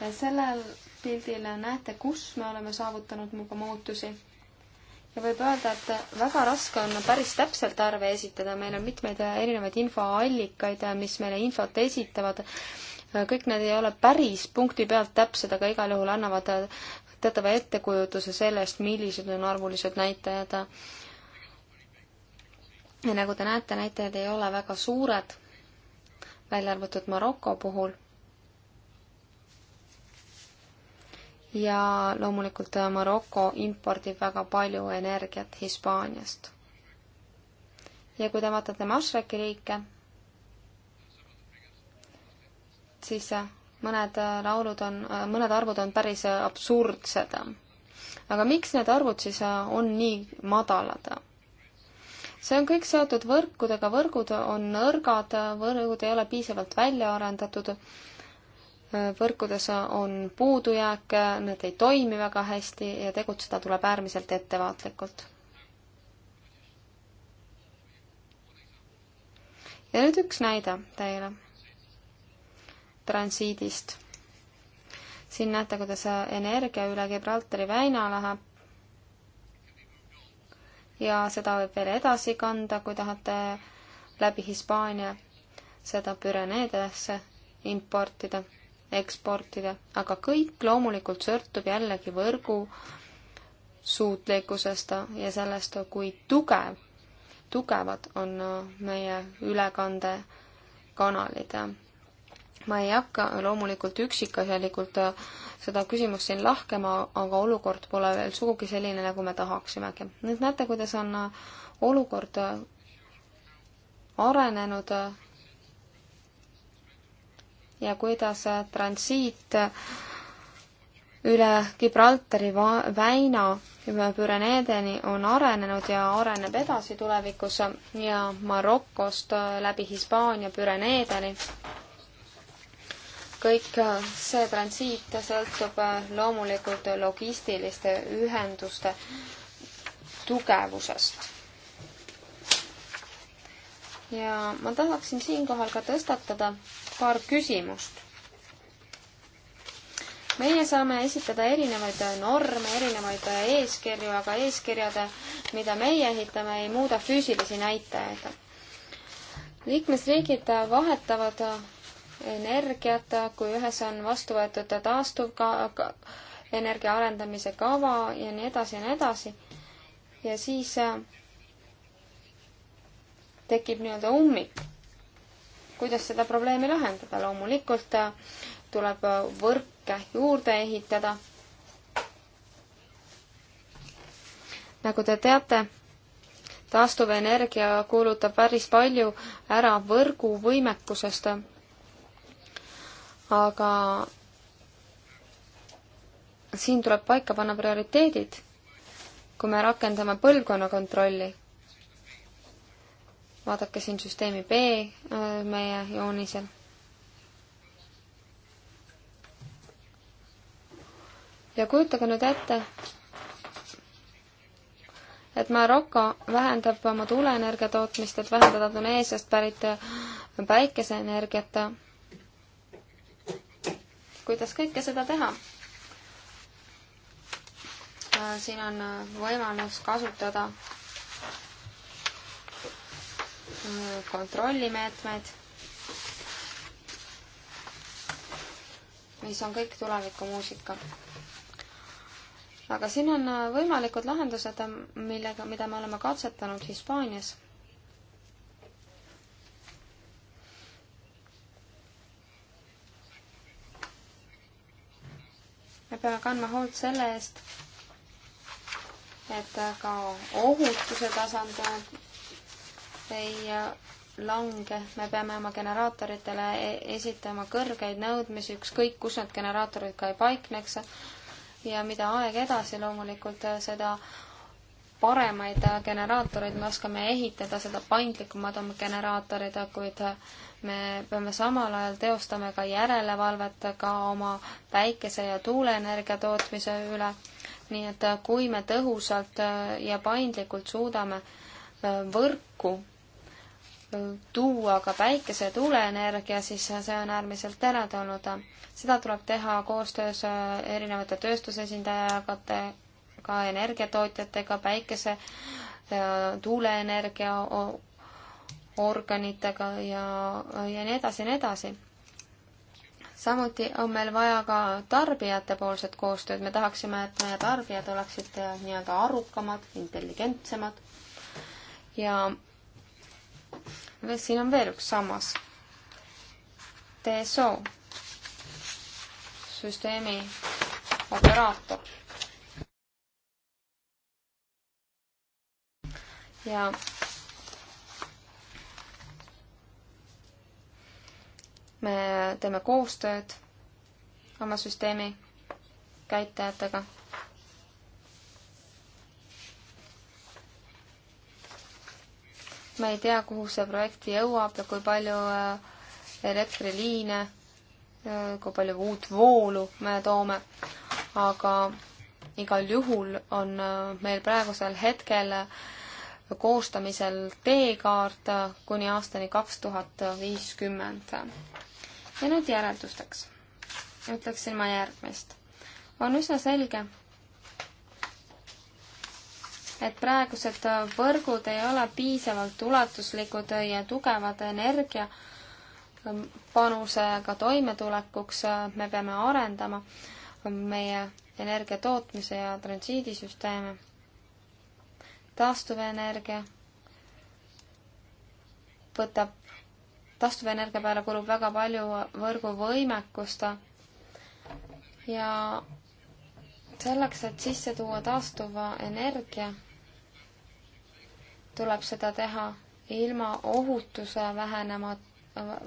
Ja sellel pildil näete, kus me oleme saavutanud muuga muutusi ja võib öelda, et väga raske on päris täpselt arve esitada, meil on mitmeid erinevaid infoallikaid, mis meile infot esitavad, kõik need ei ole päris punkti pealt täpsed, aga igal juhul annavad teatava ettekujutuse sellest, millised on arvulised näitajad. ja nagu te näete, näitajad ei ole väga suured, välja arvatud Maroko puhul ja loomulikult äh, Maroko impordib väga palju energiat Hispaaniast. ja kui te vaatate Mašreki riike, siis äh, mõned äh, laulud on, mõned arvud on päris absurdsed. aga miks need arvud siis on nii madalad? see on kõik seotud võrkudega, võrgud on nõrgad, võrgud ei ole piisavalt välja arendatud võrkudes on puudujääke, need ei toimi väga hästi ja tegutseda tuleb äärmiselt ettevaatlikult. ja nüüd üks näide teile transiidist. siin näete, kuidas energia üle Gibraltari väina läheb. ja seda võib veel edasi kanda, kui tahate läbi Hispaania seda Püreneedesse importida eksportida, aga kõik loomulikult sõltub jällegi võrgu suutlikkusest ja sellest, kui tugev, tugevad on meie ülekandekanalid. ma ei hakka loomulikult üksikasjalikult seda küsimust siin lahkema, aga olukord pole veel sugugi selline, nagu me tahaksimegi. nüüd näete, kuidas on olukord arenenud ja kuidas transiit üle Gibraltari väina Püreneedeni on arenenud ja areneb edasi tulevikus ja Marokost läbi Hispaania Püreneedeni. kõik see transiit sõltub loomulikult logistiliste ühenduste tugevusest ja ma tahaksin siinkohal ka tõstatada paar küsimust. meie saame esitada erinevaid norme, erinevaid eeskirju, aga eeskirjad, mida meie ehitame, ei muuda füüsilisi näitajaid. liikmesriigid vahetavad energiat, kui ühes on vastu võetud taastuv ka-, ka, energia arendamise kava ja nii edasi ja nii edasi. ja siis tekib nii-öelda ummik. kuidas seda probleemi lahendada? loomulikult äh, tuleb äh, võrke juurde ehitada. nagu te teate, taastuvenergia kuulutab päris palju ära võrguvõimekusest, aga siin tuleb paika panna prioriteedid. kui me rakendame põlvkonna kontrolli, vaadake siin süsteemi B äh, meie joonisel. ja kujutage nüüd ette, et Maroko vähendab oma tuuleenergia tootmist, et vähendada Tuneesiast pärit äh, päikeseenergiat. kuidas kõike seda teha? Äh, siin on võimalus kasutada Mm, kontrollimeetmed, mis on kõik tulevikumuusika. aga siin on äh, võimalikud lahendused, äh, millega, mida me oleme katsetanud Hispaanias. me peame kandma hoolt selle eest, et äh, ka ohutuse tasand ei lange, me peame oma generaatoritele e-, esitama kõrgeid nõudmisi, ükskõik kus need generaatorid ka ei paikneks. ja mida aeg edasi loomulikult, seda paremaid generaatoreid me oskame ehitada, seda paindlikumad on generaatorid, kuid me peame samal ajal teostama ka järelevalvet ka oma päikese- ja tuuleenergia tootmise üle. nii et kui me tõhusalt ja paindlikult suudame võrku tuua ka päikese- ja tuuleenergia, siis see on äärmiselt teretulnud. seda tuleb teha koostöös äh, erinevate tööstusesindajaga, ka energiatootjatega, päikese- ja tuuleenergia organitega ja, ja nii edasi ja nii edasi. samuti on meil vaja ka tarbijatepoolset koostööd, me tahaksime, et meie tarbijad oleksid äh, nii-öelda arukamad, intelligentsemad ja siin on veel üks sammas. DSO, süsteemi operaator. ja me teeme koostööd oma süsteemi käitajatega me ei tea, kuhu see projekt jõuab ja kui palju äh, elektriliine, äh, kui palju uut voolu me toome, aga igal juhul on äh, meil praegusel hetkel koostamisel teekaart kuni aastani kaks tuhat viiskümmend. ja nüüd järeldusteks. ütleksin ma järgmist. on üsna selge, et praegused võrgud ei ole piisavalt ulatuslikud ja tugevad energia panusega toimetulekuks, me peame arendama meie energiatootmise ja transiidisüsteeme, taastuvenergia võtab, taastuvenergia peale kulub väga palju võrguvõimekust ja selleks, et sisse tuua taastuva energia tuleb seda teha ilma ohutuse vähenema,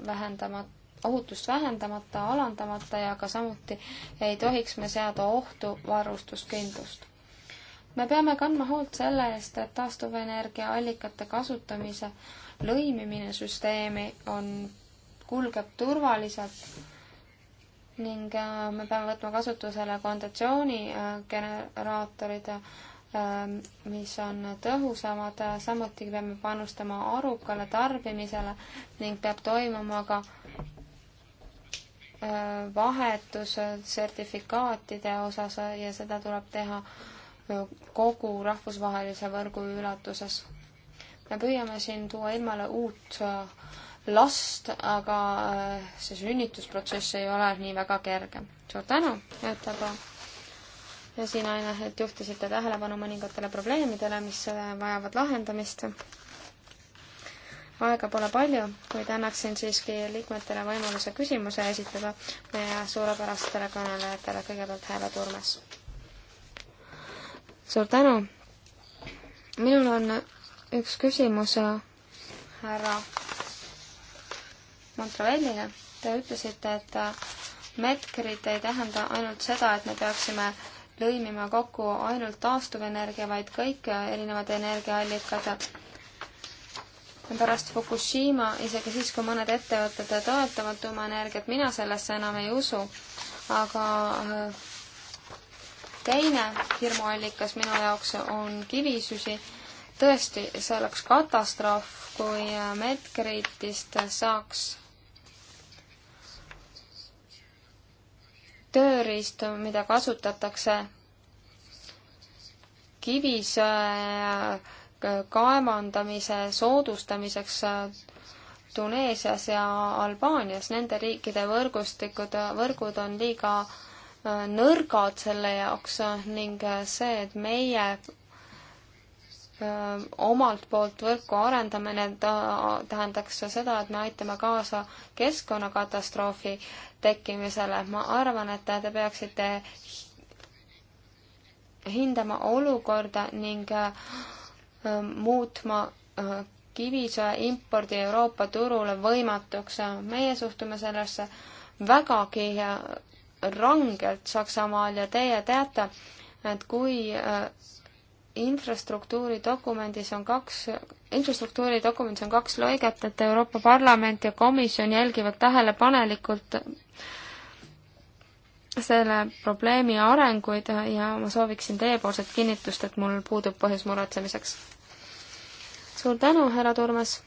vähendamata ohutust vähendamata, alandamata ja ka samuti ei tohiks me seada ohtu varustuskindlust. me peame kandma hoolt selle eest, et taastuvenergia allikate kasutamise lõimimine süsteemi on, kulgeb turvaliselt ning äh, me peame võtma kasutusele konditsioonigeneraatorid äh, ja Ähm, mis on tõhusamad, samuti peame panustama arukale tarbimisele ning peab toimuma ka äh, vahetus sertifikaatide osas ja seda tuleb teha äh, kogu rahvusvahelise võrgu ulatuses. me püüame siin tuua ilmale uut äh, last, aga see sünnitusprotsess ei ole nii väga kerge. suur tänu, ütleb esinaine, et juhtisite tähelepanu mõningatele probleemidele, mis äh, vajavad lahendamist. aega pole palju, kuid annaksin siiski liikmetele võimaluse küsimuse esitada meie suurepärastele kõnelejatele, kõigepealt Hääle Turmes. suur tänu! minul on üks küsimus äh, härra Montravellile. Te ütlesite, et äh, metkrid ei tähenda ainult seda, et me peaksime lõimima kokku ainult taastuvenergia, vaid kõik erinevad energiaallikad. pärast Fukushima, isegi siis, kui mõned ettevõtted toetavad tuumaenergiat, mina sellesse enam ei usu, aga äh, teine hirmuallikas minu jaoks on kivisüsi. tõesti, see oleks katastroof, kui äh, Medgridist saaks tööriistu, mida kasutatakse kivisöe kaevandamise soodustamiseks Tuneesias ja Albaanias, nende riikide võrgustikud, võrgud on liiga äh, nõrgad selle jaoks ning äh, see, et meie Äh, omalt poolt võrku arendamine tähendaks seda, et me aitame kaasa keskkonnakatastroofi tekkimisele. ma arvan, et te peaksite hindama olukorda ning äh, muutma äh, kivisöe impordi Euroopa turule võimatuks. meie suhtume sellesse vägagi rangelt Saksamaal ja teie teate, et kui infrastruktuuri dokumendis on kaks, infrastruktuuri dokumendis on kaks lõiget, et Euroopa Parlament ja Komisjon jälgivad tähelepanelikult selle probleemi arenguid ja ma sooviksin teiepoolset kinnitust, et mul puudub põhjus muretsemiseks. suur tänu, härra Turmas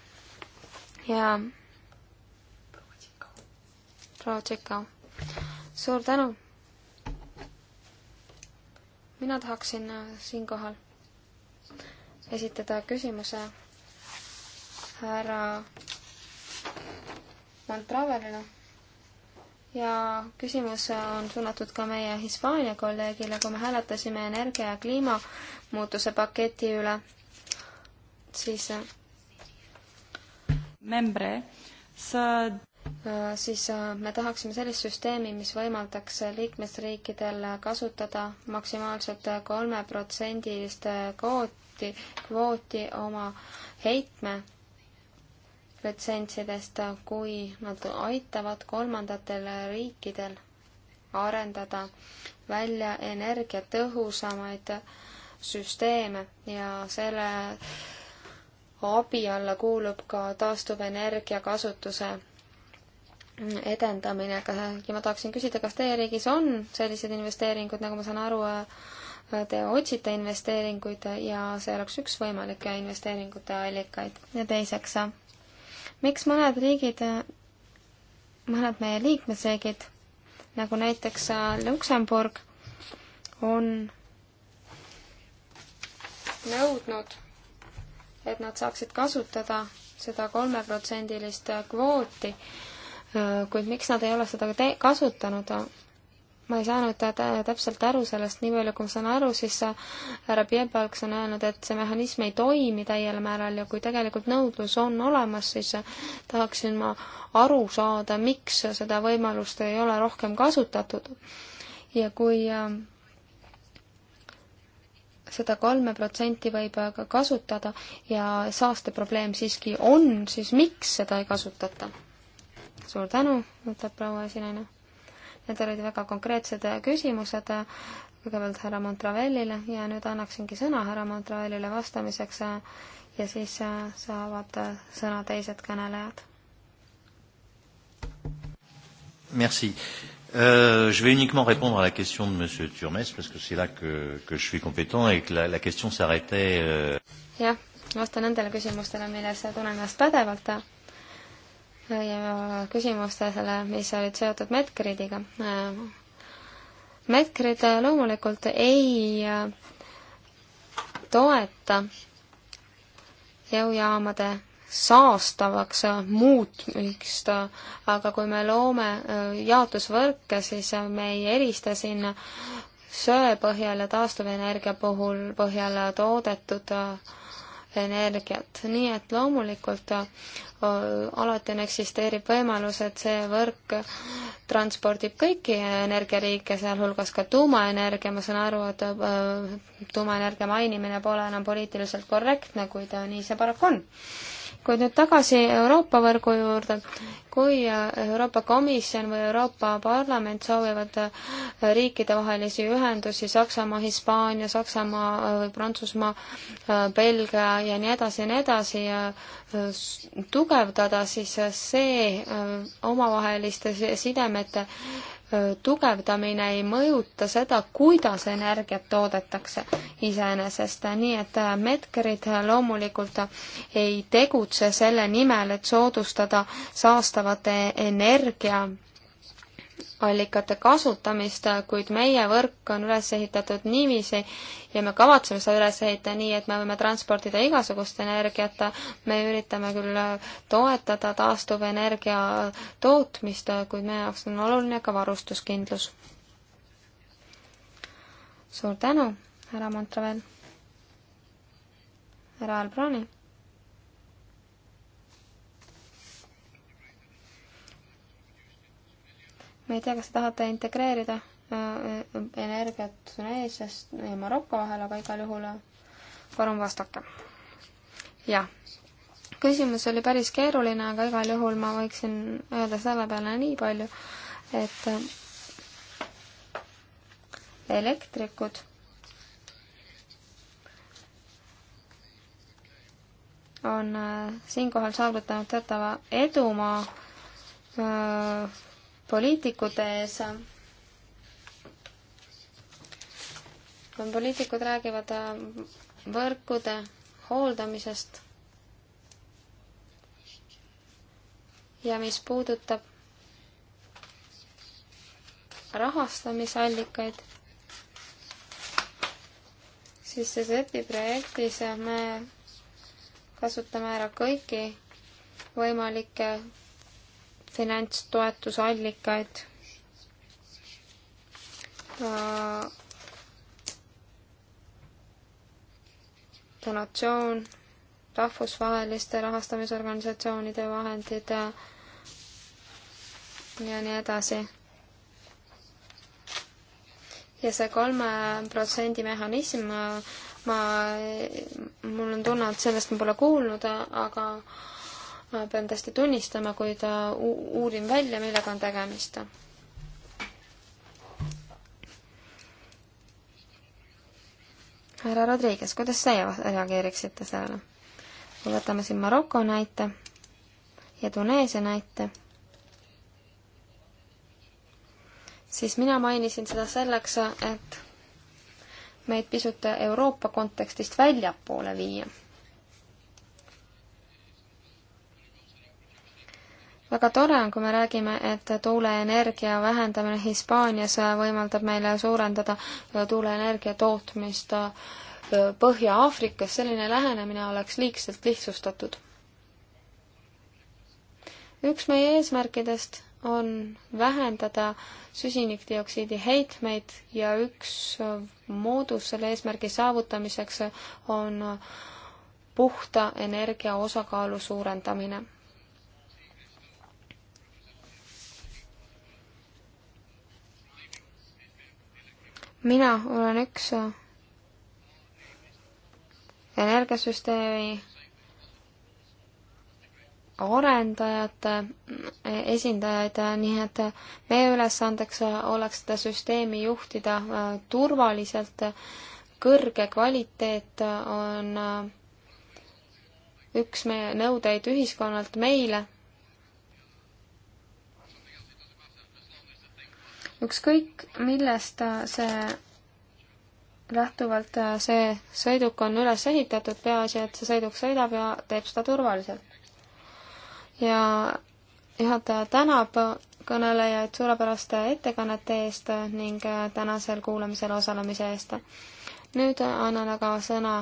ja proua Tšikau, suur tänu! mina tahaksin äh, siinkohal esitada küsimuse härra Montravelile ja küsimus on suunatud ka meie Hispaania kolleegile, kui me hääletasime energia ja kliimamuutuse paketi üle, siis äh, membre să Äh, siis äh, me tahaksime sellist süsteemi, mis võimaldaks liikmesriikidel kasutada maksimaalselt kolmeprotsendilist kvooti, kvooti oma heitme retsentsidest, kui nad aitavad kolmandatel riikidel arendada välja energiatõhusamaid süsteeme ja selle abi alla kuulub ka taastuvenergia kasutuse edendamine, ja ma tahaksin küsida, kas teie riigis on sellised investeeringud, nagu ma saan aru, äh, te otsite investeeringuid ja see oleks üks võimalikke investeeringute allikaid. ja teiseks, miks mõned riigid, mõned meie liikmesriigid, nagu näiteks äh, Luksemburg, on nõudnud, et nad saaksid kasutada seda kolmeprotsendilist kvooti, kuid miks nad ei ole seda kasutanud, ma ei saanud täpselt aru sellest, nii palju kui ma saan aru, siis äh, härra Piebalgs on öelnud, et see mehhanism ei toimi täiel määral ja kui tegelikult nõudlus on olemas, siis äh, tahaksin ma aru saada, miks seda võimalust ei ole rohkem kasutatud. ja kui äh, seda kolme protsenti võib aga kasutada ja saasteprobleem siiski on, siis miks seda ei kasutata? suur tänu, ütleb proua esinaine. Need olid väga konkreetsed äh, küsimused äh, kõigepealt härra Montravelile ja nüüd annaksingi sõna härra Montravelile vastamiseks äh, ja siis saavad sõna teised kõnelejad. Merci. Euh, je vais uniquement répondre à la question de Monsieur Turmes parce que c'est là que, que je suis compétent et que la, la question s'arrêtait. Euh... jah, vastan nendele küsimustele, milles tunnen ennast pädevalt ja küsimustele, mis olid seotud Medgridiga. Äh, Medgrid äh, loomulikult ei äh, toeta jõujaamade saastavaks muutmist, aga kui me loome jaotusvõrke, siis me ei erista siin söe põhjal ja taastuvenergia puhul, põhjal toodetud äh, energiat. nii et loomulikult äh, alati on, eksisteerib võimalus, et see võrk transpordib kõiki energialiike, sealhulgas ka tuumaenergia, ma saan aru, et äh, tuumaenergia mainimine pole enam poliitiliselt korrektne, kuid nii see paraku on kuid nüüd tagasi Euroopa võrgu juurde, kui äh, Euroopa Komisjon või Euroopa Parlament soovivad äh, riikidevahelisi ühendusi Saksamaa, Hispaania, Saksamaa äh, või Prantsusmaa, Belgia ja nii edasi ja nii edasi tugevdada, siis see omavaheliste sidemete tugevdamine ei mõjuta seda, kuidas energiat toodetakse iseenesest, nii et äh, medkerid loomulikult ei tegutse selle nimel, et soodustada saastavate energia allikate kasutamist, kuid meie võrk on üles ehitatud niiviisi ja me kavatseme seda üles ehitada nii, et me võime transportida igasugust energiat. me üritame küll toetada taastuvenergia tootmist, kuid meie jaoks on oluline ka varustuskindlus. suur tänu, härra Montravel. härra Albrani ma ei tea, kas te tahate integreerida äh, energiat Tuneesiast ja Maroko vahel, aga igal juhul äh, palun vastake. jah, küsimus oli päris keeruline, aga igal juhul ma võiksin öelda selle peale nii palju, et äh, elektrikud on siinkohal saavutanud teatava edumaa poliitikute ees. poliitikud räägivad äh, võrkude hooldamisest. ja mis puudutab rahastamisallikaid, siis CZETi projektis me kasutame ära kõiki võimalikke finantstoetusallikaid donatsioon, rahvusvaheliste rahastamisorganisatsioonide vahendid ja nii edasi. ja see kolme protsendi mehhanism, ma, mul on tunne, et sellest ma pole kuulnud, aga ma pean tõesti tunnistama, kuid uurin välja, millega on tegemist. härra Rodriguez, kuidas teie reageeriksite sellele? kui võtame siin Maroko näite ja Tuneesia näite, siis mina mainisin seda selleks, et meid pisut Euroopa kontekstist väljapoole viia väga tore on, kui me räägime, et tuuleenergia vähendamine Hispaanias võimaldab meile suurendada tuuleenergia tootmist äh, Põhja-Aafrikas, selline lähenemine oleks liigselt lihtsustatud. üks meie eesmärkidest on vähendada süsinikdioksiidi heitmeid ja üks moodus selle eesmärgi saavutamiseks on puhta energia osakaalu suurendamine mina olen üks äh, energiasüsteemi arendajate äh, esindajaid, äh, nii et meie ülesandeks oleks seda süsteemi juhtida turvaliselt. kõrge kvaliteet on üks meie nõudeid ühiskonnalt meile ükskõik, millest äh, see lähtuvalt äh, see sõiduk on üles ehitatud, peaasi, et see sõiduk sõidab ja teeb seda turvaliselt. ja juhataja tänab kõnelejaid suurepäraste ettekannete eest ning äh, tänasel kuulamisel osalemise eest. nüüd annan aga sõna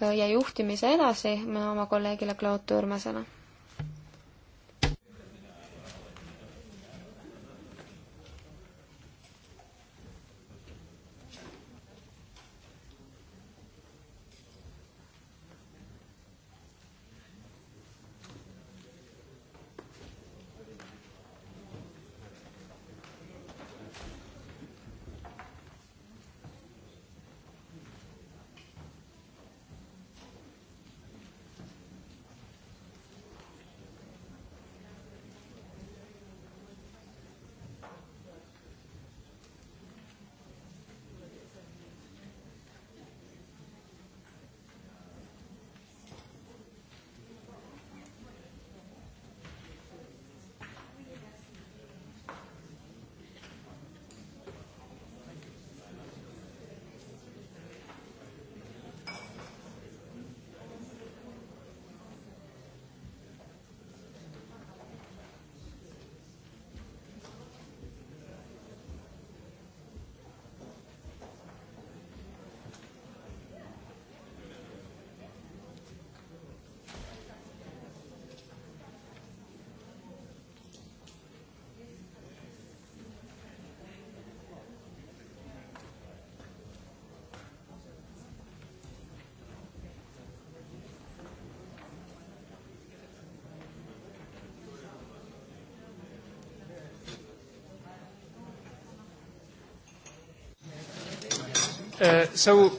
ja juhtimise edasi oma kolleegile Claude Turmesele Uh, so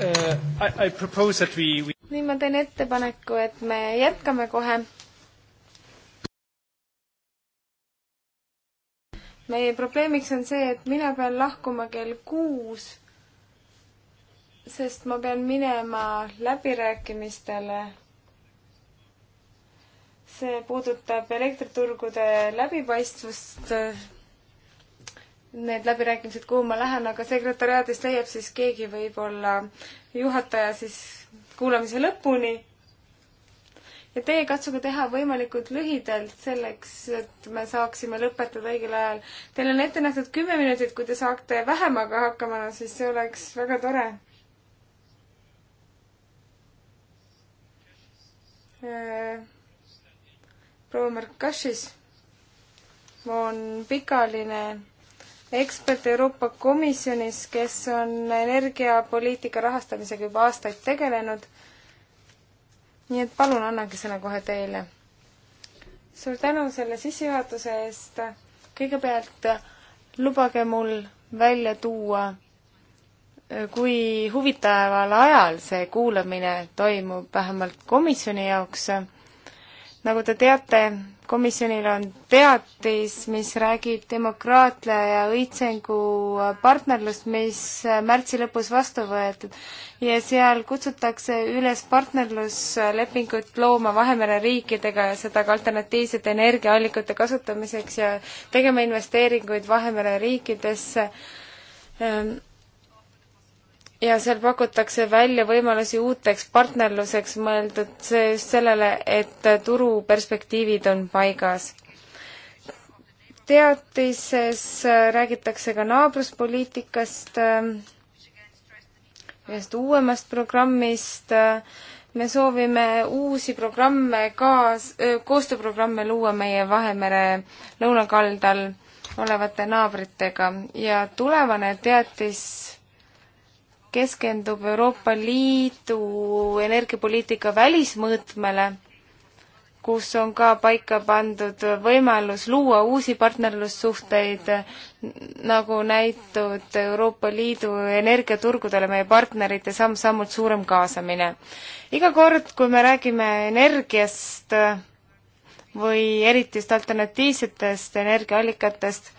uh, I, I propose that we, we nii ma teen ettepaneku, et me jätkame kohe. meie probleemiks on see, et mina pean lahkuma kell kuus, sest ma pean minema läbirääkimistele. see puudutab elektriturgude läbipaistvust need läbirääkimised, kuhu ma lähen, aga sekretäriaadist leiab siis keegi võib-olla juhataja siis kuulamise lõpuni. ja teie katsuge teha võimalikult lühidalt selleks, et me saaksime lõpetada õigel ajal. Teil on ette nähtud kümme minutit, kui te saate vähemaga hakkama, siis see oleks väga tore. Äh, proua Markašis on pikaline ekspert Euroopa Komisjonis, kes on energiapoliitika rahastamisega juba aastaid tegelenud. nii et palun annangi sõna kohe teile. suur tänu selle sissejuhatuse eest. kõigepealt lubage mul välja tuua, kui huvitaval ajal see kuulamine toimub, vähemalt komisjoni jaoks nagu te teate, komisjonil on teatis, mis räägib demokraatia ja õitsengu partnerlust, mis märtsi lõpus vastu võetud ja seal kutsutakse üles partnerluslepingut looma Vahemere riikidega ja seda ka alternatiivsete energiaallikate kasutamiseks ja tegema investeeringuid Vahemere riikidesse ähm ja seal pakutakse välja võimalusi uuteks partnerluseks, mõeldud see just sellele, et turuperspektiivid on paigas. teatises räägitakse ka naabruspoliitikast, ühest uuemast programmist, me soovime uusi programme kaas-, koostööprogramme luua meie Vahemere lõunakaldal olevate naabritega ja tulevane teatis keskendub Euroopa Liidu energiapoliitika välismõõtmele, kus on ka paika pandud võimalus luua uusi partnerlussuhteid, nagu näitud Euroopa Liidu energiaturgudele meie partnerite samm-sammult suurem kaasamine. iga kord, kui me räägime energiast või eriti just alternatiivsetest energiaallikatest,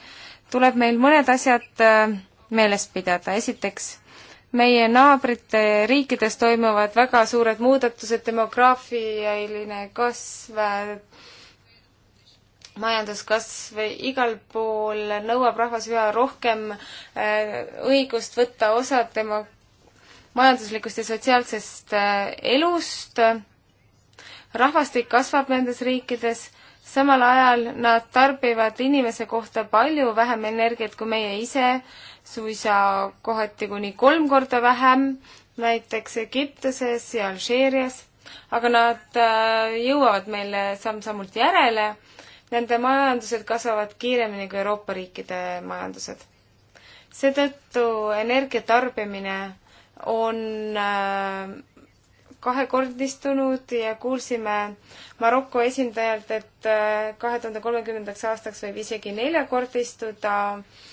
tuleb meil mõned asjad meeles pidada, esiteks meie naabrite riikides toimuvad väga suured muudatused, demograafiline kasv, majanduskasv igal pool nõuab rahvas üha rohkem äh, õigust võtta osa tema majanduslikust ja sotsiaalsest äh, elust. rahvastik kasvab nendes riikides, samal ajal nad tarbivad inimese kohta palju vähem energiat kui meie ise suisa kohati kuni kolm korda vähem, näiteks Egiptuses ja Alžeerias, aga nad äh, jõuavad meile samm-sammult järele. Nende majandused kasvavad kiiremini kui Euroopa riikide majandused. seetõttu energia tarbimine on äh, kahekordistunud ja kuulsime Maroko esindajalt, et äh, kahe tuhande kolmekümnendaks aastaks võib isegi neljakordistuda äh,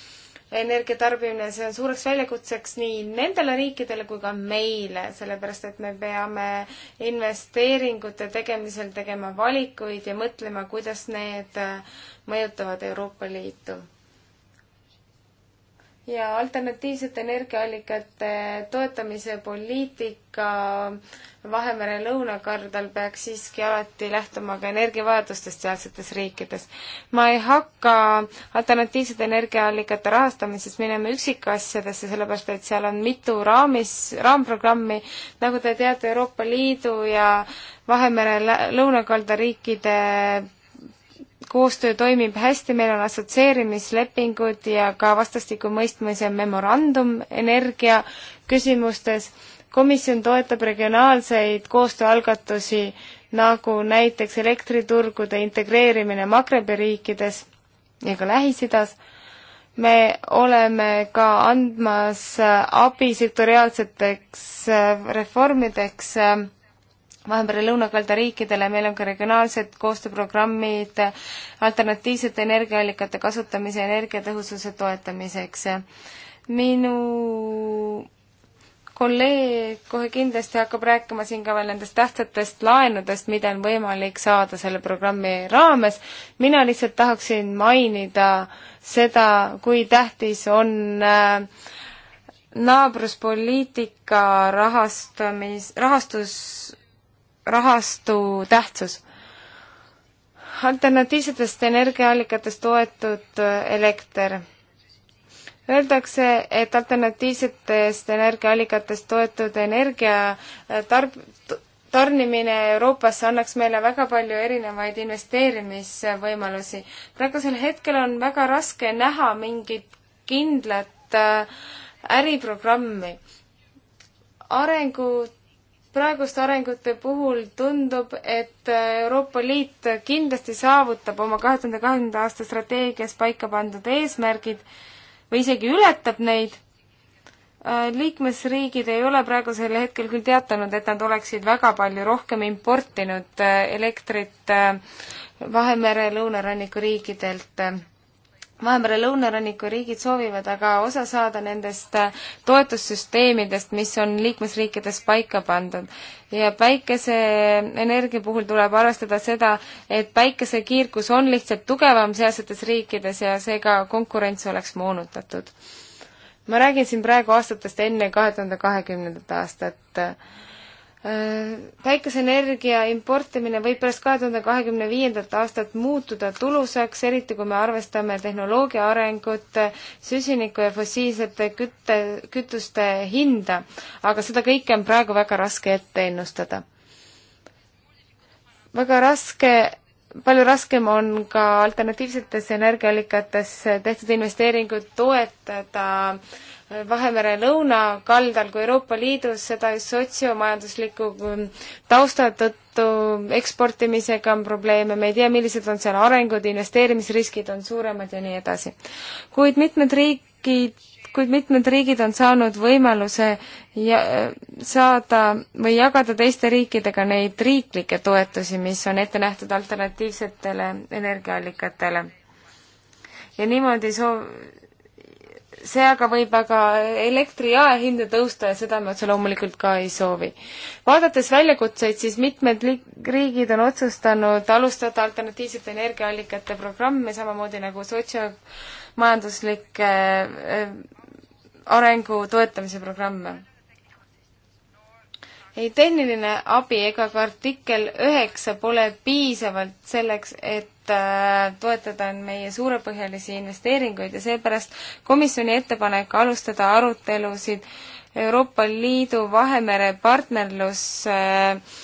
energia tarbimine, see on suureks väljakutseks nii nendele riikidele kui ka meile, sellepärast et me peame investeeringute tegemisel tegema valikuid ja mõtlema, kuidas need mõjutavad Euroopa Liitu ja alternatiivsete energiaallikate toetamise poliitika Vahemere lõunakardal peaks siiski alati lähtuma ka energiavajadustest sealsetes riikides. ma ei hakka alternatiivsete energiaallikate rahastamisest minema üksikasjadesse, sellepärast et seal on mitu raamis, raamprogrammi, nagu te teate, Euroopa Liidu ja Vahemere lõunakalda riikide koostöö toimib hästi, meil on assotsieerimislepingud ja ka vastastikku mõistmise memorandum energia küsimustes. komisjon toetab regionaalseid koostööalgatusi, nagu näiteks elektriturgude integreerimine Magrebi riikides ja ka Lähis-Idas. me oleme ka andmas abi sektoriaalseteks äh, reformideks äh, Vahemere lõunakalda riikidele, meil on ka regionaalsed koostööprogrammid alternatiivsete energiaallikate kasutamise ja energiatõhususe toetamiseks. minu kolleeg kohe kindlasti hakkab rääkima siin ka veel nendest tähtsatest laenudest, mida on võimalik saada selle programmi raames. mina lihtsalt tahaksin mainida seda, kui tähtis on äh, naabruspoliitika rahastamis, rahastus rahastu tähtsus. alternatiivsetest energiaallikatest toetud äh, elekter. Öeldakse, et alternatiivsetest energiaallikatest toetud energia äh, tarb-, tarnimine Euroopasse annaks meile väga palju erinevaid investeerimisvõimalusi. praegusel hetkel on väga raske näha mingit kindlat äh, äriprogrammi. arengud praeguste arengute puhul tundub, et Euroopa Liit kindlasti saavutab oma kahe tuhande kahekümnenda aasta strateegias paika pandud eesmärgid või isegi ületab neid. Äh, liikmesriigid ei ole praegusel hetkel küll teatanud, et nad oleksid väga palju rohkem importinud äh, elektrit äh, Vahemere lõunaranniku riikidelt Vahemere lõunaranniku riigid soovivad aga osa saada nendest äh, toetussüsteemidest, mis on liikmesriikides paika pandud. ja päikeseenergia puhul tuleb arvestada seda, et päikesekiirgus on lihtsalt tugevam sealsetes riikides ja seega konkurents oleks moonutatud. ma räägin siin praegu aastatest enne kahe tuhande kahekümnendat aastat päikeseenergia importimine võib pärast kahe tuhande kahekümne viiendat aastat muutuda tulusaks, eriti kui me arvestame tehnoloogia arengut, süsiniku ja fossiilsete kütte, kütuste hinda, aga seda kõike on praegu väga raske ette ennustada. väga raske, palju raskem on ka alternatiivsetesse energiaallikatesse tehtud investeeringud toetada äh, Vahemere lõunakaldal kui Euroopa Liidus, seda just sotsiomajandusliku mm, tausta tõttu eksportimisega on probleeme, me ei tea, millised on seal arengud, investeerimisriskid on suuremad ja nii edasi. kuid mitmed riigid, kuid mitmed riigid on saanud võimaluse ja, saada või jagada teiste riikidega neid riiklikke toetusi, mis on ette nähtud alternatiivsetele energiaallikatele ja niimoodi soov, see aga võib aga elektri jaehinda tõusta ja seda me otse loomulikult ka ei soovi. vaadates väljakutseid, siis mitmed riigid on otsustanud alustada alternatiivsete energiaallikate programme, samamoodi nagu sotsiaalmajanduslike äh, arengu toetamise programme. ei tehniline abi ega ka artikkel üheksa pole piisavalt selleks, et Äh, toetada on meie suurepõhjalisi investeeringuid ja seepärast komisjoni ettepanek alustada arutelusid Euroopa Liidu Vahemere partnerlus äh,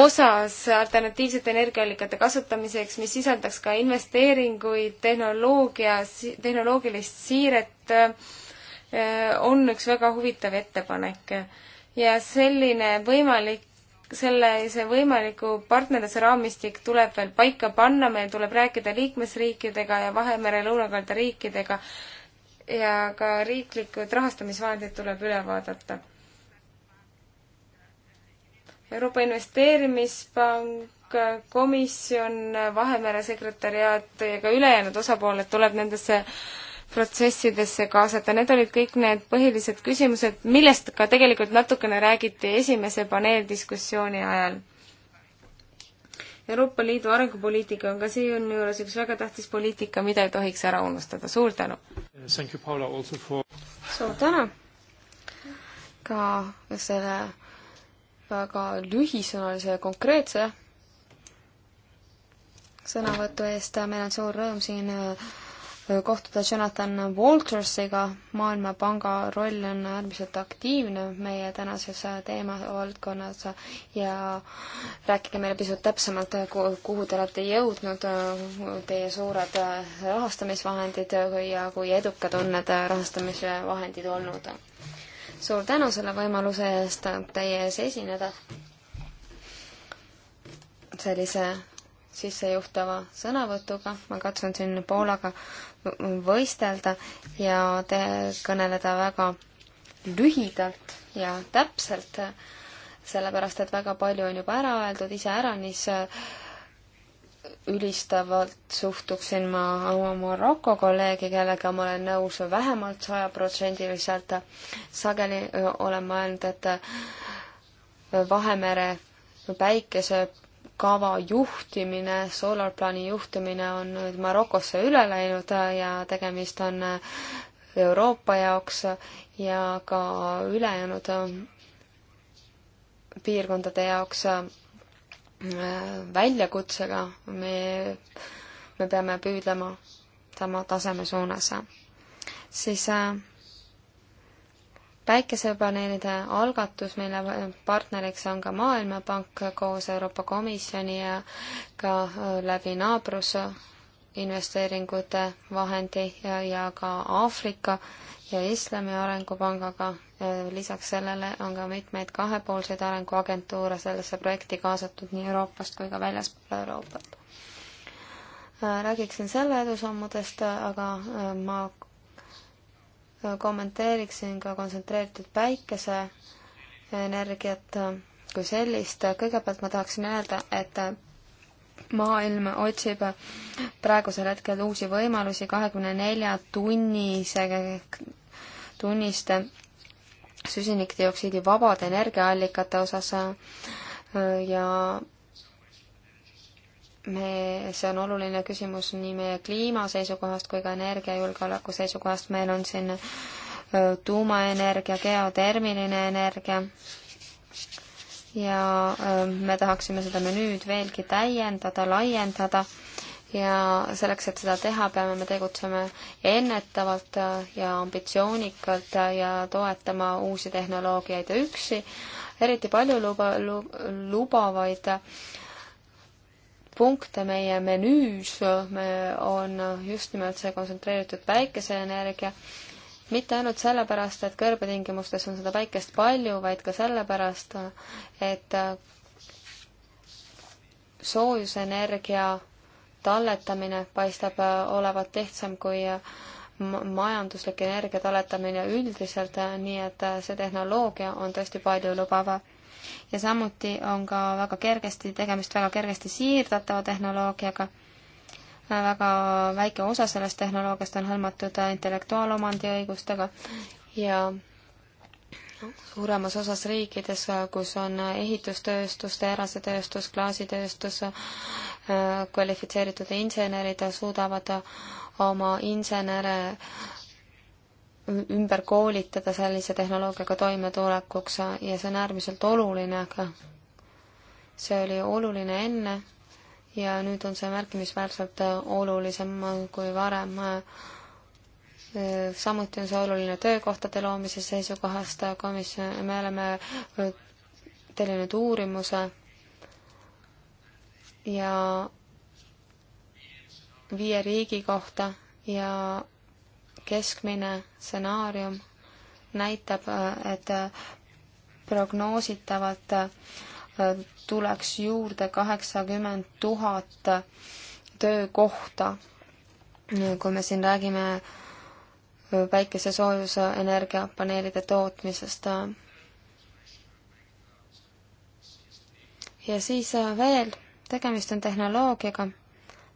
osas alternatiivsete energiaallikate kasutamiseks, mis sisaldaks ka investeeringuid, tehnoloogia, tehnoloogilist siiret, äh, on üks väga huvitav ettepanek. ja selline võimalik selle, see võimaliku partnerluse raamistik tuleb veel paika panna, meil tuleb rääkida liikmesriikidega ja Vahemere lõunakalda riikidega ja ka riiklikud rahastamisvahendid tuleb üle vaadata. Euroopa Investeerimispank, komisjon, Vahemere sekretäriaat ja ka ülejäänud osapooled tuleb nendesse protsessidesse kaasata, need olid kõik need põhilised küsimused, millest ka tegelikult natukene räägiti esimese paneeldiskussiooni ajal. Euroopa Liidu arengupoliitika on ka siinjuures üks väga tähtis poliitika, mida ei tohiks ära unustada, suur tänu! For... suur tänu ka selle väga lühisõnalise ja konkreetse sõnavõtu eest, meil on suur rõõm siin äh, kohtuda Jonathan Waltersiga, Maailmapanga roll on äärmiselt aktiivne meie tänases teemavaldkonnas ja rääkige meile pisut täpsemalt, kuhu te olete jõudnud, teie suured rahastamisvahendid ja kui edukad on need rahastamisvahendid olnud. suur tänu selle võimaluse eest teie ees esineda sellise sissejuhtava sõnavõtuga, ma katsun siin Poolaga võistelda ja te kõneleda väga lühidalt ja täpselt, sellepärast et väga palju on juba ära öeldud, iseäranis äh, ülistavalt suhtuksin ma oma Maroko kolleegi, kellega ma olen nõus vähemalt sajaprotsendiliselt. sageli äh, olen ma öelnud, et äh, Vahemere päikese kava juhtimine, solar plaani juhtimine on nüüd Marokosse üle läinud ja tegemist on Euroopa jaoks ja ka ülejäänud äh, piirkondade jaoks äh, väljakutsega. me, me peame püüdlema sama taseme suunas. siis äh, päikesepaneelide algatus, mille partneriks on ka Maailmapank koos Euroopa Komisjoni ja ka äh, läbi naabrusinvesteeringute vahendi ja, ja ka Aafrika ja Islami Arengupangaga. Äh, lisaks sellele on ka mitmeid kahepoolseid arenguagentuure sellesse projekti kaasatud nii Euroopast kui ka väljaspool Euroopat. Äh, räägiksin selle edusammudest, aga ma kommenteeriksin ka kontsentreeritud päikeseenergiat kui sellist. kõigepealt ma tahaksin öelda, et maailm otsib praegusel hetkel uusi võimalusi kahekümne nelja tunnise, tunniste süsinikdioksiidi vabade energiaallikate osas ja me, see on oluline küsimus nii meie kliima seisukohast kui ka energiajulgeoleku seisukohast, meil on siin tuumaenergia, geotermiline energia ja me tahaksime seda menüüd veelgi täiendada, laiendada ja selleks, et seda teha, peame me tegutsema ennetavalt ja ambitsioonikalt ja toetama uusi tehnoloogiaid ja üksi, eriti palju luba, lubavaid luba punkte meie menüüs me on just nimelt see kontsentreeritud päikeseenergia, mitte ainult sellepärast, et kõrbetingimustes on seda päikest palju, vaid ka sellepärast, et soojusenergia talletamine paistab olevat tähtsam kui majanduslik energia talletamine üldiselt, nii et see tehnoloogia on tõesti paljulubav ja samuti on ka väga kergesti, tegemist väga kergesti siirdatava tehnoloogiaga, väga väike osa sellest tehnoloogiast on hõlmatud intellektuaalomandi õigustega ja suuremas osas riikides, kus on ehitustööstus, terasetööstus, klaasitööstus, kvalifitseeritud insenerid suudavad oma insenere ümber koolitada sellise tehnoloogiaga toimetulekuks ja see on äärmiselt oluline, aga see oli oluline enne ja nüüd on see märkimisväärselt olulisem kui varem. samuti on see oluline töökohtade loomise seisukohast, komisjon, me oleme tellinud uurimuse ja viie riigi kohta ja keskmine stsenaarium näitab, et prognoositavalt äh, tuleks juurde kaheksakümmend tuhat töökohta, kui me siin räägime äh, päikesesoojuse energiapaneelide tootmisest. Äh. ja siis veel, tegemist on tehnoloogiaga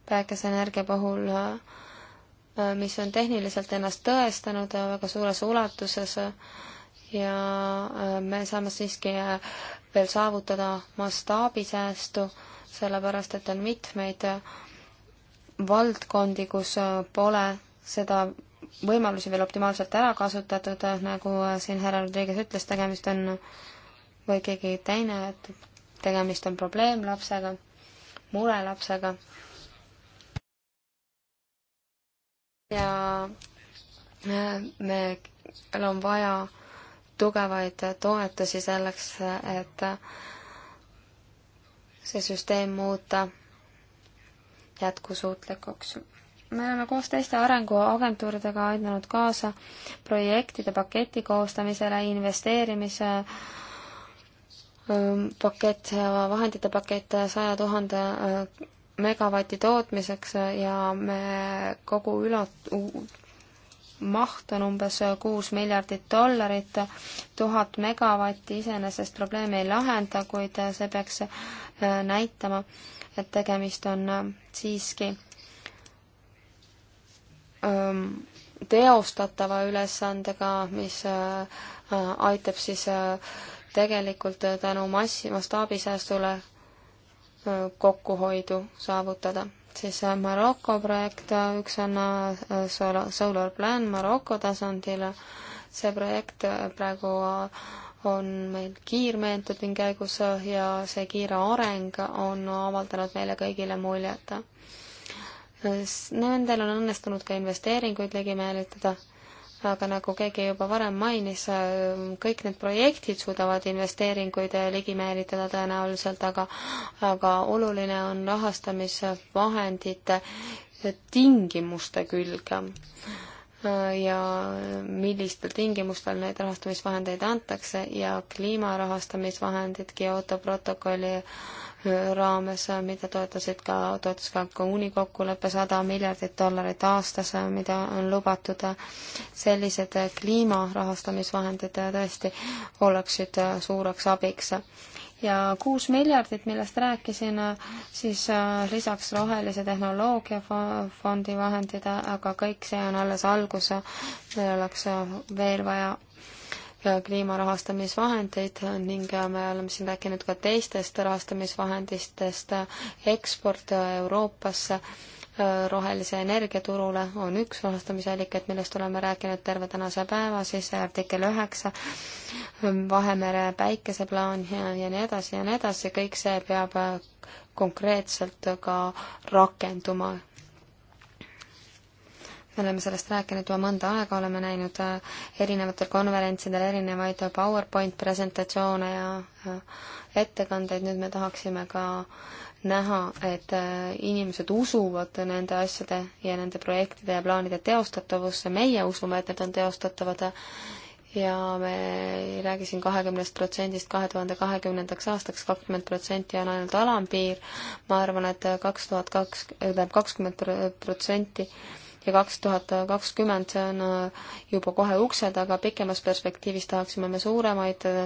päikeseenergia puhul äh, mis on tehniliselt ennast tõestanud väga suures ulatuses ja äh, me saame siiski äh, veel saavutada mastaabisäästu, sellepärast et on mitmeid äh, valdkondi, kus pole seda võimalusi veel optimaalselt ära kasutatud, nagu siin härra Rodriguez ütles, tegemist on, või keegi teine, et tegemist on probleemlapsega, murelapsega ja meil on vaja tugevaid toetusi selleks, et see süsteem muuta jätkusuutlikuks. me oleme koos teiste arenguagentuuridega aidanud kaasa projektide paketi koostamisele, investeerimise ähm, pakett ja vahendite pakett saja tuhande äh, megavati tootmiseks ja me kogu ülat-, maht on umbes kuus miljardit dollarit, tuhat megavatti iseenesest probleemi ei lahenda, kuid see peaks äh, näitama, et tegemist on äh, siiski ähm, teostatava ülesandega, mis äh, aitab siis tegelikult tänu massi, mastaabisäästule Äh, kokkuhoidu saavutada. siis äh, Maroko projekt, äh, üks on Solar Plan Maroko tasandil, see projekt praegu on meil kiirmeetodi käigus ja see kiire areng on avaldanud meile kõigile muljet. Nendel on õnnestunud ka investeeringuid ligi meelitada aga nagu keegi juba varem mainis, äh, kõik need projektid suudavad investeeringuid äh, ligi meelitada tõenäoliselt, aga aga oluline on rahastamisvahendite äh, tingimuste külge ja millistel tingimustel neid rahastamisvahendeid antakse ja kliima rahastamisvahendid Kyoto protokolli raames, mida toetasid ka, toetas ka Kauni kokkulepe sada miljardit dollarit aastas, mida on lubatud. sellised kliima rahastamisvahendid tõesti oleksid suureks abiks ja kuus miljardit, millest rääkisin, siis äh, lisaks rohelise tehnoloogia fondi vahendid, aga kõik see on alles algus, meil oleks veel vaja kliima rahastamisvahendeid ning me oleme siin rääkinud ka teistest rahastamisvahenditest, eksport Euroopasse, äh, rohelise energiaturule on üks rahastamisallikaid, millest oleme rääkinud terve tänase päeva, siis artikkel üheksa, Vahemere päikeseplaan ja, ja nii edasi ja nii edasi, kõik see peab konkreetselt ka rakenduma me oleme sellest rääkinud juba mõnda aega, oleme näinud äh, erinevatel konverentsidel erinevaid PowerPoint presentatsioone ja äh, ettekandeid, nüüd me tahaksime ka näha, et äh, inimesed usuvad nende asjade ja nende projektide ja plaanide teostatavusse, meie usume, et need on teostatavad ja me ei räägi siin kahekümnest protsendist kahe tuhande kahekümnendaks aastaks, kakskümmend protsenti on ainult alampiir, ma arvan, et kaks tuhat kaks, tähendab kakskümmend protsenti ja kaks tuhat kakskümmend, see on äh, juba kohe ukse taga, pikemas perspektiivis tahaksime me suuremaid äh,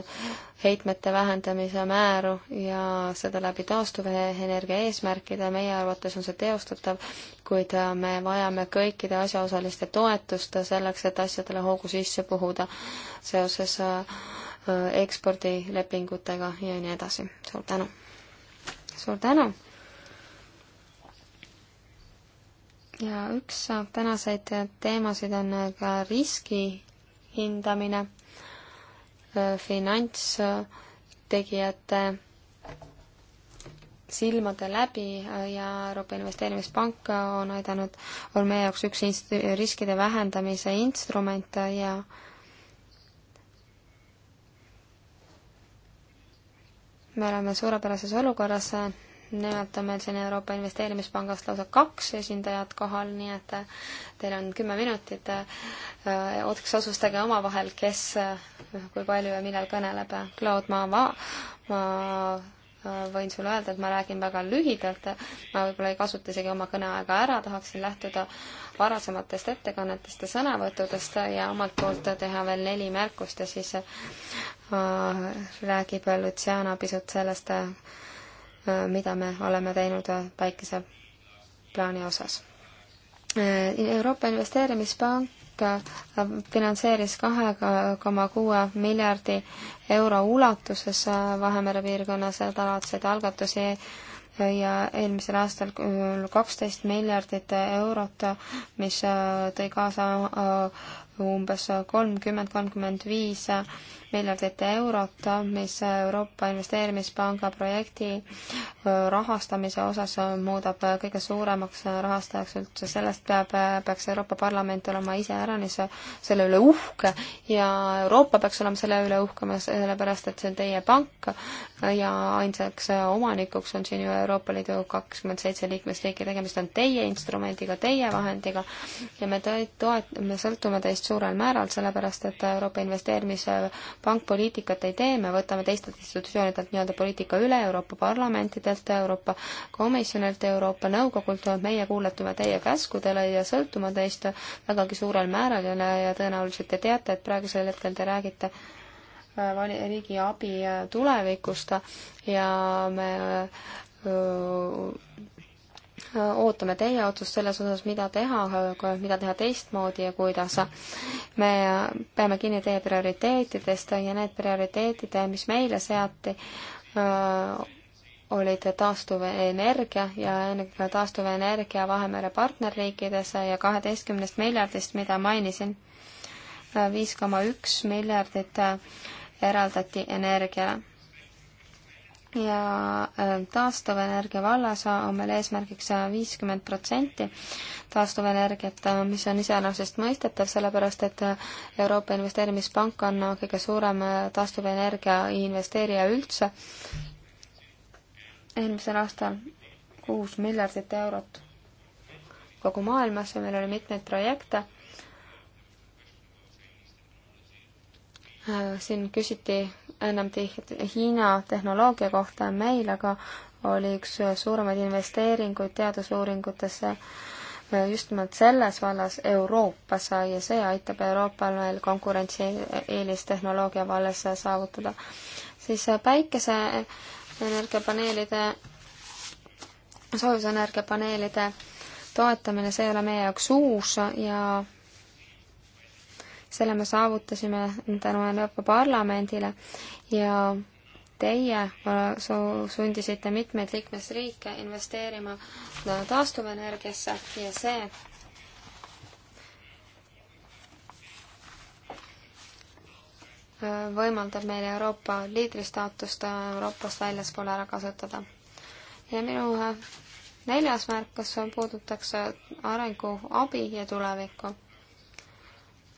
heitmete vähendamise määru ja seda läbi taastuvenergia eesmärkide, meie arvates on see teostatav, kuid äh, me vajame kõikide asjaosaliste toetust selleks, et asjadele hoogu sisse puhuda seoses ekspordilepingutega ja nii edasi. suur tänu! suur tänu! ja üks tänaseid teemasid on ka riski hindamine, äh, finantstegijate silmade läbi äh, ja Euroopa Investeerimispank on aidanud, on meie jaoks üks inst-, riskide vähendamise instrument äh, ja me oleme suurepärases olukorras Nemad on meil siin Euroopa Investeerimispangast lausa kaks esindajat kohal, nii et äh, teil on kümme minutit. Äh, otsus otsustage omavahel, kes äh, kui palju ja millal kõneleb. Claude, ma, ma, ma võin sulle öelda, et ma räägin väga lühidalt, ma võib-olla ei kasuta isegi oma kõneaega ära, tahaksin lähtuda varasematest ettekannetest ja sõnavõttudest ja omalt poolt teha veel neli märkust ja siis äh, räägib Luciana pisut sellest äh,, Äh, mida me oleme teinud äh, päikeseplaani osas. Äh, Euroopa Investeerimispank finantseeris kahe koma kuue miljardi euro ulatuses Vahemere piirkonnas alatised algatusi ja eelmisel aastal kaksteist miljardit eurot, mis tõi kaasa umbes kolmkümmend, kolmkümmend viis miljardit eurot, mis Euroopa Investeerimispanga projekti äh, rahastamise osas äh, muudab äh, kõige suuremaks rahastajaks üldse, sellest peab, peaks Euroopa Parlament olema iseäranis selle üle uhke ja Euroopa peaks olema selle üle uhke, sellepärast et see on teie pank ja ainsaks omanikuks on siin ju Euroopa Liidu kakskümmend seitse liikmesriiki, tegemist on teie instrumendiga, teie vahendiga ja me toet-, me sõltume teist suurel määral, sellepärast et Euroopa Investeerimis- pank poliitikat ei tee, me võtame teistelt institutsioonidelt nii-öelda poliitika üle, Euroopa parlamentidelt, Euroopa Komisjonilt, Euroopa Nõukogult, meie kuuletume teie käskudele ja sõltume teist vägagi suurel määral ja, ja tõenäoliselt te teate, et praegusel hetkel te räägite äh, vali-, riigi abi äh, tulevikust ja me öö, äh, ootame teie otsust selles osas, mida teha, mida teha teistmoodi ja kuidas. me peame kinni teie prioriteetidest ja need prioriteedid, mis meile seati, olid taastuvenergia ja ennekõike taastuvenergia Vahemere partnerriikides ja kaheteistkümnest miljardist, mida mainisin, viis koma üks miljardit eraldati energiale ja äh, taastuvenergia vallas on meil eesmärgiks äh, viiskümmend protsenti taastuvenergiat, äh, mis on iseenesestmõistetav, sellepärast et Euroopa Investeerimispank on kõige suurem taastuvenergia investeerija üldse. eelmisel aastal kuus miljardit eurot kogu maailmas ja meil oli mitmeid projekte. siin küsiti enam Hiina tehnoloogia kohta meil, aga oli üks suuremaid investeeringuid teadusuuringutesse just nimelt selles vallas Euroopas ja see aitab Euroopal meil konkurentsieelist tehnoloogia vallas saavutada. siis päikeseenergiapaneelide, soojusenergiapaneelide toetamine, see ei ole meie jaoks uus ja selle me saavutasime tänu Euroopa Parlamendile ja teie äh, su-, sundisite mitmeid liikmesriike investeerima äh, taastuvenergiasse ja see äh, võimaldab meil Euroopa liidristaatust Euroopast väljaspool ära kasutada. ja minu neljas märkus puudutaks arenguabi ja tulevikku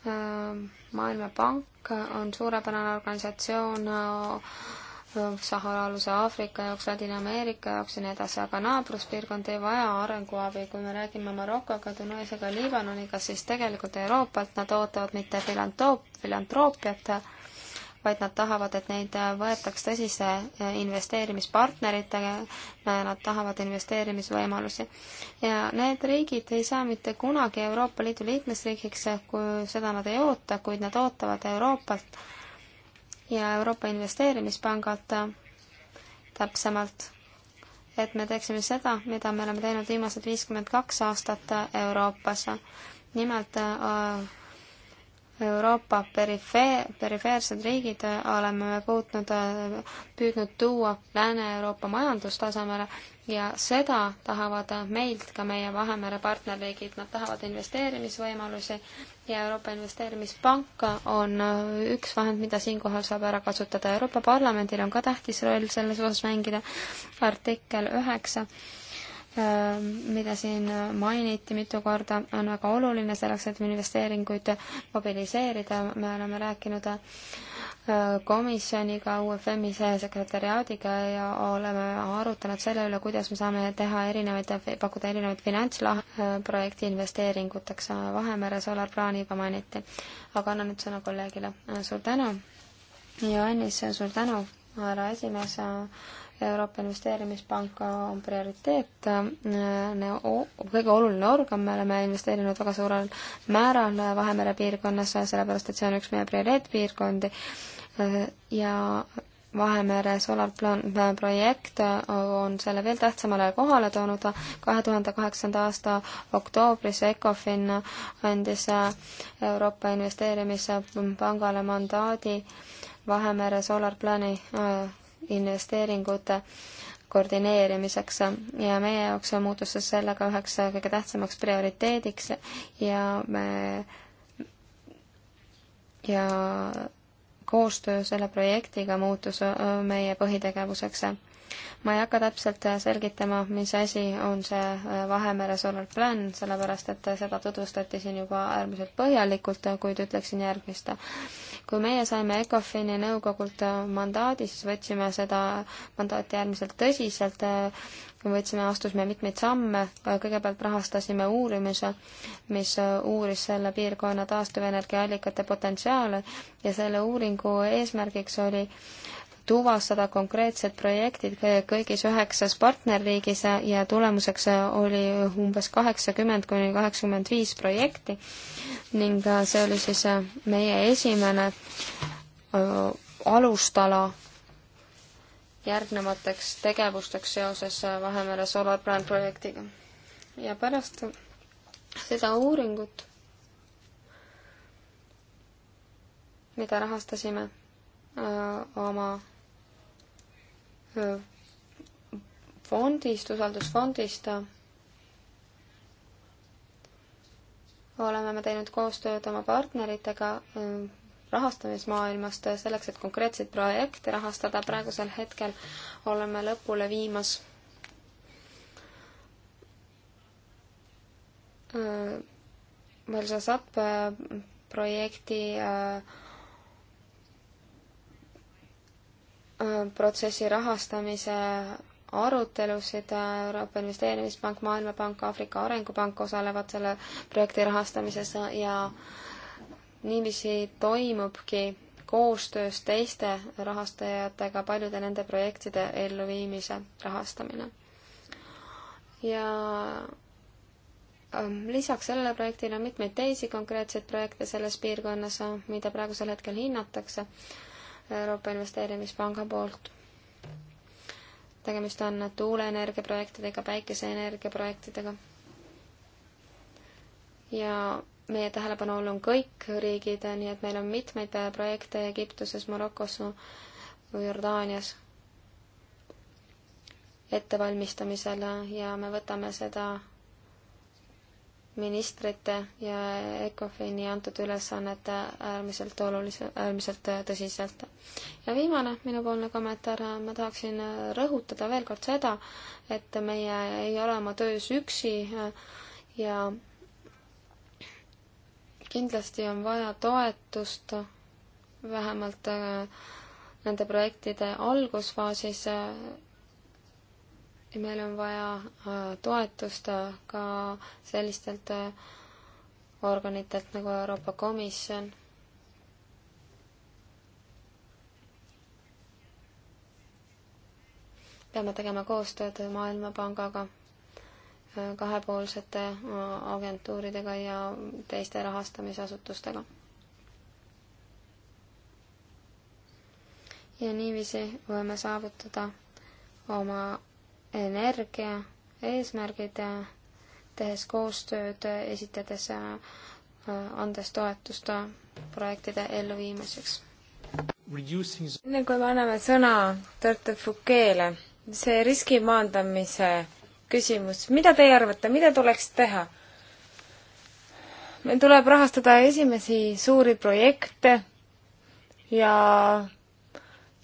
Äh, maailmapank on suurepärane organisatsioon äh, Sahara-aluse Aafrika jaoks, Ladina-Ameerika jaoks ja nii edasi, aga naabruspiirkond ei vaja arenguabi. kui me räägime Marokoga, Tuneesiaga, Liibanoniga, siis tegelikult Euroopalt nad ootavad mitte filantroop-, filantoopiat, vaid nad tahavad, et neid võetaks tõsise eh, investeerimispartneritega, nad tahavad investeerimisvõimalusi. ja need riigid ei saa mitte kunagi Euroopa Liidu liikmesriigiks, kui seda nad ei oota, kuid nad ootavad Euroopalt ja Euroopa Investeerimispangalt eh, täpsemalt, et me teeksime seda, mida me oleme teinud viimased viiskümmend kaks aastat eh, Euroopas. nimelt Euroopa perifee-, perifeersed riigid äh, oleme me puutnud, äh, püüdnud tuua Lääne-Euroopa majandustasemele ja seda tahavad äh, meilt ka meie Vahemere partnerriigid, nad tahavad investeerimisvõimalusi ja Euroopa Investeerimispank on üks vahend, mida siinkohal saab ära kasutada. Euroopa Parlamendil on ka tähtis roll selles osas mängida, artikkel üheksa 9 Äh, mida siin mainiti mitu korda, on väga oluline selleks, et investeeringuid mobiliseerida, me oleme rääkinud äh, komisjoniga, UFM-i sekretäriaadiga ja oleme arutanud selle üle, kuidas me saame teha erinevaid, pakkuda erinevaid finantslah-, äh, projekti investeeringuteks Vahemere solarplaani juba mainiti. aga annan nüüd sõna kolleegile. suur tänu, Joannis, suur tänu, härra esimees, Euroopa Investeerimispank on prioriteetne, kõige oluline organ, me oleme investeerinud väga suurel määral Vahemere piirkonnas, sellepärast et see on üks meie prioriteetpiirkondi ja Vahemere solarplaan projekt on selle veel tähtsamale kohale toonud. kahe tuhande kaheksanda aasta oktoobris Ecofin andis Euroopa Investeerimispangale mandaadi Vahemere solarplaani investeeringute koordineerimiseks ja meie jaoks muutus see sellega üheks kõige tähtsamaks prioriteediks ja me ja koostöö selle projektiga muutus meie põhitegevuseks ma ei hakka täpselt äh, selgitama, mis asi on see äh, Vahemere Solar Plan, sellepärast et äh, seda tutvustati siin juba äärmiselt põhjalikult, kuid ütleksin järgmist. kui meie saime ECOFIN-i nõukogult mandaadi, siis võtsime seda mandaati äärmiselt tõsiselt, võtsime, astusime mitmeid samme, kõigepealt rahastasime uurimise, mis uuris selle piirkonna taastuvenergiaallikate potentsiaale ja selle uuringu eesmärgiks oli tuvastada konkreetsed projektid kõigis üheksas partnerriigis ja tulemuseks oli umbes kaheksakümmend kuni kaheksakümmend viis projekti ning see oli siis meie esimene alustala järgnevateks tegevusteks seoses Vahemere Solar Brand projektiga. ja pärast seda uuringut, mida rahastasime öö, oma fondist, usaldusfondist oleme me teinud koostööd oma partneritega ähm, rahastamismaailmast selleks, et konkreetseid projekte rahastada. praegusel hetkel oleme lõpule viimas äh, Valsasat äh, projekti äh, Äh, protsessi rahastamise arutelusid, äh, Euroopa Investeerimispank, Maailmapank, Aafrika Arengupank osalevad selle projekti rahastamises ja niiviisi toimubki koostöös teiste rahastajatega paljude nende projektide elluviimise rahastamine. ja ähm, lisaks sellele projektile on mitmeid teisi konkreetseid projekte selles piirkonnas, mida praegusel hetkel hinnatakse Euroopa Investeerimispanga poolt. tegemist on tuuleenergia projektidega, päikeseenergia projektidega. ja meie tähelepanu all on kõik riigid, nii et meil on mitmeid projekte Egiptuses, Marokos, Jordaanias ettevalmistamisel ja me võtame seda ministrite ja ECOFIN-i antud ülesannet äärmiselt olulise, äärmiselt tõsiselt. ja viimane minupoolne kommentaar, ma tahaksin rõhutada veel kord seda, et meie ei ole oma töös üksi ja kindlasti on vaja toetust vähemalt äh, nende projektide algusfaasis ja meil on vaja äh, toetust äh, ka sellistelt äh, organitelt nagu Euroopa Komisjon. peame tegema koostööd Maailmapangaga, kahepoolsete agentuuridega ja teiste rahastamisasutustega. ja niiviisi võime saavutada oma energia eesmärgid, tehes koostööd, esitades, äh, andes toetust projektide elluviimiseks. enne kui me anname sõna Tartu Fouquet'le, see riski maandamise küsimus, mida teie arvate, mida tuleks teha? meil tuleb rahastada esimesi suuri projekte ja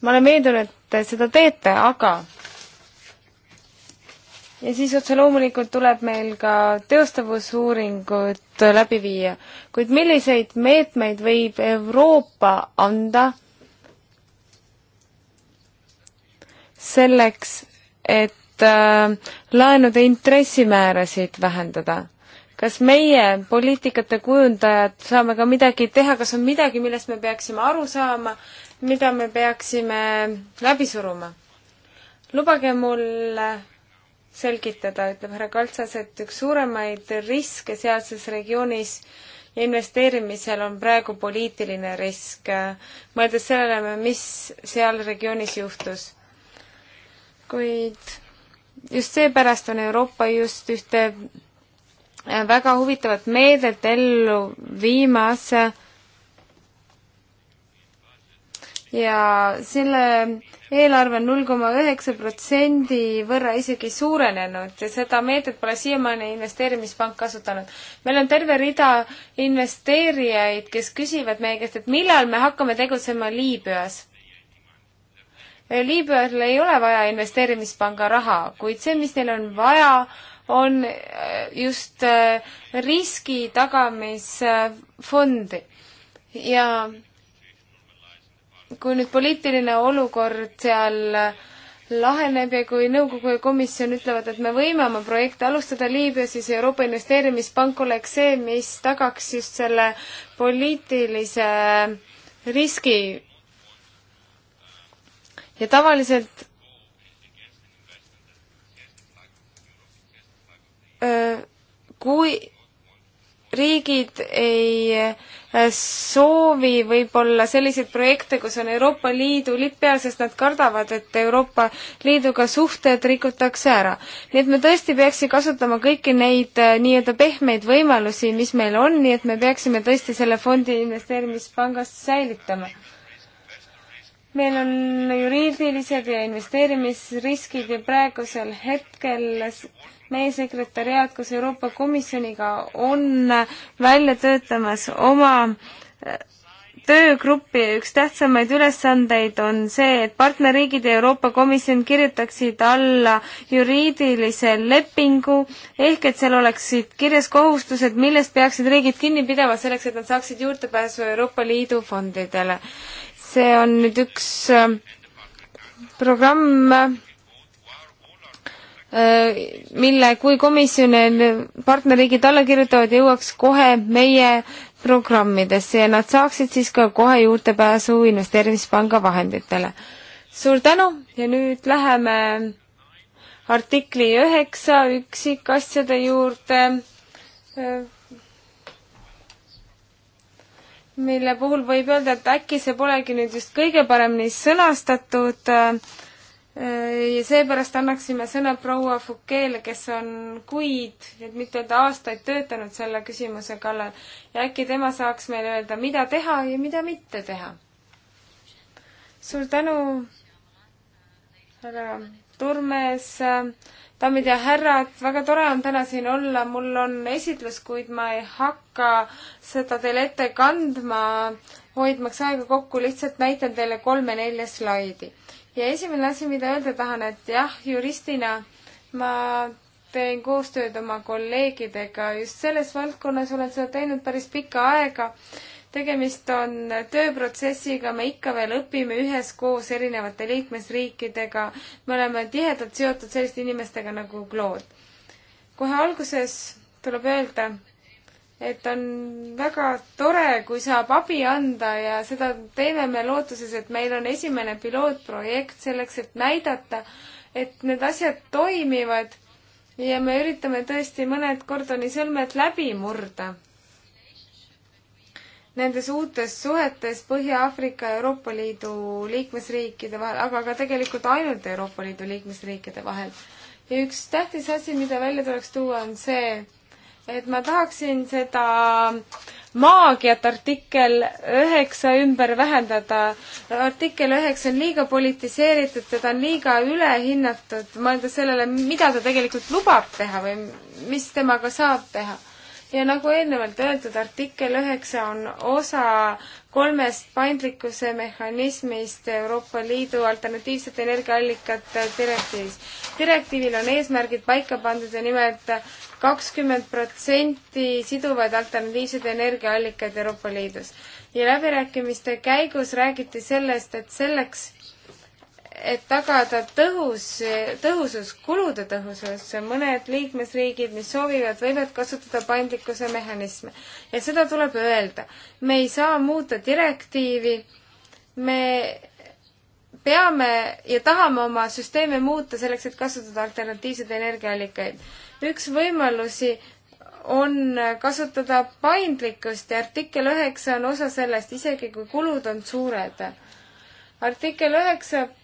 ma olen veendunud, et te seda teete, aga ja siis otse loomulikult tuleb meil ka teostavusuuringud läbi viia. kuid milliseid meetmeid võib Euroopa anda selleks, et äh, laenude intressimäärasid vähendada? kas meie, poliitikate kujundajad, saame ka midagi teha, kas on midagi, millest me peaksime aru saama, mida me peaksime läbi suruma? lubage mul selgitada, ütleb härra Kaltsas, et üks suuremaid riske sealses regioonis investeerimisel on praegu poliitiline risk, mõeldes sellele, mis seal regioonis juhtus. kuid just seepärast on Euroopa just ühte väga huvitavat meedet ellu viimas ja selle eelarve on null koma üheksa protsendi võrra isegi suurenenud ja seda meedet pole siiamaani investeerimispank kasutanud. meil on terve rida investeerijaid, kes küsivad meie käest, et millal me hakkame tegutsema Liibüas. Liibüal ei ole vaja investeerimispanga raha, kuid see, mis neil on vaja, on äh, just äh, riski tagamisfondi ja kui nüüd poliitiline olukord seal laheneb ja kui nõukogu ja komisjon ütlevad, et me võime oma projekte alustada Liibüas, siis Euroopa Investeerimispank oleks see, mis tagaks just selle poliitilise riski. ja tavaliselt öö, äh, kui riigid ei äh, soovi võib-olla selliseid projekte, kus on Euroopa Liidu lipp peal, sest nad kardavad, et Euroopa Liiduga suhted rikutakse ära. nii et me tõesti peaksime kasutama kõiki neid äh, nii-öelda pehmeid võimalusi, mis meil on, nii et me peaksime tõesti selle fondi investeerimispangast säilitama meil on juriidilised ja investeerimisriskid ja praegusel hetkel meie sekretäriaat koos Euroopa Komisjoniga on välja töötamas oma äh, töögruppi ja üks tähtsamaid ülesandeid on see, et partnerriigid ja Euroopa Komisjon kirjutaksid alla juriidilise lepingu, ehk et seal oleksid kirjas kohustused, millest peaksid riigid kinni pidama selleks, et nad saaksid juurdepääsu Euroopa Liidu fondidele. see on nüüd üks äh, programm, Äh, mille, kui komisjon ja partnerriigid alla kirjutavad, jõuaks kohe meie programmidesse ja nad saaksid siis ka kohe juurdepääsu investeerimispanga vahenditele. suur tänu ja nüüd läheme artikli üheksa üksikasjade juurde, äh, mille puhul võib öelda, et äkki see polegi nüüd just kõige paremini sõnastatud äh, Äh, ja seepärast annaksime sõna proua Fouquele, kes on kuid, et mitte öelda aastaid töötanud selle küsimuse kallal ja äkki tema saaks meile öelda, mida teha ja mida mitte teha. suur tänu, härra Turmes, daamid ja härrad, väga tore on täna siin olla, mul on esitlus, kuid ma ei hakka seda teile ette kandma, hoidmaks aega kokku, lihtsalt näitan teile kolme-nelja slaidi ja esimene asi, mida öelda tahan, et jah, juristina ma teen koostööd oma kolleegidega, just selles valdkonnas olen seda teinud päris pikka aega. tegemist on tööprotsessiga, me ikka veel õpime üheskoos erinevate liikmesriikidega. me oleme tihedalt seotud selliste inimestega nagu Claude. kohe alguses tuleb öelda, et on väga tore, kui saab abi anda ja seda teeme me lootuses, et meil on esimene pilootprojekt selleks, et näidata, et need asjad toimivad ja me üritame tõesti mõned Gordoni sõlmed läbi murda. Nendes uutes suhetes Põhja-Aafrika ja Euroopa Liidu liikmesriikide vahel, aga ka tegelikult ainult Euroopa Liidu liikmesriikide vahel. ja üks tähtis asi, mida välja tuleks tuua, on see, et ma tahaksin seda maagiat artikkel üheksa ümber vähendada. artikkel üheksa on liiga politiseeritud, teda on liiga ülehinnatud, mõelda sellele, mida ta tegelikult lubab teha või mis temaga saab teha ja nagu eelnevalt öeldud, artikkel üheksa on osa kolmest paindlikkuse mehhanismist Euroopa Liidu alternatiivsete energiaallikate direktiivis. direktiivil on eesmärgid paika pandud ja nimelt kakskümmend protsenti siduvad alternatiivsed energiaallikad Euroopa Liidus. ja läbirääkimiste käigus räägiti sellest, et selleks, et tagada tõhus, tõhusus, kulude tõhusus, mõned liikmesriigid, mis soovivad, võivad kasutada paindlikkuse mehhanisme. ja seda tuleb öelda. me ei saa muuta direktiivi, me peame ja tahame oma süsteeme muuta selleks, et kasutada alternatiivseid energiaallikaid. üks võimalusi on kasutada paindlikkust ja artikkel üheksa on osa sellest, isegi kui kulud on suured. artikkel üheksa 9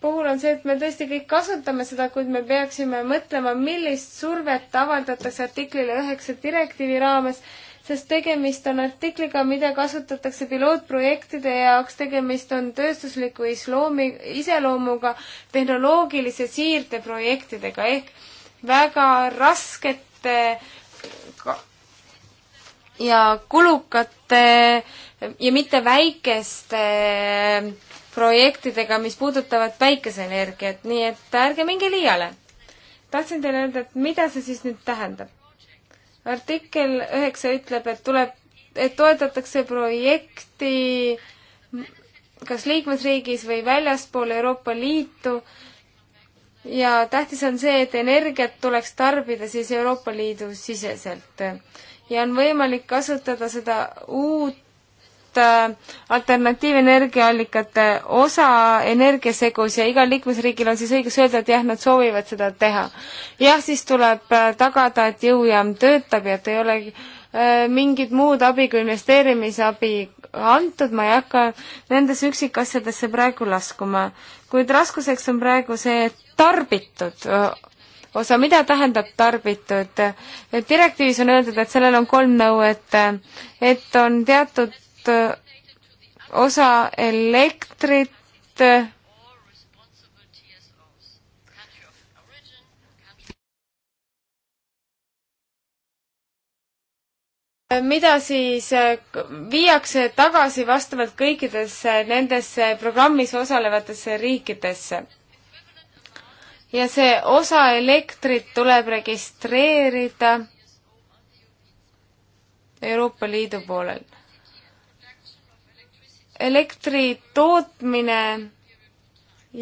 puhul on see, et me tõesti kõik kasutame seda, kuid me peaksime mõtlema, millist survet avaldatakse artiklile üheksa direktiivi raames, sest tegemist on artikliga, mida kasutatakse pilootprojektide jaoks, tegemist on tööstusliku isloomi, iseloomuga tehnoloogilise siirde projektidega ehk väga raskete ja kulukate ja mitte väikeste äh, projektidega, mis puudutavad päikeseenergiat, nii et ärge minge liiale. tahtsin teile öelda, et mida see siis nüüd tähendab. artikkel üheksa ütleb, et tuleb, et toetatakse projekti kas liikmesriigis või väljaspool Euroopa Liitu ja tähtis on see, et energiat tuleks tarbida siis Euroopa Liidu siseselt ja on võimalik kasutada seda uut ainult äh, alternatiivenergiaallikate osa energiasegus ja igal liikmesriigil on siis õigus öelda, et jah, nad soovivad seda teha. jah, siis tuleb äh, tagada, et jõujaam töötab ja et ei ole äh, mingit muud abi kui investeerimisabi antud, ma ei hakka nendesse üksikasjadesse praegu laskuma. kuid raskuseks on praegu see tarbitud osa, mida tähendab tarbitud? direktiivis on öeldud, et sellel on kolm nõuet, et on teatud suurt äh, osa elektrit äh, mida siis äh, viiakse tagasi vastavalt kõikidesse nendesse programmis osalevatesse riikidesse. ja see osa elektrit tuleb registreerida Euroopa Liidu poolel elektri tootmine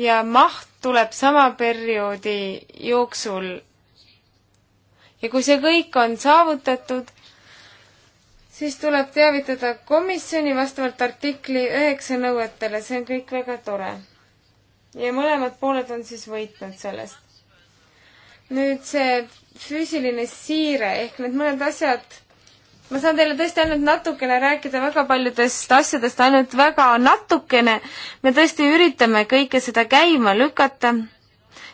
ja maht tuleb sama perioodi jooksul. ja kui see kõik on saavutatud, siis tuleb teavitada komisjoni vastavalt artikli üheksa nõuetele, see on kõik väga tore. ja mõlemad pooled on siis võitnud sellest. nüüd see füüsiline siire ehk need mõned asjad ma saan teile tõesti ainult natukene rääkida väga paljudest asjadest, ainult väga natukene. me tõesti üritame kõike seda käima lükata.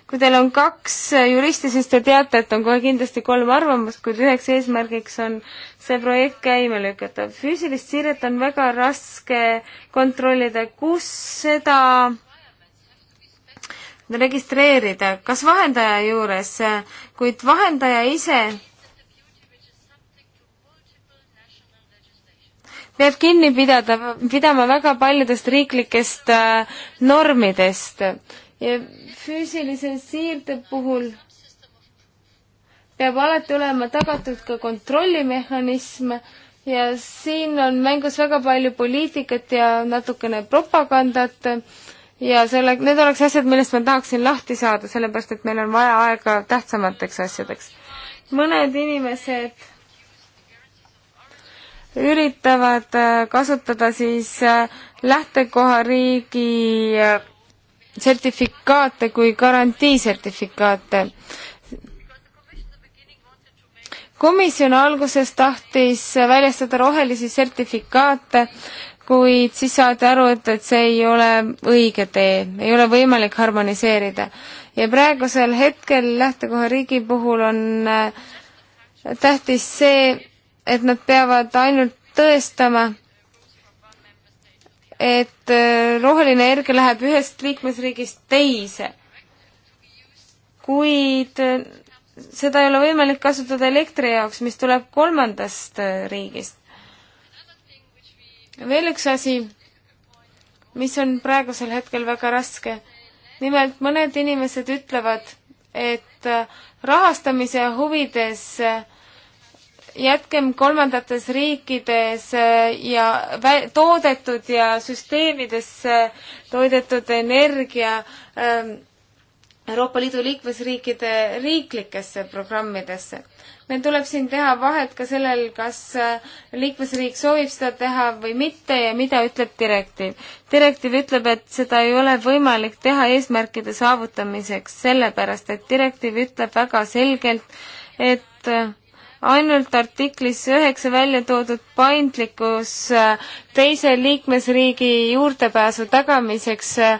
kui teil on kaks juristi, siis te teate, et on kohe kindlasti kolm arvamust, kuid üheks eesmärgiks on see projekt käima lükata. füüsilist siiret on väga raske kontrollida, kus seda registreerida, kas vahendaja juures, kuid vahendaja ise peab kinni pidada, pidama väga paljudest riiklikest äh, normidest ja füüsilise siirde puhul peab alati olema tagatud ka kontrollimehhanism ja siin on mängus väga palju poliitikat ja natukene propagandat ja selle, need oleks asjad, millest ma tahaksin lahti saada, sellepärast et meil on vaja aega tähtsamateks asjadeks. mõned inimesed üritavad äh, kasutada siis äh, lähtekohariigi äh, sertifikaate kui garantiisertifikaate. komisjon alguses tahtis väljastada rohelisi sertifikaate, kuid siis saadi aru, et, et see ei ole õige tee, ei ole võimalik harmoniseerida. ja praegusel hetkel lähtekohariigi puhul on tähtis see, et nad peavad ainult tõestama, et äh, roheline energia läheb ühest liikmesriigist teise. kuid äh, seda ei ole võimalik kasutada elektri jaoks, mis tuleb kolmandast äh, riigist. veel üks asi, mis on praegusel hetkel väga raske. nimelt mõned inimesed ütlevad, et rahastamise huvides äh, jätkem kolmandates riikides äh, ja toodetud ja süsteemidesse toodetud energia ähm, Euroopa Liidu liikmesriikide riiklikesse programmidesse. meil tuleb siin teha vahet ka sellel, kas äh, liikmesriik soovib seda teha või mitte ja mida ütleb direktiiv. direktiiv ütleb, et seda ei ole võimalik teha eesmärkide saavutamiseks, sellepärast et direktiiv ütleb väga selgelt, et äh, ainult artiklis üheksa välja toodud paindlikkus äh, teise liikmesriigi juurdepääsu tagamiseks äh,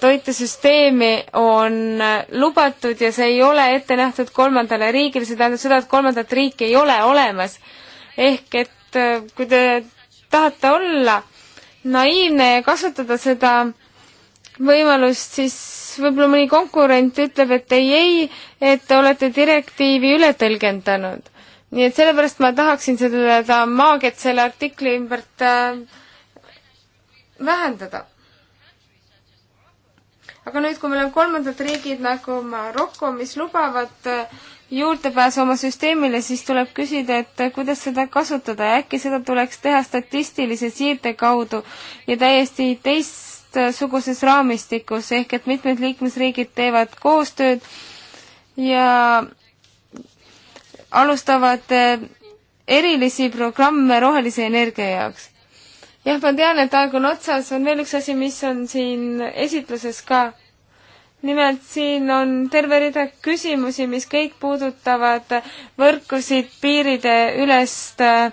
toitesüsteemi on äh, lubatud ja see ei ole ette nähtud kolmandale riigile, see tähendab seda, et kolmandat riiki ei ole olemas. ehk et kui te tahate olla naiivne ja kasutada seda võimalust, siis võib-olla mõni konkurent ütleb, et ei, ei, et te olete direktiivi üle tõlgendanud nii et sellepärast ma tahaksin seda maagiat selle artikli ümbert äh, vähendada. aga nüüd, kui meil on kolmandad riigid nagu Maroko, mis lubavad äh, juurdepääsu oma süsteemile, siis tuleb küsida, et äh, kuidas seda kasutada ja äkki seda tuleks teha statistilise siirde kaudu ja täiesti teistsuguses äh, raamistikus, ehk et mitmed liikmesriigid teevad koostööd ja alustavad eh, erilisi programme rohelise energia jaoks. jah, ma tean, et aeg on otsas, on veel üks asi, mis on siin esitluses ka. nimelt siin on terve rida küsimusi, mis kõik puudutavad võrkusid, piiride ülest äh,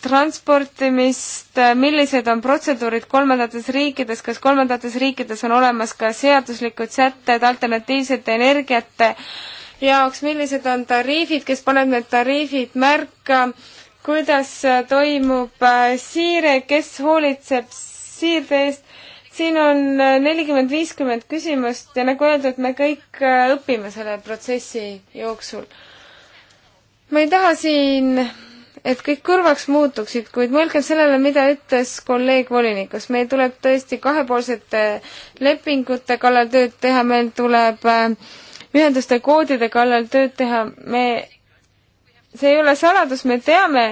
transportimist, eh, millised on protseduurid kolmandates riikides, kas kolmandates riikides on olemas ka seaduslikud sätted alternatiivsete energiate äh, jaoks, millised on tariifid, kes paneb need tariifid märka, kuidas toimub äh, siire, kes hoolitseb siirde eest. siin on äh, nelikümmend, viiskümmend küsimust ja nagu öeldud, me kõik äh, õpime selle protsessi jooksul. ma ei taha siin et kõik kõrvaks muutuksid, kuid mõelgem sellele, mida ütles kolleeg volinikus, meil tuleb tõesti kahepoolsete lepingute kallal tööd teha, meil tuleb äh, ühenduste koodide kallal tööd teha, me, see ei ole saladus, me teame,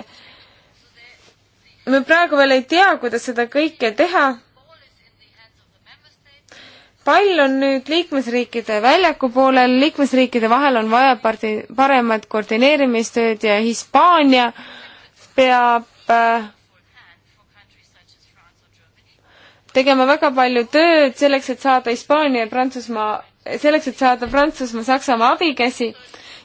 me praegu veel ei tea, kuidas seda kõike teha. pall on nüüd liikmesriikide väljaku poolel, liikmesriikide vahel on vaja parti-, paremat koordineerimistööd ja Hispaania peab äh, tegema väga palju tööd selleks, et saada Hispaania ja Prantsusmaa selleks, et saada Prantsusmaa, Saksamaa abikäsi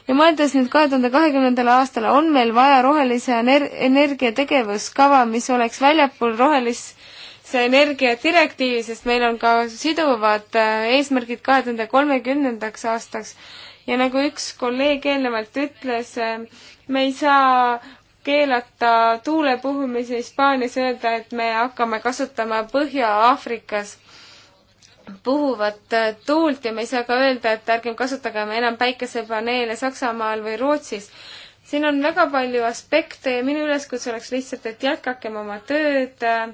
ja mõeldes nüüd kahe tuhande kahekümnendale aastale, on meil vaja rohelise ener-, energia tegevuskava, mis oleks väljapool rohelise energia direktiivi, sest meil on ka siduvad äh, eesmärgid kahe tuhande kolmekümnendaks aastaks. ja nagu üks kolleeg eelnevalt ütles, äh, me ei saa keelata tuule puhumisi Hispaanias, öelda, et me hakkame kasutama Põhja-Aafrikas puhuvat äh, tuult ja me ei saa ka öelda, et ärgem kasutagem enam päikesepaneele Saksamaal või Rootsis. siin on väga palju aspekte ja minu üleskutse oleks lihtsalt, et jätkakem oma tööd, äh,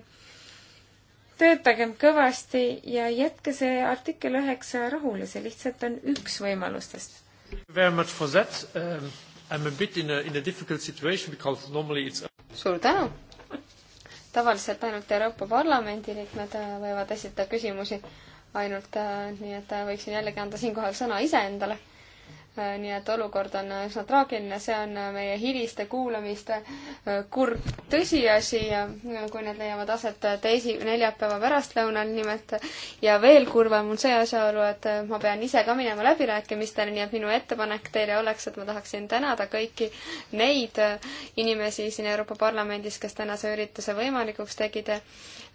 töötagem kõvasti ja jätke see artikkel üheksa rahule, see lihtsalt on üks võimalustest. Um, suur tänu! tavaliselt ainult Euroopa Parlamendi liikmed äh, võivad esitada küsimusi ainult, äh, nii et äh, võiksin jällegi anda siinkohal sõna iseendale. Äh, nii et olukord on üsna traagiline, see on meie hiliste kuulamiste kurb tõsiasi ja kui need leiavad aset teisi, neljapäeva pärastlõunal nimelt. ja veel kurvem on see asjaolu, et ma pean ise ka minema läbirääkimistele, nii et minu ettepanek teile oleks, et ma tahaksin tänada kõiki neid inimesi siin Euroopa Parlamendis, kes tänase ürituse võimalikuks tegid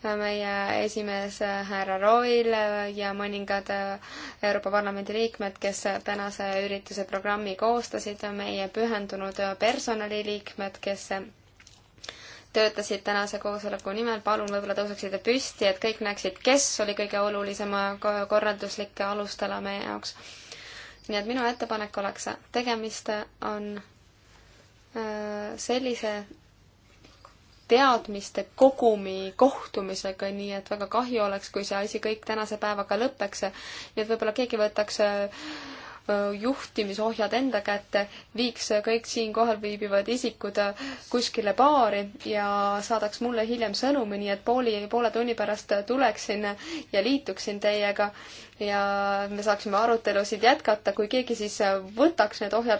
meie esimees äh, härra Roil äh, ja mõningad äh, Euroopa Parlamendi liikmed, kes tänase ürituse programmi koostasid, meie pühendunud personaliliikmed, kes töötasid tänase koosoleku nimel, palun võib-olla tõuseksite püsti, et kõik näeksid, kes oli kõige olulisema korralduslike alustala meie jaoks. nii et minu ettepanek oleks, tegemist on sellise teadmiste kogumi kohtumisega, nii et väga kahju oleks, kui see asi kõik tänase päevaga lõpeks. nii et võib-olla keegi võtaks äh, äh, juhtimisohjad enda kätte, viiks kõik siinkohal viibivad isikud äh, kuskile baari ja saadaks mulle hiljem sõnumi, nii et pooli, poole tunni pärast tuleksin ja liituksin teiega ja me saaksime arutelusid jätkata, kui keegi siis võtaks need ohjad